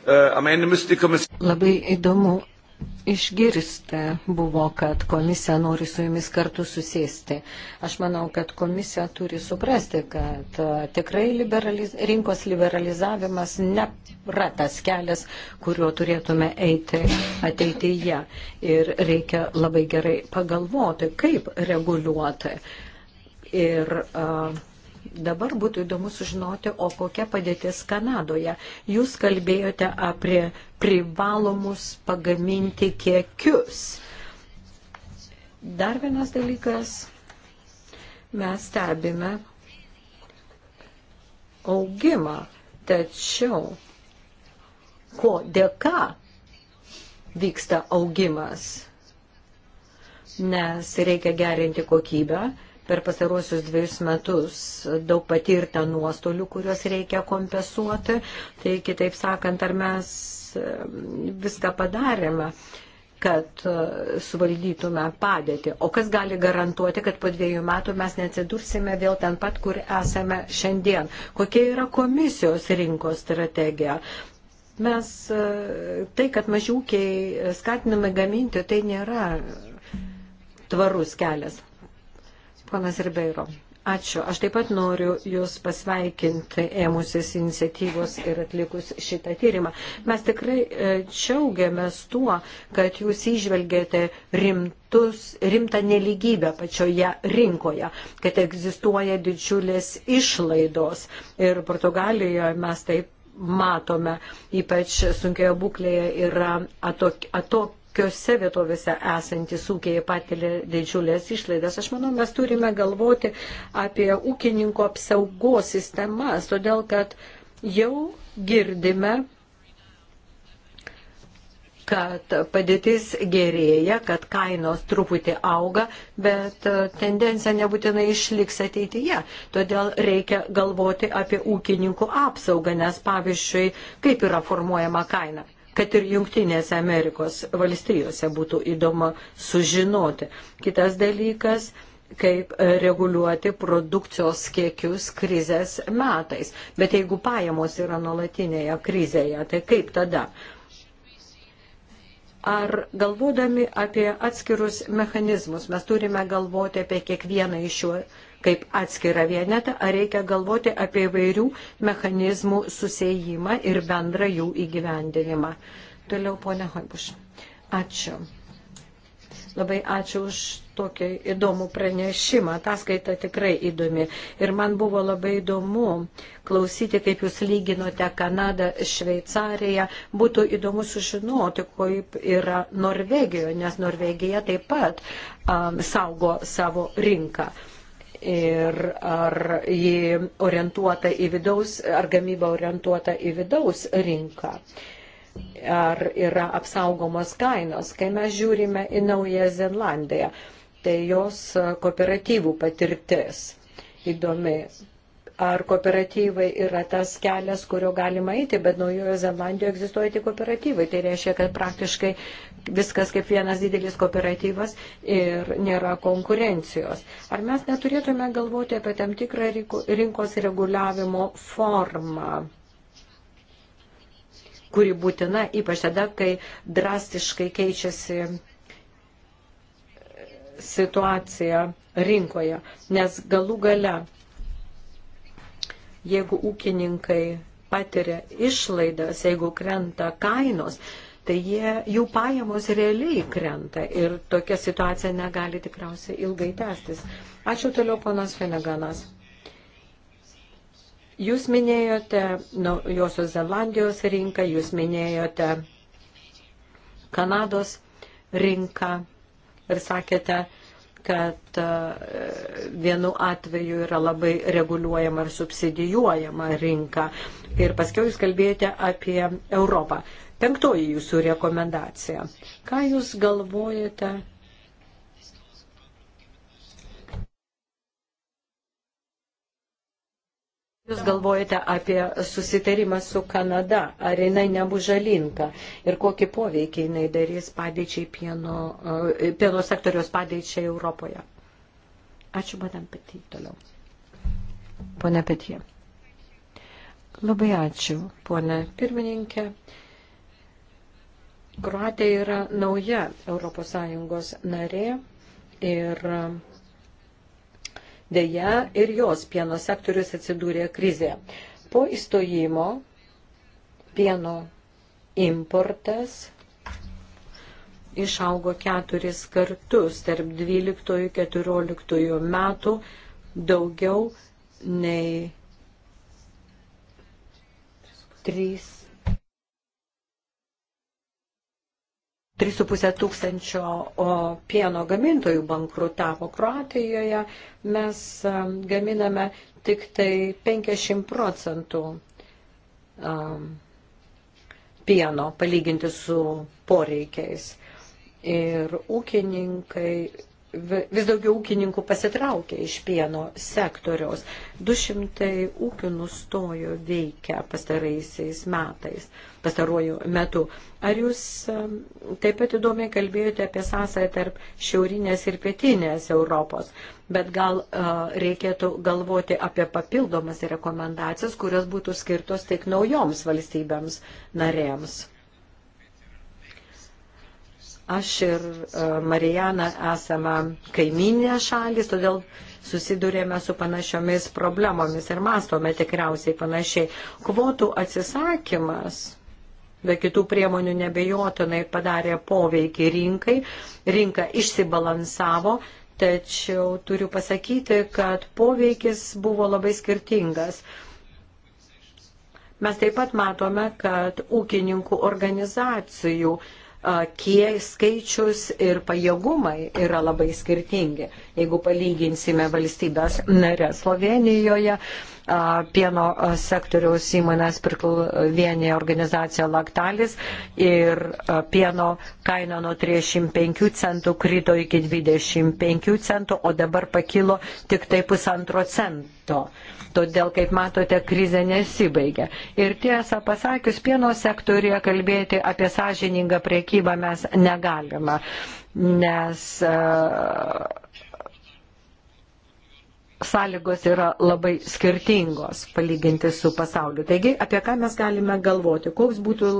Äh, am Ende müsste die Kommission. Labai įdomu, išgirsti buvo, kad komisija nori su jumis kartu susėsti. Aš manau, kad komisija turi suprasti, kad e, tikrai liberaliz rinkos liberalizavimas nėra tas kelias, kuriuo turėtume eiti ateityje. Ir reikia labai gerai pagalvoti, kaip reguliuoti. Ir, uh, Dabar būtų įdomu sužinoti, o kokia padėtis Kanadoje. Jūs kalbėjote apie privalomus pagaminti kiekius. Dar vienas dalykas. Mes stebime augimą, tačiau ko dėka vyksta augimas, nes reikia gerinti kokybę per pastaruosius dviejus metus daug patirta nuostolių, kuriuos reikia kompensuoti. Tai kitaip sakant, ar mes e, viską padarėme kad e, suvaldytume padėtį. O kas gali garantuoti, kad po dviejų metų mes neatsidursime vėl ten pat, kur esame šiandien? Kokia yra komisijos rinkos strategija? Mes e, tai, kad mažiukiai skatiname gaminti, tai nėra tvarus kelias. Ponas Ribeiro. Ačiū. Aš taip pat noriu Jūs pasveikinti ėmusis iniciatyvos ir atlikus šitą tyrimą. Mes tikrai e, džiaugiamės tuo, kad Jūs išvelgėte rimtus, rimtą neligybę pačioje rinkoje, kad egzistuoja didžiulės išlaidos. Ir Portugalijoje mes taip matome, ypač sunkioje būklėje yra atok, atok, kokiuose vietovėse esantys ūkiai patiria didžiulės išlaidas. Aš manau, mes turime galvoti apie ūkininko apsaugos sistemas, todėl kad jau girdime kad padėtis gerėja, kad kainos truputį auga, bet tendencija nebūtinai išliks ateityje. Todėl reikia galvoti apie ūkininkų apsaugą, nes pavyzdžiui, kaip yra formuojama kaina kad ir Junktinėse Amerikos valstijose būtų įdomu sužinoti. Kitas dalykas kaip e, reguliuoti produkcijos kiekius krizės metais. Bet jeigu pajamos yra nuolatinėje krizėje, tai kaip tada? Ar galvodami apie atskirus mechanizmus mes turime galvoti apie kiekvieną iš šių kaip atskirą vienetą, ar reikia galvoti apie įvairių mechanizmų susėjimą ir bendrą jų įgyvendinimą. Toliau, ponė Hoibuš. Ačiū. Labai ačiū už tokį įdomų pranešimą. Ta skaita tikrai įdomi. Ir man buvo labai įdomu klausyti, kaip jūs lyginote Kanadą, Šveicariją. Būtų įdomu sužinoti, kaip yra Norvegijoje, nes Norvegija taip pat um, saugo savo rinką. Um, ir ar ji orientuota į vidaus, ar gamyba orientuota į vidaus rinką, ar yra apsaugomos kainos. Kai mes žiūrime į Naują Zelandiją, tai jos kooperatyvų patirtis įdomi ar kooperatyvai yra tas kelias, kurio galima eiti, bet Naujojo Zelandijoje egzistuoja tik kooperatyvai. Tai reiškia, kad praktiškai viskas kaip vienas didelis kooperatyvas ir nėra konkurencijos. Ar mes neturėtume galvoti apie tam tikrą rinkos reguliavimo formą? kuri būtina, ypač tada, kai drastiškai keičiasi situacija rinkoje, nes galų gale jeigu ūkininkai patiria išlaidas, jeigu krenta kainos, tai jie, jų pajamos realiai krenta ir tokia situacija negali tikriausiai ilgai tęstis. Ačiū toliau, ponas Feneganas. Jūs minėjote Naujosios Zelandijos rinką, jūs minėjote Kanados rinką ir sakėte, kad e, vienu atveju yra labai reguliuojama ir subsidijuojama rinka. Ir paskui jūs kalbėjote apie Europą. Penktoji jūsų rekomendacija. Ką jūs galvojate Jūs galvojate apie susitarimą su Kanada, ar jinai nebus žalinga ir kokį poveikį jinai darys padėčiai pieno, e, pieno sektoriaus padėčiai Europoje. Ačiū, madam Petit, toliau. Pone Petie. Labai ačiū, pone pirmininkė. Kroatija yra nauja ES narė ir Deja, ir jos pieno sektorius atsidūrė krizėje. Po įstojimo pieno importas išaugo keturis kartus tarp 12-14 metų daugiau nei 3 3,5 tūkstančio pieno gamintojų bankrutavo Kroatijoje, mes um, gaminame tik tai 50 procentų um, pieno palyginti su poreikiais. Ir ūkininkai vis daugiau ūkininkų pasitraukia iš pieno sektoriaus. 200 ūkių nustojo veikia pastaraisiais metais, pastaruoju metu. Ar jūs taip pat įdomiai kalbėjote apie sąsąją tarp šiaurinės ir pietinės Europos, bet gal e, reikėtų galvoti apie papildomas rekomendacijas, kurios būtų skirtos tik naujoms valstybėms narėms? Aš ir e, Marijana esame kaiminė šalis, todėl susidurėme su panašiomis problemomis ir mastome tikriausiai panašiai. Kvotų atsisakymas be kitų priemonių nebejotinai padarė poveikį rinkai, rinka išsibalansavo, tačiau turiu pasakyti, kad poveikis buvo labai skirtingas. Mes taip pat matome, kad ūkininkų organizacijų uh, kiek skaičius ir pajėgumai yra labai skirtingi. Jeigu palyginsime valstybės narę Slovenijoje, pieno sektoriaus įmonės vienyje organizacija Laktalis ir pieno kaina nuo 35 centų krito iki 25 centų, o dabar pakilo tik tai pusantro cento todėl, kaip matote, krize nesibaigia. Ir tiesą pasakius, pieno sektorija kalbėti apie sąžiningą priekybą mes negalime, nes e, sąlygos yra labai skirtingos palyginti su pasauliu. Taigi, apie ką mes galime galvoti, koks būtų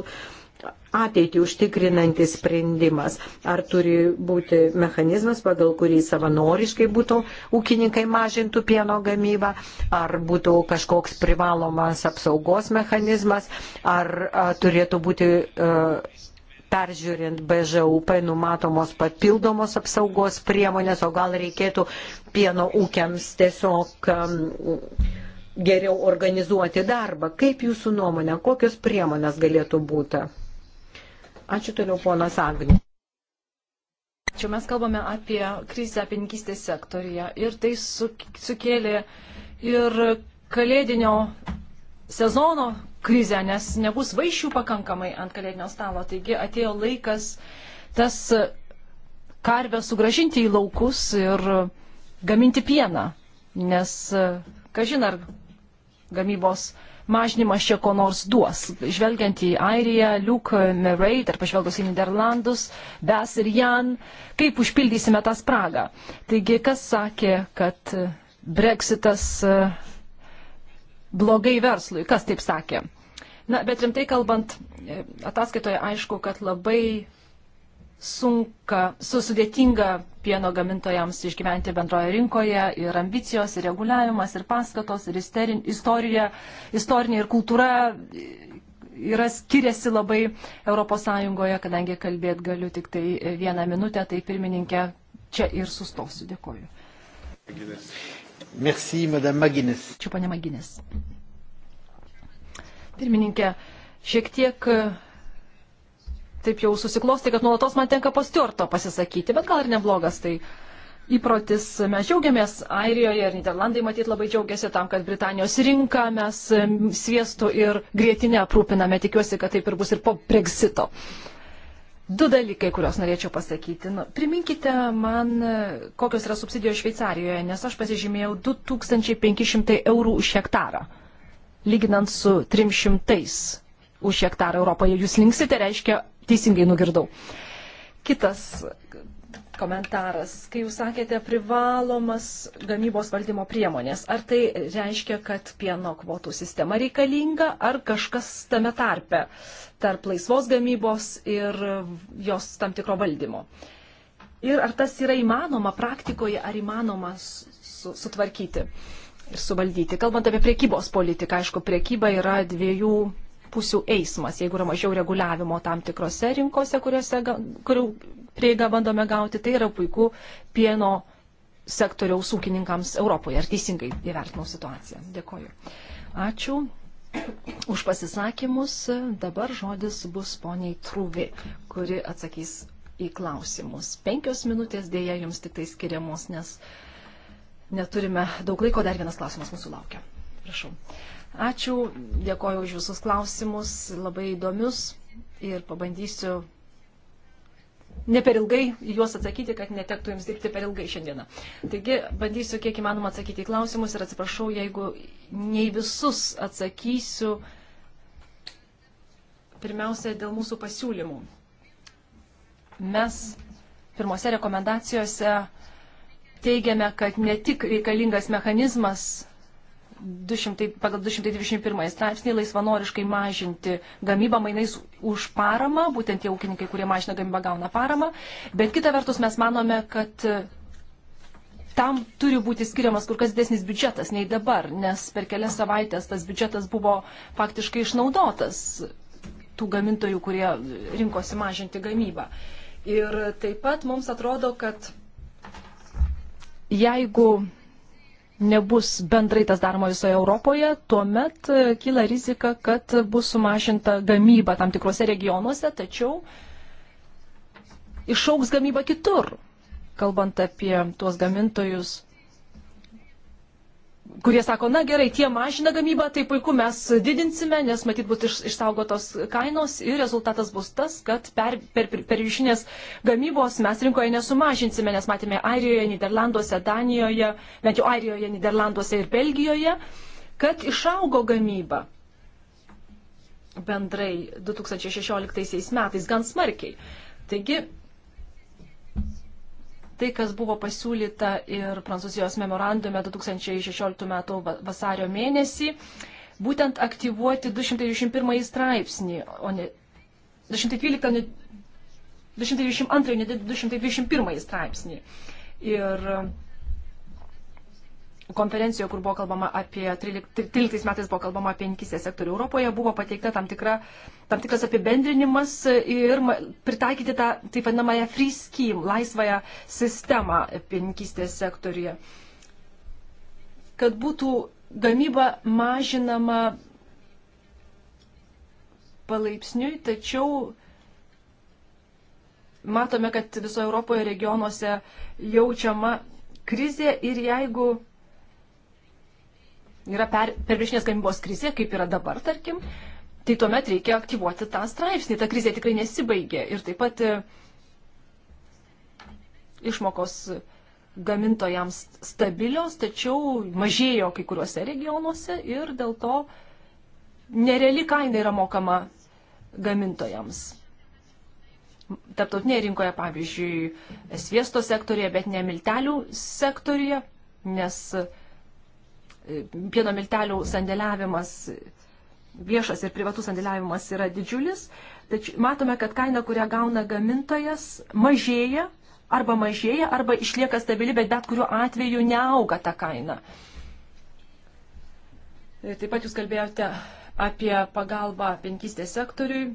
ateitį užtikrinantis sprendimas. Ar turi būti mechanizmas, pagal kurį savanoriškai būtų ūkininkai mažintų pieno gamybą, ar būtų kažkoks privalomas apsaugos mechanizmas, ar a, turėtų būti. A, peržiūrint BŽUP numatomos papildomos apsaugos priemonės, o gal reikėtų pieno ūkiams tiesiog um, geriau organizuoti darbą. Kaip jūsų nuomonė, kokios priemonės galėtų būti? Ačiū toliau, ponas Agni. Čia mes kalbame apie krizę apininkystės sektorija ir tai sukėlė ir kalėdinio sezono krizę, nes nebus vaišių pakankamai ant kalėdinio stalo. Taigi atėjo laikas tas karvę sugražinti į laukus ir gaminti pieną, nes, kažin ar gamybos mažinimas čia ko nors duos. Žvelgiant į Airiją, Luke, Murray, ar pažvelgus į Niderlandus, Bes ir Jan, kaip užpildysime tą spragą. Taigi, kas sakė, kad Brexitas e, blogai verslui, kas taip sakė? Na, bet rimtai kalbant, e, ataskaitoje aišku, kad labai sunka, su sudėtinga pieno gamintojams išgyventi bendroje rinkoje ir ambicijos, ir reguliavimas, ir paskatos, ir isterin, istorija, istorinė ir kultūra yra skiriasi labai ES, kadangi kalbėt galiu tik tai vieną minutę, tai pirmininkė čia ir sustosiu. Dėkoju. Merci, Madame Maginis. Čia, ponė Maginis. Pirmininkė, šiek tiek taip jau susiklosti, kad nuolatos man tenka po Stiurto pasisakyti, bet gal ir neblogas tai įprotis. Mes džiaugiamės Airijoje ir Niderlandai matyt labai džiaugiasi tam, kad Britanijos rinką mes sviestų ir grėtinę aprūpiname. Tikiuosi, kad taip ir bus ir po Brexito. Du dalykai, kuriuos norėčiau pasakyti. Nu, priminkite man, e, kokios yra subsidijos Šveicarijoje, nes aš pasižymėjau 2500 eurų už hektarą, lyginant su 300 už hektarą Europoje. Jūs linksite, reiškia, teisingai nugirdau. Kitas komentaras. Kai jūs sakėte privalomas gamybos valdymo priemonės, ar tai reiškia, kad pieno kvotų sistema reikalinga, ar kažkas tame tarpe tarp laisvos gamybos ir jos tam tikro valdymo? Ir ar tas yra įmanoma praktikoje, ar įmanoma su, sutvarkyti ir suvaldyti? Kalbant apie priekybos politiką, aišku, priekyba yra dviejų pusių eismas, jeigu yra mažiau reguliavimo tam tikrose rinkose, kuriuose, kurių prieigą bandome gauti, tai yra puiku pieno sektoriaus ūkininkams Europoje. Ar teisingai įvertinau situaciją? Dėkoju. Ačiū už pasisakymus. Dabar žodis bus poniai Trūvi, kuri atsakys į klausimus. Penkios minutės dėja jums tik tai skiriamos, nes neturime daug laiko. Dar vienas klausimas mūsų laukia. Prašau. Uh, Ačiū, dėkoju už visus klausimus, labai įdomius ir pabandysiu ne per ilgai juos atsakyti, kad netektų jums dirbti per ilgai šiandieną. Taigi, bandysiu kiek įmanoma atsakyti į klausimus ir atsiprašau, jeigu nei visus atsakysiu. Pirmiausia, dėl mūsų pasiūlymų. Mes pirmose rekomendacijose teigiame, kad ne tik reikalingas mechanizmas 200, pagal 221 straipsnį laisvanoriškai mažinti gamybą mainais už paramą, būtent tie ūkininkai, kurie mažina gamybą, gauna paramą. Bet kita vertus mes manome, kad tam turi būti skiriamas kur kas didesnis biudžetas nei dabar, nes per kelias savaitės tas biudžetas buvo faktiškai išnaudotas tų gamintojų, kurie rinkosi mažinti gamybą. Ir taip pat mums atrodo, kad jeigu nebus bendrai tas daroma visoje Europoje, tuomet e, kyla rizika, kad bus sumažinta gamyba tam tikrose regionuose, tačiau išauks gamyba kitur, kalbant apie tuos gamintojus, kurie sako, na gerai, tie mažina gamybą, tai puiku, mes didinsime, nes matyt bus iš, išsaugotos kainos ir rezultatas bus tas, kad per, per, per viršinės gamybos mes rinkoje nesumažinsime, nes matėme Airijoje, Niderlanduose, Danijoje, bent jau Airijoje, Niderlanduose ir Belgijoje, kad išaugo gamyba bendrai 2016 metais gan smarkiai. Taigi tai, kas buvo pasiūlyta ir Prancūzijos memorandume 2016 m. vasario mėnesį, būtent aktyvuoti 221 straipsnį, o ne 212, 222, ne 221 straipsnį. Ir konferencijoje, kur buvo kalbama apie, 13, 13 metais buvo kalbama apie inkistės sektorių Europoje, buvo pateikta tam, tikra, tam tikras apibendrinimas ir pritaikyti tą taip vadinamąją free scheme, laisvąją sistemą inkistės sektoriuje. Kad būtų gamyba mažinama palaipsniui, tačiau matome, kad viso Europoje regionuose jaučiama krizė ir jeigu yra per, perviršinės gamybos krizė, kaip yra dabar, tarkim, tai tuomet reikia aktyvuoti tą straipsnį. Ta krizė tikrai nesibaigė. Ir taip pat e, išmokos gamintojams stabilios, tačiau mažėjo kai kuriuose regionuose ir dėl to nereali kaina yra mokama gamintojams. Tarptautinėje rinkoje, pavyzdžiui, sviesto sektorija, bet ne miltelių sektorija, nes uh, pieno miltelių sandėliavimas, viešas ir privatus sandėliavimas yra didžiulis, tačiau matome, kad kaina, kurią gauna gamintojas, mažėja arba mažėja, arba išlieka stabili, bet bet kuriuo atveju neauga ta kaina. Taip pat jūs kalbėjote apie pagalbą penkistės sektoriui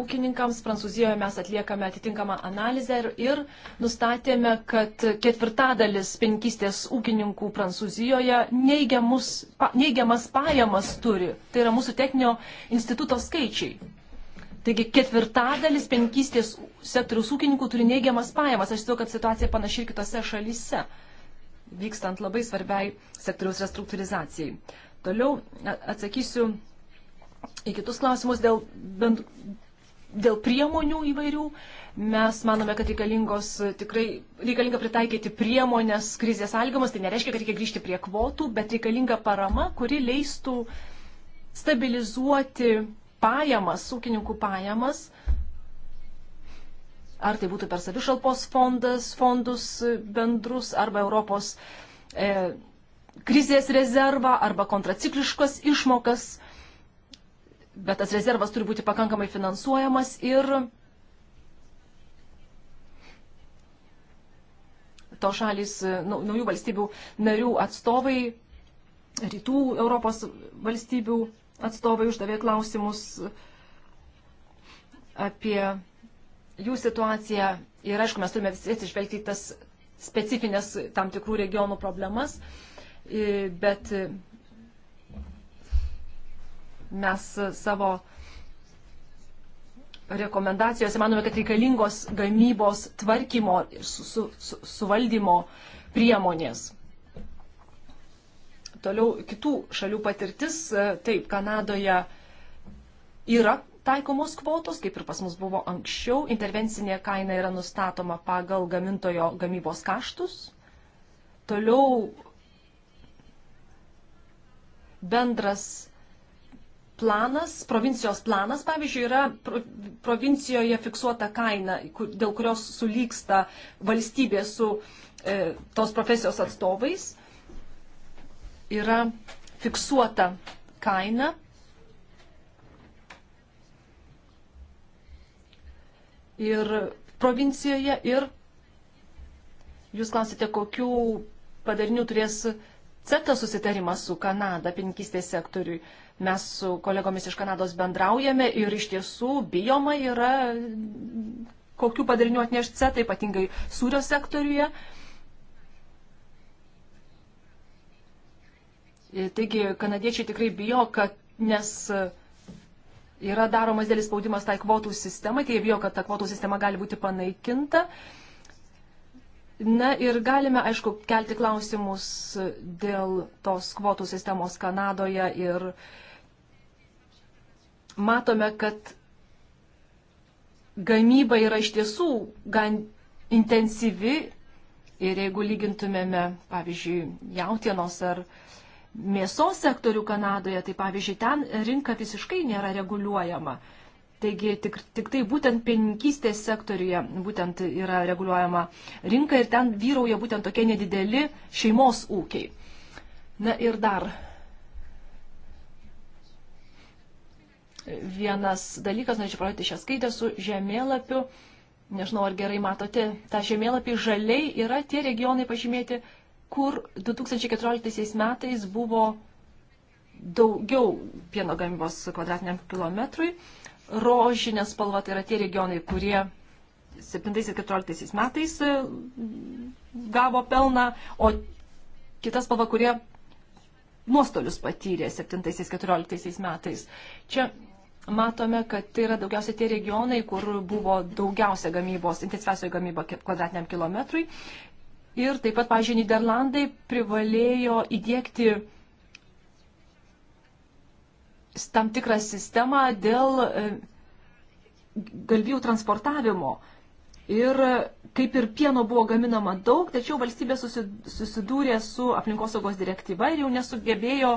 ūkininkams. Prancūzijoje mes atliekame atitinkamą analizę ir, ir nustatėme, kad ketvirtadalis pinkystės ūkininkų Prancūzijoje neigiamus, pa, neigiamas pajamas turi. Tai yra mūsų techninio instituto skaičiai. Taigi ketvirtadalis penkystės sektoriaus ūkininkų turi neigiamas pajamas. Aš žinau, kad situacija panaši ir kitose šalyse, vykstant labai svarbiai sektoriaus restruktūrizacijai. Toliau atsakysiu į kitus klausimus dėl dėl priemonių įvairių. Mes manome, kad reikalingos tikrai reikalinga pritaikyti priemonės krizės algamas, tai nereiškia, kad reikia grįžti prie kvotų, bet reikalinga parama, kuri leistų stabilizuoti pajamas, ūkininkų pajamas, ar tai būtų per savišalpos fondas, fondus bendrus, arba Europos e, krizės rezervą, arba kontracikliškas išmokas bet tas rezervas turi būti pakankamai finansuojamas ir to šalis, naujų valstybių narių atstovai, rytų Europos valstybių atstovai uždavė klausimus apie jų situaciją ir, aišku, mes turime visi atsižvelgti tas specifines tam tikrų regionų problemas, bet Mes savo rekomendacijose manome, kad reikalingos gamybos tvarkymo ir su, su, su, suvaldymo priemonės. Toliau kitų šalių patirtis. E, taip, Kanadoje yra taikomos kvotos, kaip ir pas mus buvo anksčiau. Intervencinė kaina yra nustatoma pagal gamintojo gamybos kaštus. Toliau bendras planas, provincijos planas, pavyzdžiui, yra provincijoje fiksuota kaina, dėl kurios sulyksta valstybė su e, tos profesijos atstovais. Yra fiksuota kaina. Ir provincijoje ir jūs klausite, kokių padarinių turės CETA susitarimas su Kanada pinkistės sektoriui. Mes su kolegomis iš Kanados bendraujame ir iš tiesų bijoma yra, kokiu padariniu atneš CETA, ypatingai sūrio sektoriuje. Taigi kanadiečiai tikrai bijo, kad nes yra daromas dėlis spaudimas tai kvotų sistemai, tai jie bijo, kad ta kvotų sistema gali būti panaikinta. Uh, Na ir galime, aišku, kelti klausimus dėl tos kvotų sistemos Kanadoje ir matome, kad gamyba yra iš tiesų gan intensyvi ir jeigu lygintumėme, pavyzdžiui, jautienos ar mėsos sektorių Kanadoje, tai pavyzdžiui, ten rinka visiškai nėra reguliuojama. Uh, Taigi tik, tik tai būtent pieninkystės sektoriuje būtent yra reguliuojama rinka ir ten vyrauja būtent tokie nedideli šeimos ūkiai. Na ir dar vienas dalykas, norėčiau parodyti šią skaitę su žemėlapiu. Nežinau, ar gerai matote, tą žemėlapį žaliai yra tie regionai pažymėti, kur 2014 metais buvo daugiau pieno gamybos kvadratiniam kilometrui rožinė spalva, tai yra tie regionai, kurie 7-14 metais e, gavo pelną, o kitas spalva, kurie nuostolius patyrė 7-14 metais. Čia matome, kad tai yra daugiausia tie regionai, kur buvo daugiausia gamybos, intensyviausia gamyba kvadratiniam kilometrui. Ir taip pat, pažiūrėjau, Niderlandai privalėjo įdėkti tam tikrą sistemą dėl e, galvijų transportavimo. Ir kaip ir pieno buvo gaminama daug, tačiau valstybė susidūrė su aplinkosaugos direktyva ir jau nesugebėjo,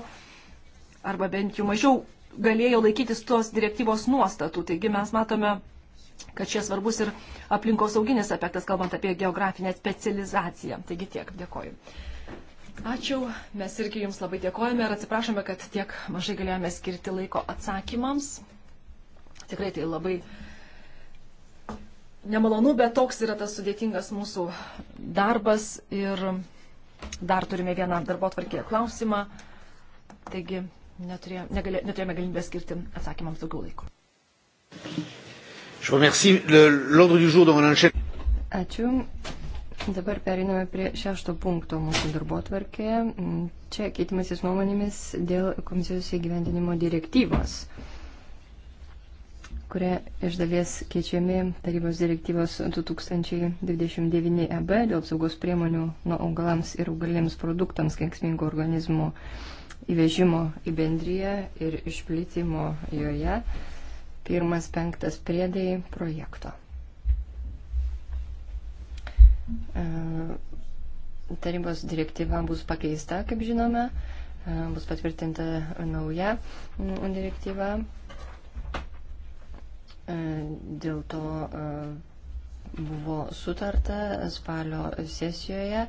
arba bent jau mažiau galėjo laikytis tos direktyvos nuostatų. Taigi mes matome, kad čia svarbus ir aplinkosauginis aspektas, kalbant apie geografinę specializaciją. Taigi tiek, dėkoju. Ačiū, mes irgi Jums labai dėkojame ir atsiprašome, kad tiek mažai galėjome skirti laiko atsakymams. Tikrai tai labai nemalonu, bet toks yra tas sudėtingas mūsų darbas ir dar turime vieną darbo tvarkėje klausimą, taigi neturėjome, negalė, neturėjome galimybę skirti atsakymams daugiau laiko. Ačiū. Dabar periname prie šešto punkto mūsų darbo tvarkėje. Mm, čia keitimasis nuomonėmis dėl komisijos įgyvendinimo direktyvos, kuria iš dalies keičiami tarybos direktyvos 2029 EB dėl apsaugos priemonių nuo augalams ir augaliniams produktams kenksmingų organizmų įvežimo į bendryje ir išplitimo joje. Pirmas penktas priedai projekto. E, tarybos direktyva bus pakeista, kaip žinome, e, bus patvirtinta nauja direktyva. E, dėl to buvo sutarta spalio sesijoje,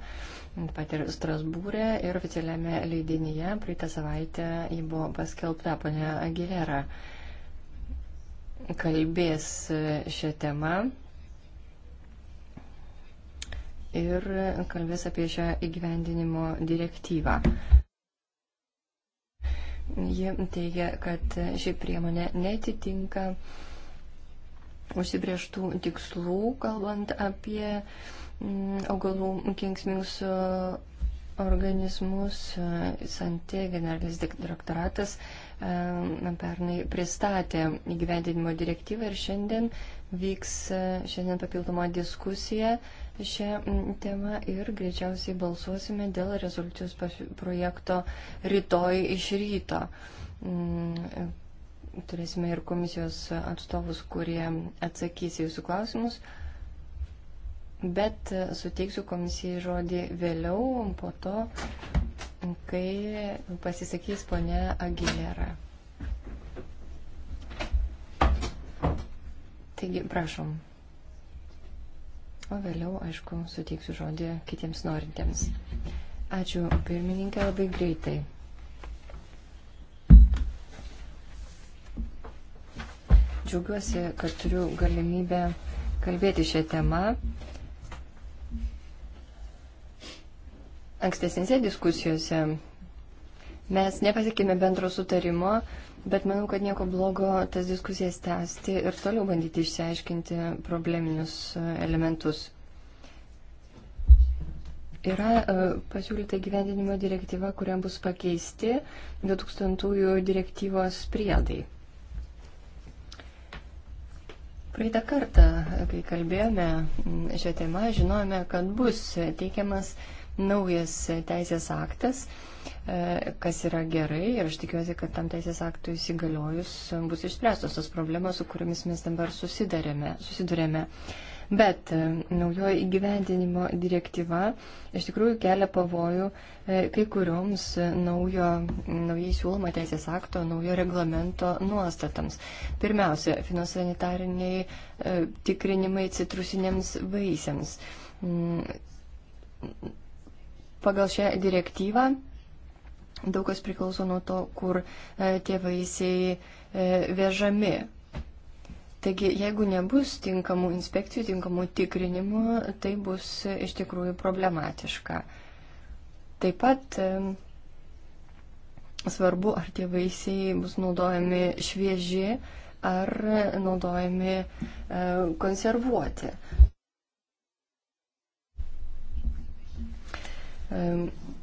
pat ir Strasbūrė ir oficialiame leidinyje, praeitą savaitę jį buvo paskelbta, ponia Agilera kalbės šią temą ir kalbės apie šią įgyvendinimo direktyvą. Ji teigia, kad ši priemonė netitinka užsibrieštų tikslų, kalbant apie mm, augalų kenksmingus e, organizmus. Santė generalinis direktoratas e, pernai pristatė įgyvendinimo direktyvą ir šiandien vyks e, šiandien papildoma diskusija šią temą ir greičiausiai balsuosime dėl rezoliucijos projekto rytoj iš ryto. Mm, turėsime ir komisijos atstovus, kurie atsakys į jūsų klausimus. Bet e, suteiksiu komisijai žodį vėliau, po to, kai pasisakys ponia Agilera. Taigi, prašom. O vėliau, aišku, suteiksiu žodį kitiems norintiems. Ačiū, pirmininkė, labai greitai. Džiaugiuosi, kad turiu galimybę kalbėti šią temą. Ankstesnėse diskusijose mes nepasiekėme bendro sutarimo Bet manau, kad nieko blogo tas diskusijas tęsti ir toliau bandyti išsiaiškinti probleminius e, elementus. Yra e, pasiūlyta gyvendinimo direktyva, kuriam bus pakeisti 2000 direktyvos priedai. Praeitą kartą, kai kalbėjome šią temą, žinojome, kad bus teikiamas naujas teisės aktas, E, kas yra gerai ir aš tikiuosi, kad tam teisės aktų įsigaliojus bus išspręstos tos problemos, su kuriamis mes dabar susidarėme, susidurėme. Bet e, naujoji įgyvendinimo direktyva iš tikrųjų kelia pavojų e, kai kurioms naujo, naujai siūloma teisės akto, naujo reglamento nuostatams. Pirmiausia, finosanitarinei tikrinimai citrusiniams vaisiams. Mm, pagal šią direktyvą Daug kas priklauso nuo to, kur tie vaisiai e, vežami. Taigi, jeigu nebus tinkamų inspekcijų, tinkamų tikrinimų, tai bus e, iš tikrųjų problematiška. Taip pat e, svarbu, ar tie vaisiai bus naudojami švieži, ar naudojami konservuoti.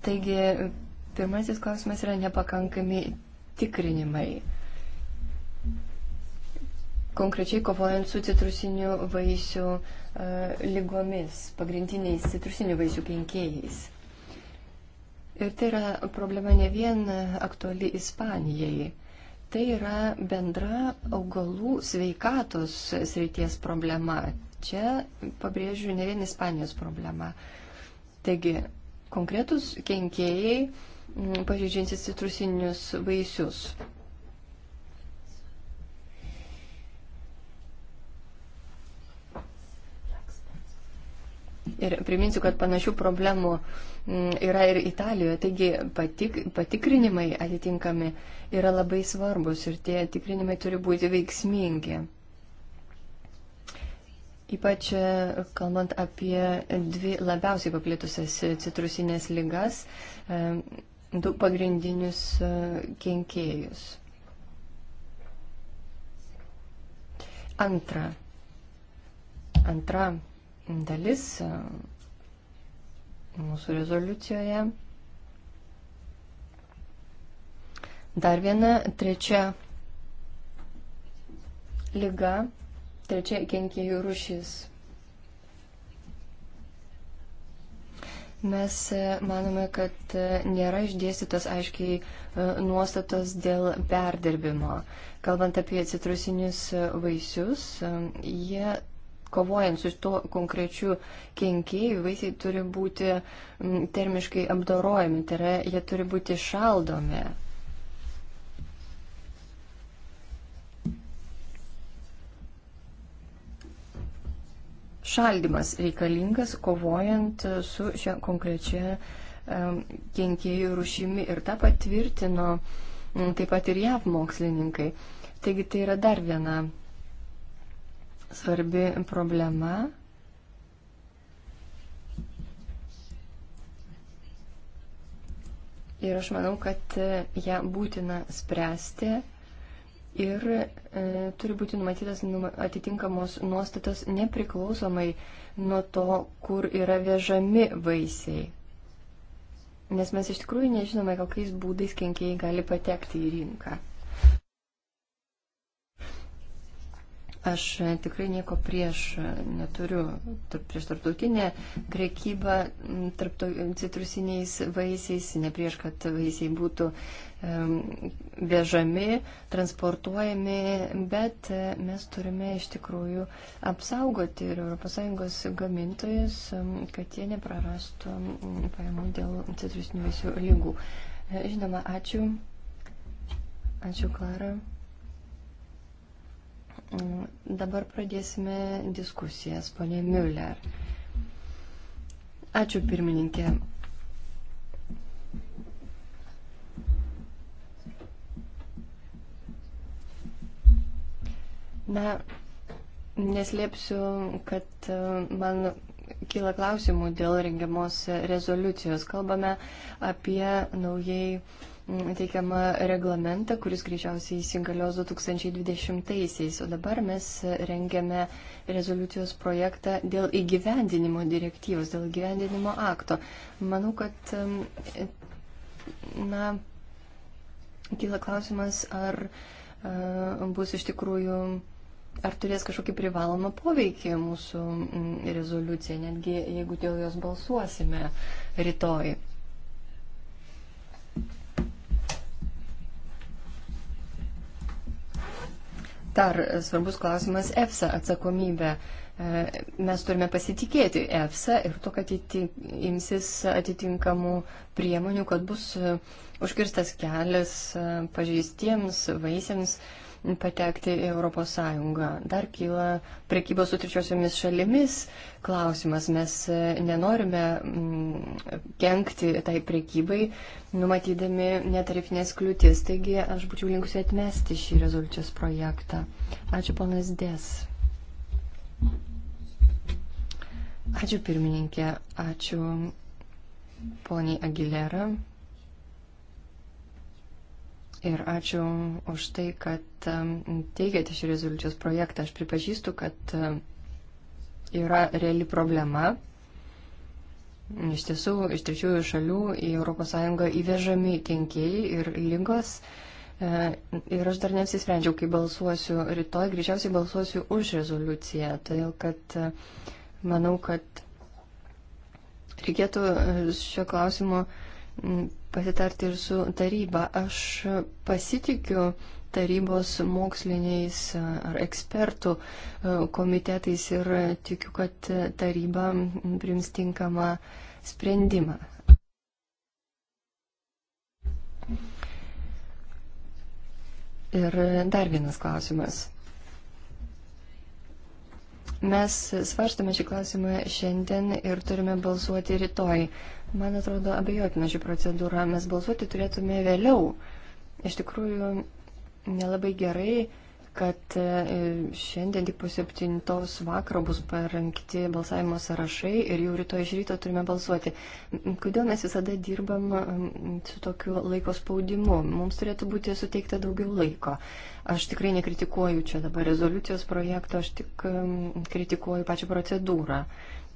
Taigi Pirmasis klausimas yra nepakankami tikrinimai. Konkrečiai kovojant su citrusinių vaisių uh, e, lygomis, pagrindiniais citrusinių vaisių kenkėjais. Ir tai yra problema ne vien aktuali Ispanijai. Tai yra bendra augalų sveikatos srities problema. Čia pabrėžiu ne vien Ispanijos problema. Taigi, konkretus kenkėjai uh, pažeidžiantis citrusinius vaisius. Ir priminsiu, kad panašių problemų mm, yra ir Italijoje, taigi patik, patikrinimai atitinkami yra labai svarbus ir tie tikrinimai turi būti veiksmingi. Ypač e, kalbant apie dvi labiausiai paplitusias citrusinės lygas e, du pagrindinius e, kenkėjus. Antra. Antra dalis e, mūsų rezoliucijoje. Dar viena trečia lyga, trečia kenkėjų rušis Mes e, manome, kad e, nėra išdėstytos aiškiai e, nuostatos dėl perdirbimo. Kalbant apie citrusinius vaisius, jie kovojant su tuo konkrečiu kenkėju, vaisiai turi būti termiškai apdorojami, tai yra jie turi būti šaldomi. šaldimas reikalingas, kovojant su šią konkrečią kenkėjų rušimi. Ir tą patvirtino taip pat ir JAV mokslininkai. Taigi tai yra dar viena svarbi problema. Ir aš manau, kad ją būtina spręsti ir e, turi būti numatytas atitinkamos nuostatos nepriklausomai nuo to, kur yra vežami vaisiai. Nes mes iš tikrųjų nežinome, kokiais būdais kenkėjai gali patekti į rinką. Aš e, tikrai nieko prieš e, neturiu tarp, prieš tarptautinę prekybą tarp e, citrusiniais vaisiais, ne prieš, kad vaisiai būtų um, vežami, transportuojami, bet mes turime iš tikrųjų apsaugoti ir ES gamintojus, kad jie neprarastų pajamų dėl citrusinių vaisių lygų. Žinoma, ačiū. Ačiū, Klara. Mm, dabar pradėsime diskusijas, ponė Müller. Ačiū pirmininkė. Na, neslėpsiu, kad e, man kyla klausimų dėl rengiamos rezoliucijos. Kalbame apie naujai teikiamą reglamentą, kuris greičiausiai įsigalios 2020-aisiais, o dabar mes rengiame rezoliucijos projektą dėl įgyvendinimo direktyvos, dėl įgyvendinimo akto. Manau, kad, na, kyla klausimas, ar e, bus iš tikrųjų. Ar turės kažkokį privalomą poveikį mūsų rezoliucija, netgi jeigu dėl jos balsuosime rytoj? dar svarbus klausimas - EFSA atsakomybė. E, mes turime pasitikėti EFSA ir to, kad imsis atitinkamų priemonių, kad bus e, užkirstas kelias e, pažeistiems vaisiams, patekti į ES. Dar kyla prekybos su trečiosiomis šalimis klausimas. Mes e, nenorime mm, kenkti tai prekybai, numatydami netarifinės kliūtis. Taigi aš būčiau linkusi atmesti šį rezoliucijos projektą. Ačiū, ponas Dės. Ačiū pirmininkė, ačiū poniai Agilera. Ir ačiū už tai, kad um, teikėte šį rezoliucijos projektą. Aš pripažįstu, kad um, yra reali problema. Iš tiesų, iš trečiųjų šalių į ES įvežami kenkėjai ir lygos. E, ir aš dar nesisprendžiau, kai balsuosiu rytoj, greičiausiai balsuosiu už rezoliuciją, todėl kad e, manau, kad reikėtų e, šio klausimo pasitarti ir su taryba. Aš pasitikiu tarybos moksliniais ar ekspertų komitetais ir tikiu, kad taryba prims tinkamą sprendimą. Ir dar vienas klausimas. Mes svarstame šį klausimą šiandien ir turime balsuoti rytoj. Man atrodo, abejotina ši procedūra. Mes balsuoti turėtume vėliau. Iš tikrųjų, nelabai gerai, kad e, šiandien tik po septintos vakaro bus parengti balsavimo sąrašai ir jau rytoj iš ryto turime balsuoti. Kodėl mes visada dirbam su tokiu laiko spaudimu? Mums turėtų būti suteikta daugiau laiko. Aš tikrai nekritikuoju čia dabar rezoliucijos projekto, aš tik kritikuoju pačią procedūrą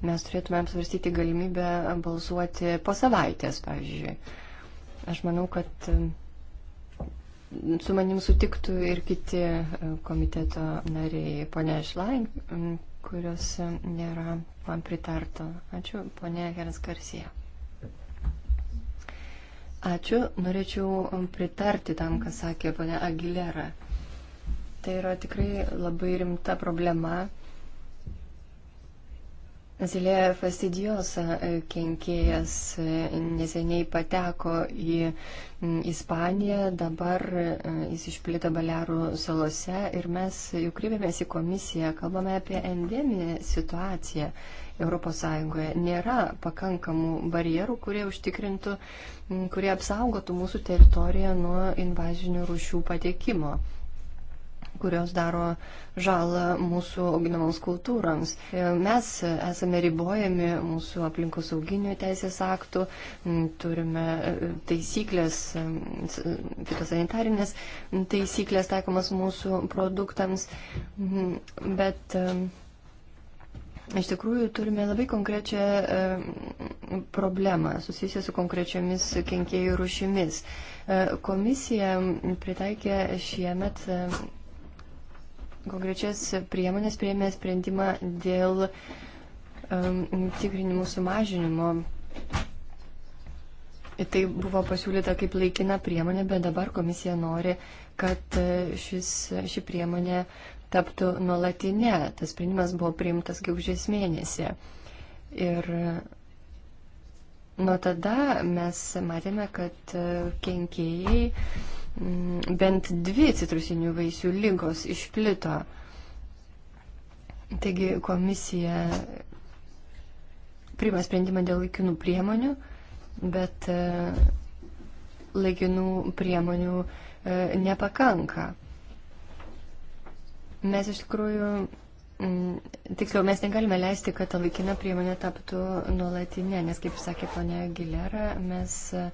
mes turėtume apsvarstyti galimybę balsuoti po savaitės, pavyzdžiui. Aš manau, kad um, su manim sutiktų ir kiti uh, komiteto nariai, ponia Šlain, um, kurios um, nėra man pritarto. Ačiū, ponia Heras Garsija. Ačiū, norėčiau pritarti tam, ką sakė ponia Aguilera. Tai yra tikrai labai rimta problema Zilė fastidiosa e, kenkėjas e, neseniai pateko į Ispaniją, dabar e, jis išplito Balearų salose ir mes jau krypėmės į komisiją, kalbame apie endeminę situaciją ES. Nėra pakankamų barjerų, kurie užtikrintų, kurie apsaugotų mūsų teritoriją nuo invazinių rušių patekimo kurios daro žalą mūsų auginamoms kultūroms. E, mes esame ribojami mūsų aplinkos auginių teisės aktų, turime e, taisyklės, e, fitosanitarinės taisyklės taikomas mūsų produktams, bet Iš tikrųjų, turime labai konkrečią e, problemą susijusią su konkrečiomis kenkėjų rušimis. E, komisija pritaikė šiemet e, konkrečias priemonės prieimė sprendimą dėl um, tikrinimų sumažinimo. Tai buvo pasiūlyta kaip laikina priemonė, bet dabar komisija nori, kad e, šis, ši priemonė taptų nuolatinė. Tas sprendimas buvo priimtas gegužės mėnesį. Ir e, nuo tada mes matėme, kad e, kenkėjai Mm, bent dvi citrusinių vaisių lygos išplito. Taigi komisija priima sprendimą dėl laikinų priemonių, bet e, laikinų priemonių e, nepakanka. Mes iš tikrųjų, mm, tiksliau, mes negalime leisti, kad ta laikina priemonė taptų nuolatinė, nes, kaip sakė ponia Gilera, mes uh,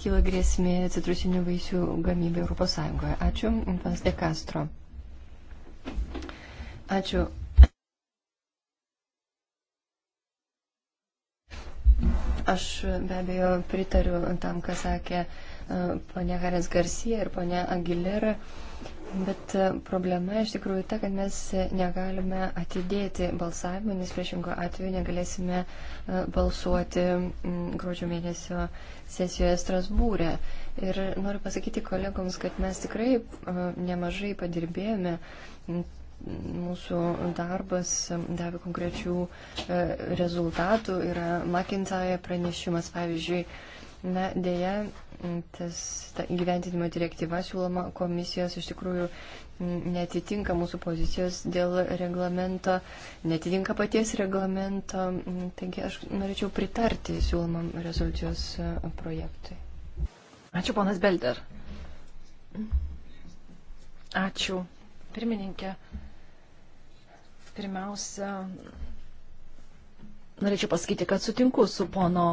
kyla grėsmė citrusinių vaisių gamybė Europos Sąjungoje. Ačiū, Infanas De Castro. Ačiū. Aš be abejo pritariu tam, ką sakė e, ponia Hares Garcia ir ponia Aguilera. Bet e, problema iš tikrųjų ta, kad mes negalime atidėti balsavimą, nes priešingo atveju negalėsime e, balsuoti gruodžio mėnesio sesijoje Strasbūrė. Ir noriu pasakyti kolegoms, kad mes tikrai e, nemažai padirbėjome. Mūsų darbas davė konkrečių rezultatų. Yra McIntyre pranešimas, pavyzdžiui. Na, dėja, tas ta, gyventinimo direktyva siūloma komisijos iš tikrųjų netitinka mūsų pozicijos dėl reglamento, netitinka paties reglamento. Taigi aš norėčiau pritarti siūlomam rezoliucijos projektui. Ačiū, ponas Belder. Ačiū, pirmininkė. Pirmiausia, norėčiau pasakyti, kad sutinku su pono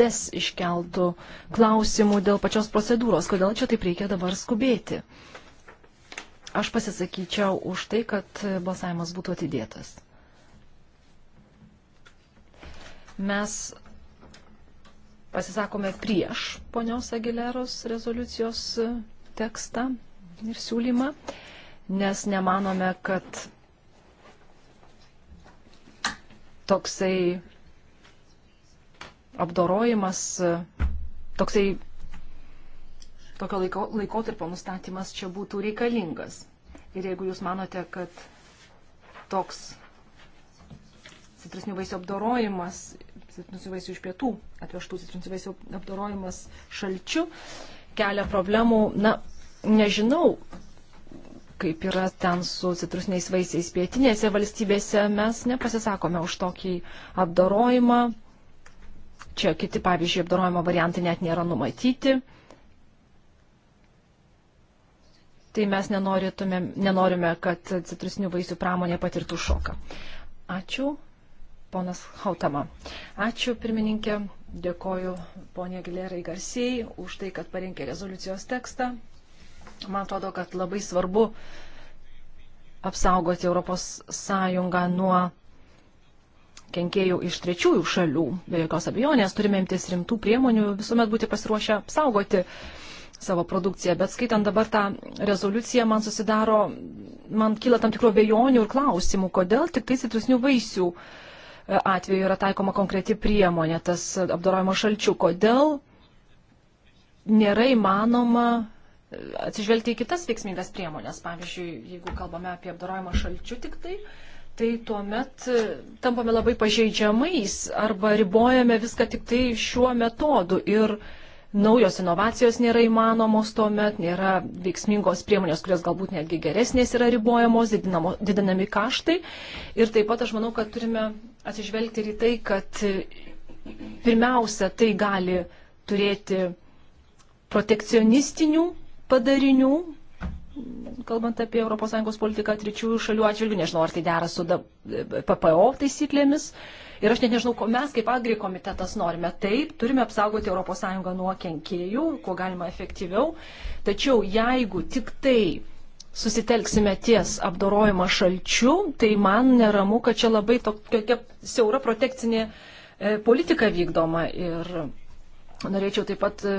des iškeltų klausimų dėl pačios procedūros, kodėl čia taip reikia dabar skubėti. Aš pasisakyčiau už tai, kad balsavimas būtų atidėtas. Mes pasisakome prieš ponios Agileros rezoliucijos tekstą ir siūlymą, nes nemanome, kad toksai apdorojimas, toksai tokio laiko, laikotarpio nustatymas čia būtų reikalingas. Ir jeigu jūs manote, kad toks citrusinių vaisių apdorojimas, citrusinių vaisių iš pietų atvežtų citrusinių vaisių apdorojimas šalčiu kelia problemų, na, nežinau, kaip yra ten su citrusiniais vaisiais pietinėse valstybėse, mes nepasisakome už tokį apdorojimą, Čia kiti, pavyzdžiui, apdarojimo variantai net nėra numatyti. Tai mes nenorime, kad citrusinių vaisių pramonė patirtų šoką. Ačiū, ponas Hautama. Ačiū, pirmininkė. Dėkoju ponė Gilerai Garsiai už tai, kad parinkė rezoliucijos tekstą. Man atrodo, kad labai svarbu apsaugoti ES nuo kenkėjų iš trečiųjų šalių. Be jokios abejonės turime imtis rimtų priemonių, visuomet būti pasiruošę saugoti savo produkciją. Bet skaitant dabar tą rezoliuciją, man susidaro, man kyla tam tikro bejonių ir klausimų, kodėl tik tai citrusnių vaisių e, atveju yra taikoma konkreti priemonė, tas apdorojimo šalčių. Kodėl nėra įmanoma e, atsižvelgti į kitas veiksmingas priemonės. Pavyzdžiui, jeigu kalbame apie apdorojimą šalčiu tik tai, uh, tai tuomet e, tampame labai pažeidžiamais arba ribojame viską tik tai šiuo metodu ir naujos inovacijos nėra įmanomos tuomet, nėra veiksmingos priemonės, kurios galbūt netgi geresnės yra ribojamos, didinamo, didinami kaštai. Ir taip pat aš manau, kad turime atsižvelgti ir į tai, kad e, pirmiausia tai gali turėti protekcionistinių padarinių, kalbant apie ES politiką trečiųjų šalių atžvilgių, nežinau, ar tai dera su PPO taisyklėmis. Ir aš net nežinau, ko mes kaip agri komitetas norime. Taip, turime apsaugoti ES nuo kenkėjų, kuo galima efektyviau. Tačiau jeigu tik tai susitelksime ties apdorojimą šalčių, tai man neramu, kad čia labai tokia siaura protekcinė e, politika vykdoma. Ir norėčiau taip pat e,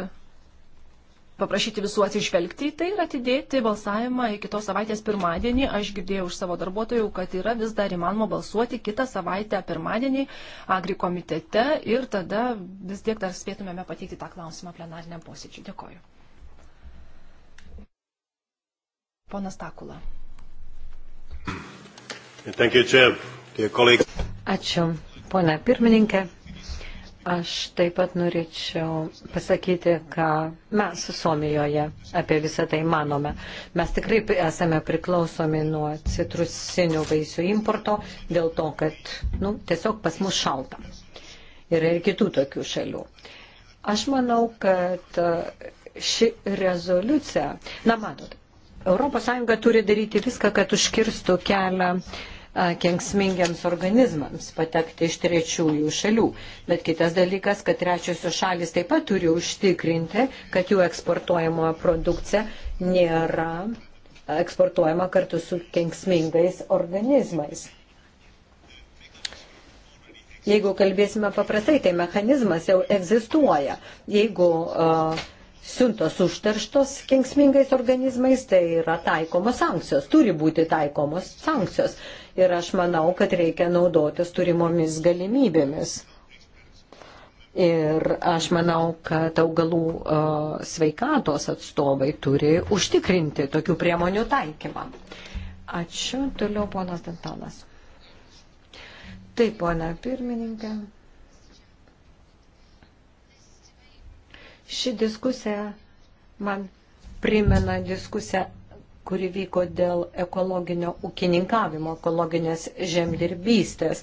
paprašyti visų atsižvelgti į tai ir atidėti balsavimą į kitos savaitės pirmadienį. Aš girdėjau iš savo darbuotojų, kad yra vis dar įmanoma balsuoti kitą savaitę pirmadienį Agri komitete ir tada vis tiek dar spėtumėme pateikti tą klausimą plenariniam posėdžiui. Dėkoju. Ponas Takula. Ačiū, ponia pirmininkė, Aš taip pat norėčiau pasakyti, ką mes Suomijoje apie visą tai manome. Mes tikrai esame priklausomi nuo citrusinių vaisių importo dėl to, kad nu, tiesiog pas mus šalta. Yra ir kitų tokių šalių. Aš manau, kad e, ši rezoliucija, na matot, ES turi daryti viską, kad užkirstų kelią uh, kenksmingiams organizmams patekti iš trečiųjų šalių. Bet kitas dalykas, kad trečiosios šalis taip pat turi užtikrinti, kad jų eksportuojama produkcija nėra eksportuojama kartu su kenksmingais organizmais. Jeigu kalbėsime paprastai, tai mechanizmas jau egzistuoja. Jeigu uh, siuntos užterštos kenksmingais organizmais, tai yra taikomos sankcijos, turi būti taikomos sankcijos ir aš manau, kad reikia naudotis turimomis galimybėmis. Ir aš manau, kad augalų uh, sveikatos atstovai turi užtikrinti tokių priemonių taikymą. Ačiū. Toliau ponas Dantonas. Taip, pona pirmininkė. Ši diskusija man primena diskusiją kuri vyko dėl ekologinio ūkininkavimo, ekologinės žemdirbystės.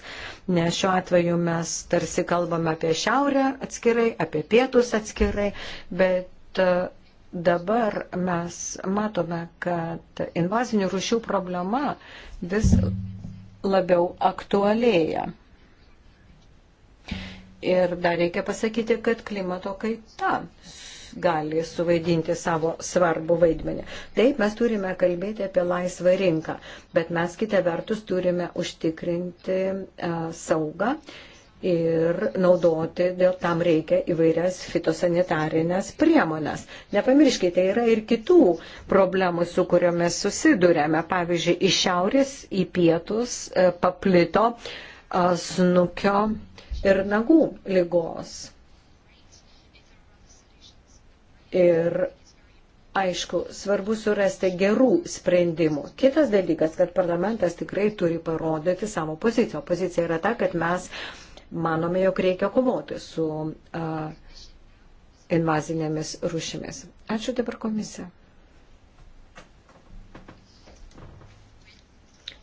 Nes šiuo atveju mes tarsi kalbame apie šiaurę atskirai, apie pietus atskirai, bet e, dabar mes matome, kad invazinių rušių problema vis labiau aktualėja. Ir dar reikia pasakyti, kad klimato kaita gali suvaidinti savo svarbų vaidmenį. Taip, mes turime kalbėti apie laisvą rinką, bet mes kitą vertus turime užtikrinti e, saugą ir naudoti, dėl tam reikia įvairias fitosanitarinės priemonės. Nepamirškite, tai yra ir kitų problemų, su kuriomis susidurėme. Pavyzdžiui, iš šiaurės į pietus e, paplito e, snukio ir nagų lygos Ir aišku, svarbu surasti gerų sprendimų. Kitas dalykas, kad parlamentas tikrai turi parodyti savo poziciją. Pozicija yra ta, kad mes manome, jog reikia kovoti su uh, invazinėmis rušimis. Ačiū dabar komisija.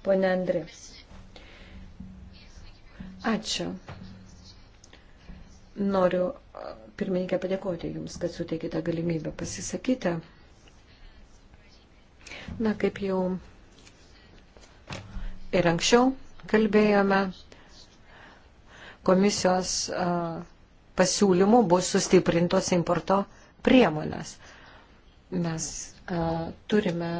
Pone Andri. Ačiū. Noriu pirmininkė padėkoti Jums, kad suteikite galimybę pasisakyti. Na, kaip jau ir anksčiau kalbėjome, komisijos pasiūlymų bus sustiprintos importo priemonės. Mes turime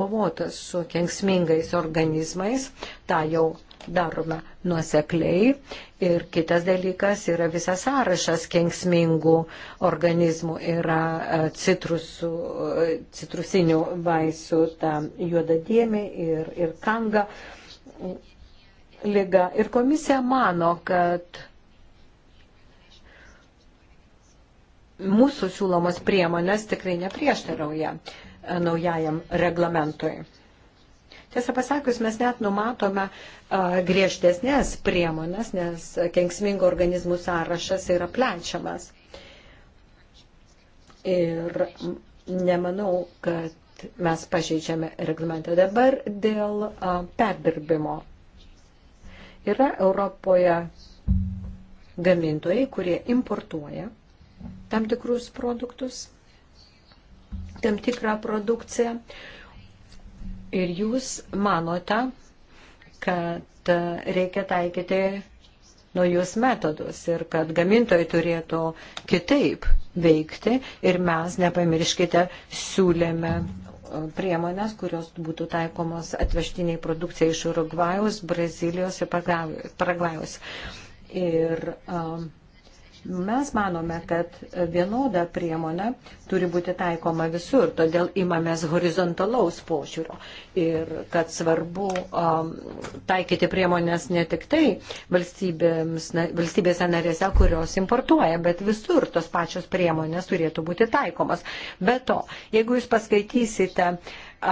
kovoti su kengsmingais organizmais, tą jau darome nuosekliai. Ir kitas dalykas yra visas sąrašas kenksmingų organizmų. Yra e, citrusų, e, citrusinių vaisių, ta juodadėmė ir, ir kanga lyga. Ir komisija mano, kad mūsų siūlomos priemonės tikrai neprieštarauja e, naujajam reglamentui. Tiesą pasakius, mes net numatome griežtesnės priemonės, nes kenksmingo organizmų sąrašas yra plečiamas. Ir nemanau, kad mes pažeidžiame reglamentą dabar dėl perdirbimo. Yra Europoje gamintojai, kurie importuoja tam tikrus produktus, tam tikrą produkciją, Ir jūs manote, kad reikia taikyti naujus metodus ir kad gamintojai turėtų kitaip veikti ir mes, nepamirškite, siūlėme e, priemonės, kurios būtų taikomos atvežtiniai produkcijai iš Urugvajaus, Brazilijos ir Paragvajos. Ir um, Mes manome, kad vienoda priemonė turi būti taikoma visur, todėl imamės horizontalaus požiūrio ir kad svarbu um, taikyti priemonės ne tik tai valstybėse narėse, kurios importuoja, bet visur tos pačios priemonės turėtų būti taikomas. Be to, jeigu jūs paskaitysite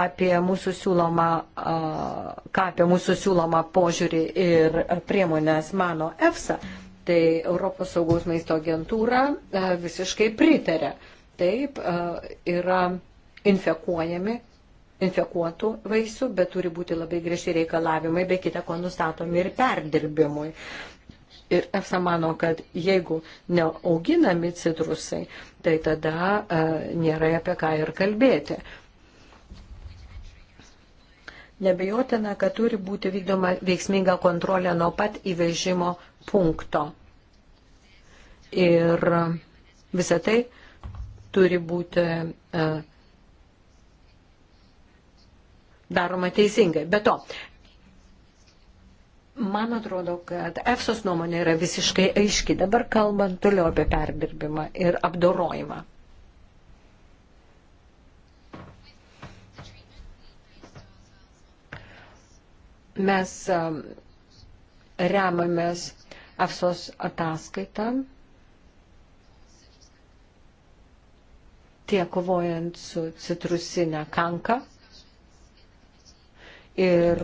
apie mūsų siūlomą, uh, ką apie mūsų siūlomą požiūrį ir priemonės mano EFSA, Tai Europos saugaus maisto agentūra e, visiškai pritarė. Taip, e, yra infekuojami, infekuotų vaisių, bet turi būti labai griežti reikalavimai, be kita ko nustatomi ir perdirbimui. Ir EFSA mano, kad jeigu neauginami citrusai, tai tada e, nėra apie ką ir kalbėti. Nebejotina, kad turi būti vykdoma veiksminga kontrolė nuo pat įvežimo punkto. Ir visa tai turi būti e, daroma teisingai. Be to, man atrodo, kad EFSOS nuomonė yra visiškai aiški. Dabar kalbant toliau apie perdirbimą ir apdorojimą. Mes e, remiamės EFSOS ataskaitą tiek kovojant su citrusinė kanka ir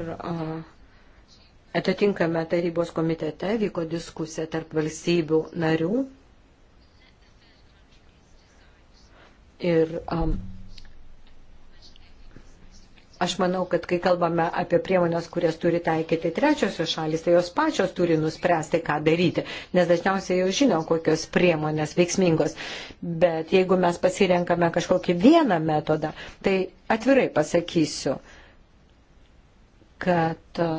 atitinkame tarybos komitete vyko diskusija tarp valstybių narių ir um, Aš manau, kad kai kalbame apie priemonės, kurias turi taikyti trečiosios šalis, tai jos pačios turi nuspręsti, ką daryti, nes dažniausiai jau žino, kokios priemonės veiksmingos. Bet jeigu mes pasirenkame kažkokį vieną metodą, tai atvirai pasakysiu, kad e,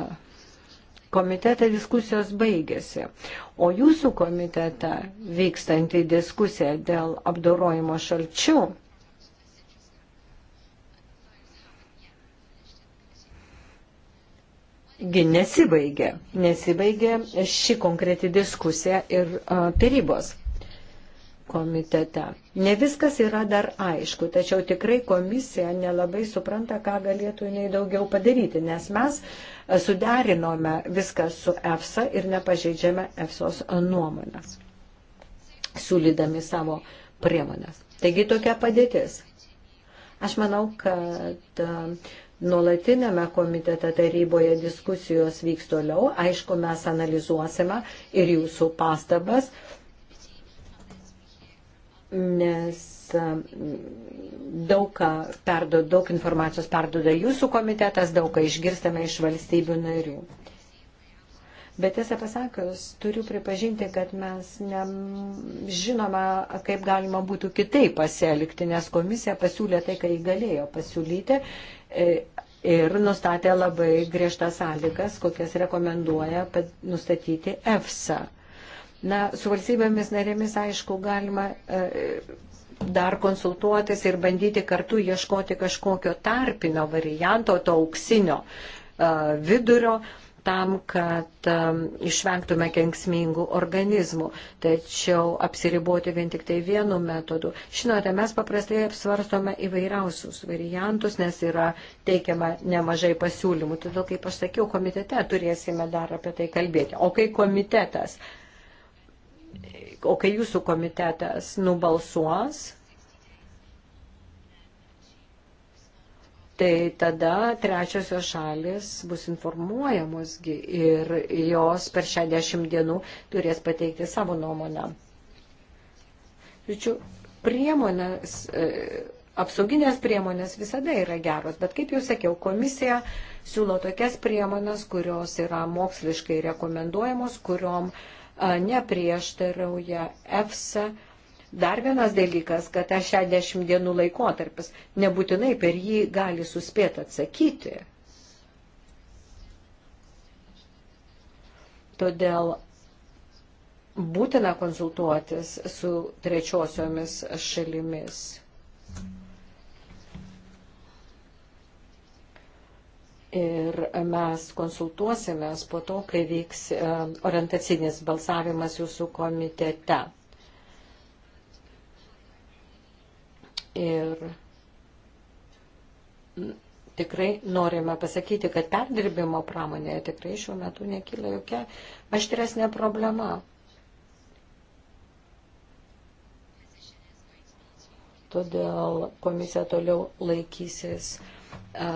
komitete diskusijos baigėsi, o jūsų komitete vykstanti diskusija dėl apdorojimo šalčių gi nesibaigė. Nesibaigė ši konkreti diskusija ir a, tarybos komitete. Ne viskas yra dar aišku, tačiau tikrai komisija nelabai supranta, ką galėtų jinai daugiau padaryti, nes mes suderinome viską su EFSA ir nepažeidžiame EFSOS nuomonės, siūlydami savo priemonės. Taigi tokia padėtis. Aš manau, kad nuolatinėme komitete taryboje diskusijos vyks toliau. Aišku, mes analizuosime ir jūsų pastabas, nes um, daug, ką perdo, daug informacijos perdoda jūsų komitetas, daug ką išgirstame iš valstybių narių. Bet tiesą pasakius, turiu pripažinti, kad mes nežinome, kaip galima būtų kitaip pasielgti, nes komisija pasiūlė tai, ką jį galėjo pasiūlyti E, ir nustatė labai griežtas sąlygas, kokias rekomenduoja nustatyti EFSA. Na, su valstybėmis narėmis, aišku, galima e, dar konsultuotis ir bandyti kartu ieškoti kažkokio tarpinio varianto, to auksinio e, vidurio, tam, kad um, išvengtume kenksmingų organizmų. Tačiau apsiriboti vien tik tai vienu metodu. Žinote, mes paprastai apsvarstome įvairiausius variantus, nes yra teikiama nemažai pasiūlymų. Todėl, kaip aš sakiau, komitete turėsime dar apie tai kalbėti. O kai komitetas, o kai jūsų komitetas nubalsuos, tai tada trečiosios šalis bus informuojamosgi ir jos per 60 dienų turės pateikti savo nuomonę. Žodžiu, priemonės, e, apsauginės priemonės visada yra geros, bet kaip jau sakiau, komisija siūlo tokias priemonės, kurios yra moksliškai rekomenduojamos, kuriom e, neprieštarauja EFSA Dar vienas dalykas, kad tas 60 dienų laikotarpis nebūtinai per jį gali suspėti atsakyti. Todėl būtina konsultuotis su trečiosiomis šalimis. Ir mes konsultuosimės po to, kai vyks e, orientacinis balsavimas jūsų komitete. Ir tikrai norime pasakyti, kad perdirbimo pramonėje tikrai šiuo metu nekyla jokia aštresnė problema. Todėl komisija toliau laikysis a,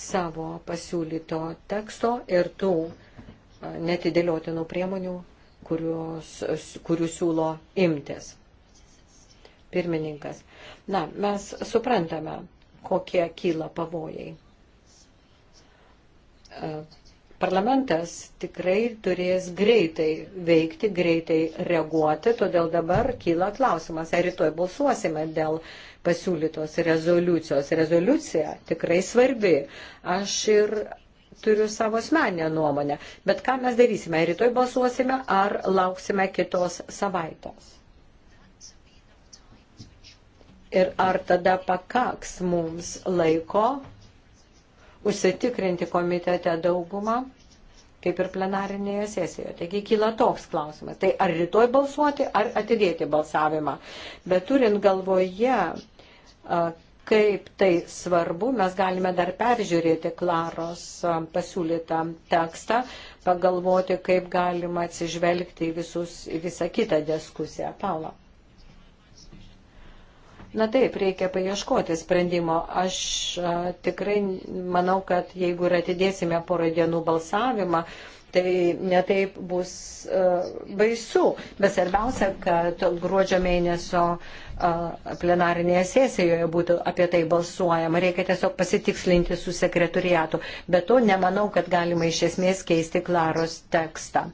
savo pasiūlyto teksto ir tų netidėliotinų priemonių, kurios, kurių siūlo imtis pirmininkas. Na, mes suprantame, kokie kyla pavojai. E, parlamentas tikrai turės greitai veikti, greitai reaguoti, todėl dabar kyla klausimas, ar rytoj balsuosime dėl pasiūlytos rezoliucijos. Rezoliucija tikrai svarbi. Aš ir turiu savo asmenę nuomonę. Bet ką mes darysime? Rytoj balsuosime ar lauksime kitos savaitės? Ir ar tada pakaks mums laiko užsitikrinti komitete daugumą, kaip ir plenarinėje sesijoje. Taigi kyla toks klausimas. Tai ar rytoj balsuoti, ar atidėti balsavimą. Bet turint galvoje, kaip tai svarbu, mes galime dar peržiūrėti Klaros pasiūlytą tekstą, pagalvoti, kaip galima atsižvelgti į, visus, į visą kitą diskusiją. Paula. Na taip, reikia paieškoti sprendimo. Aš a, tikrai manau, kad jeigu ir atidėsime porą dienų balsavimą, tai netaip bus a, baisu. Bet svarbiausia, kad gruodžio mėnesio a, plenarinėje sesijoje būtų apie tai balsuojama. Reikia tiesiog pasitikslinti su sekretoriatu. Bet to nemanau, kad galima iš esmės keisti Klaros tekstą.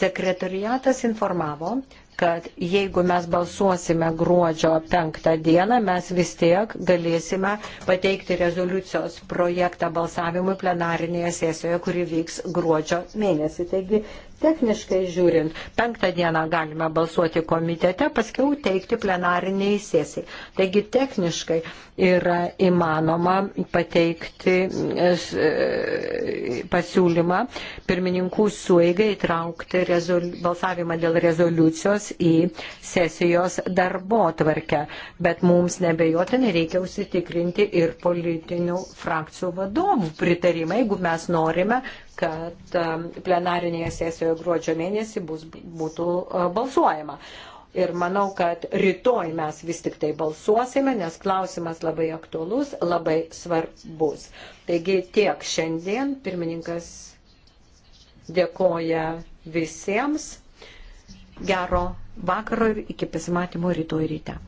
Sekretariatas informavo, kad jeigu mes balsuosime gruodžio penktą dieną, mes vis tiek galėsime pateikti rezoliucijos projektą balsavimui plenarinėje sesijoje, kuri vyks gruodžio mėnesį. Taigi Techniškai žiūrint, penktą dieną galime balsuoti komitete, paskiau teikti plenariniai sėsiai. Taigi techniškai yra įmanoma pateikti e, e, pasiūlymą pirmininkų suėgai įtraukti rezol... balsavimą dėl rezoliucijos į sesijos darbo tvarkę. Bet mums nebejotinai reikia užsitikrinti ir politinių frakcijų vadovų pritarimą, jeigu mes norime kad um, plenarinėje sesijoje gruodžio mėnesį bus, būtų uh, balsuojama. Ir manau, kad rytoj mes vis tik tai balsuosime, nes klausimas labai aktuolus, labai svarbus. Taigi tiek šiandien. Pirmininkas dėkoja visiems. Gero vakaro ir iki pasimatymo rytoj ryte.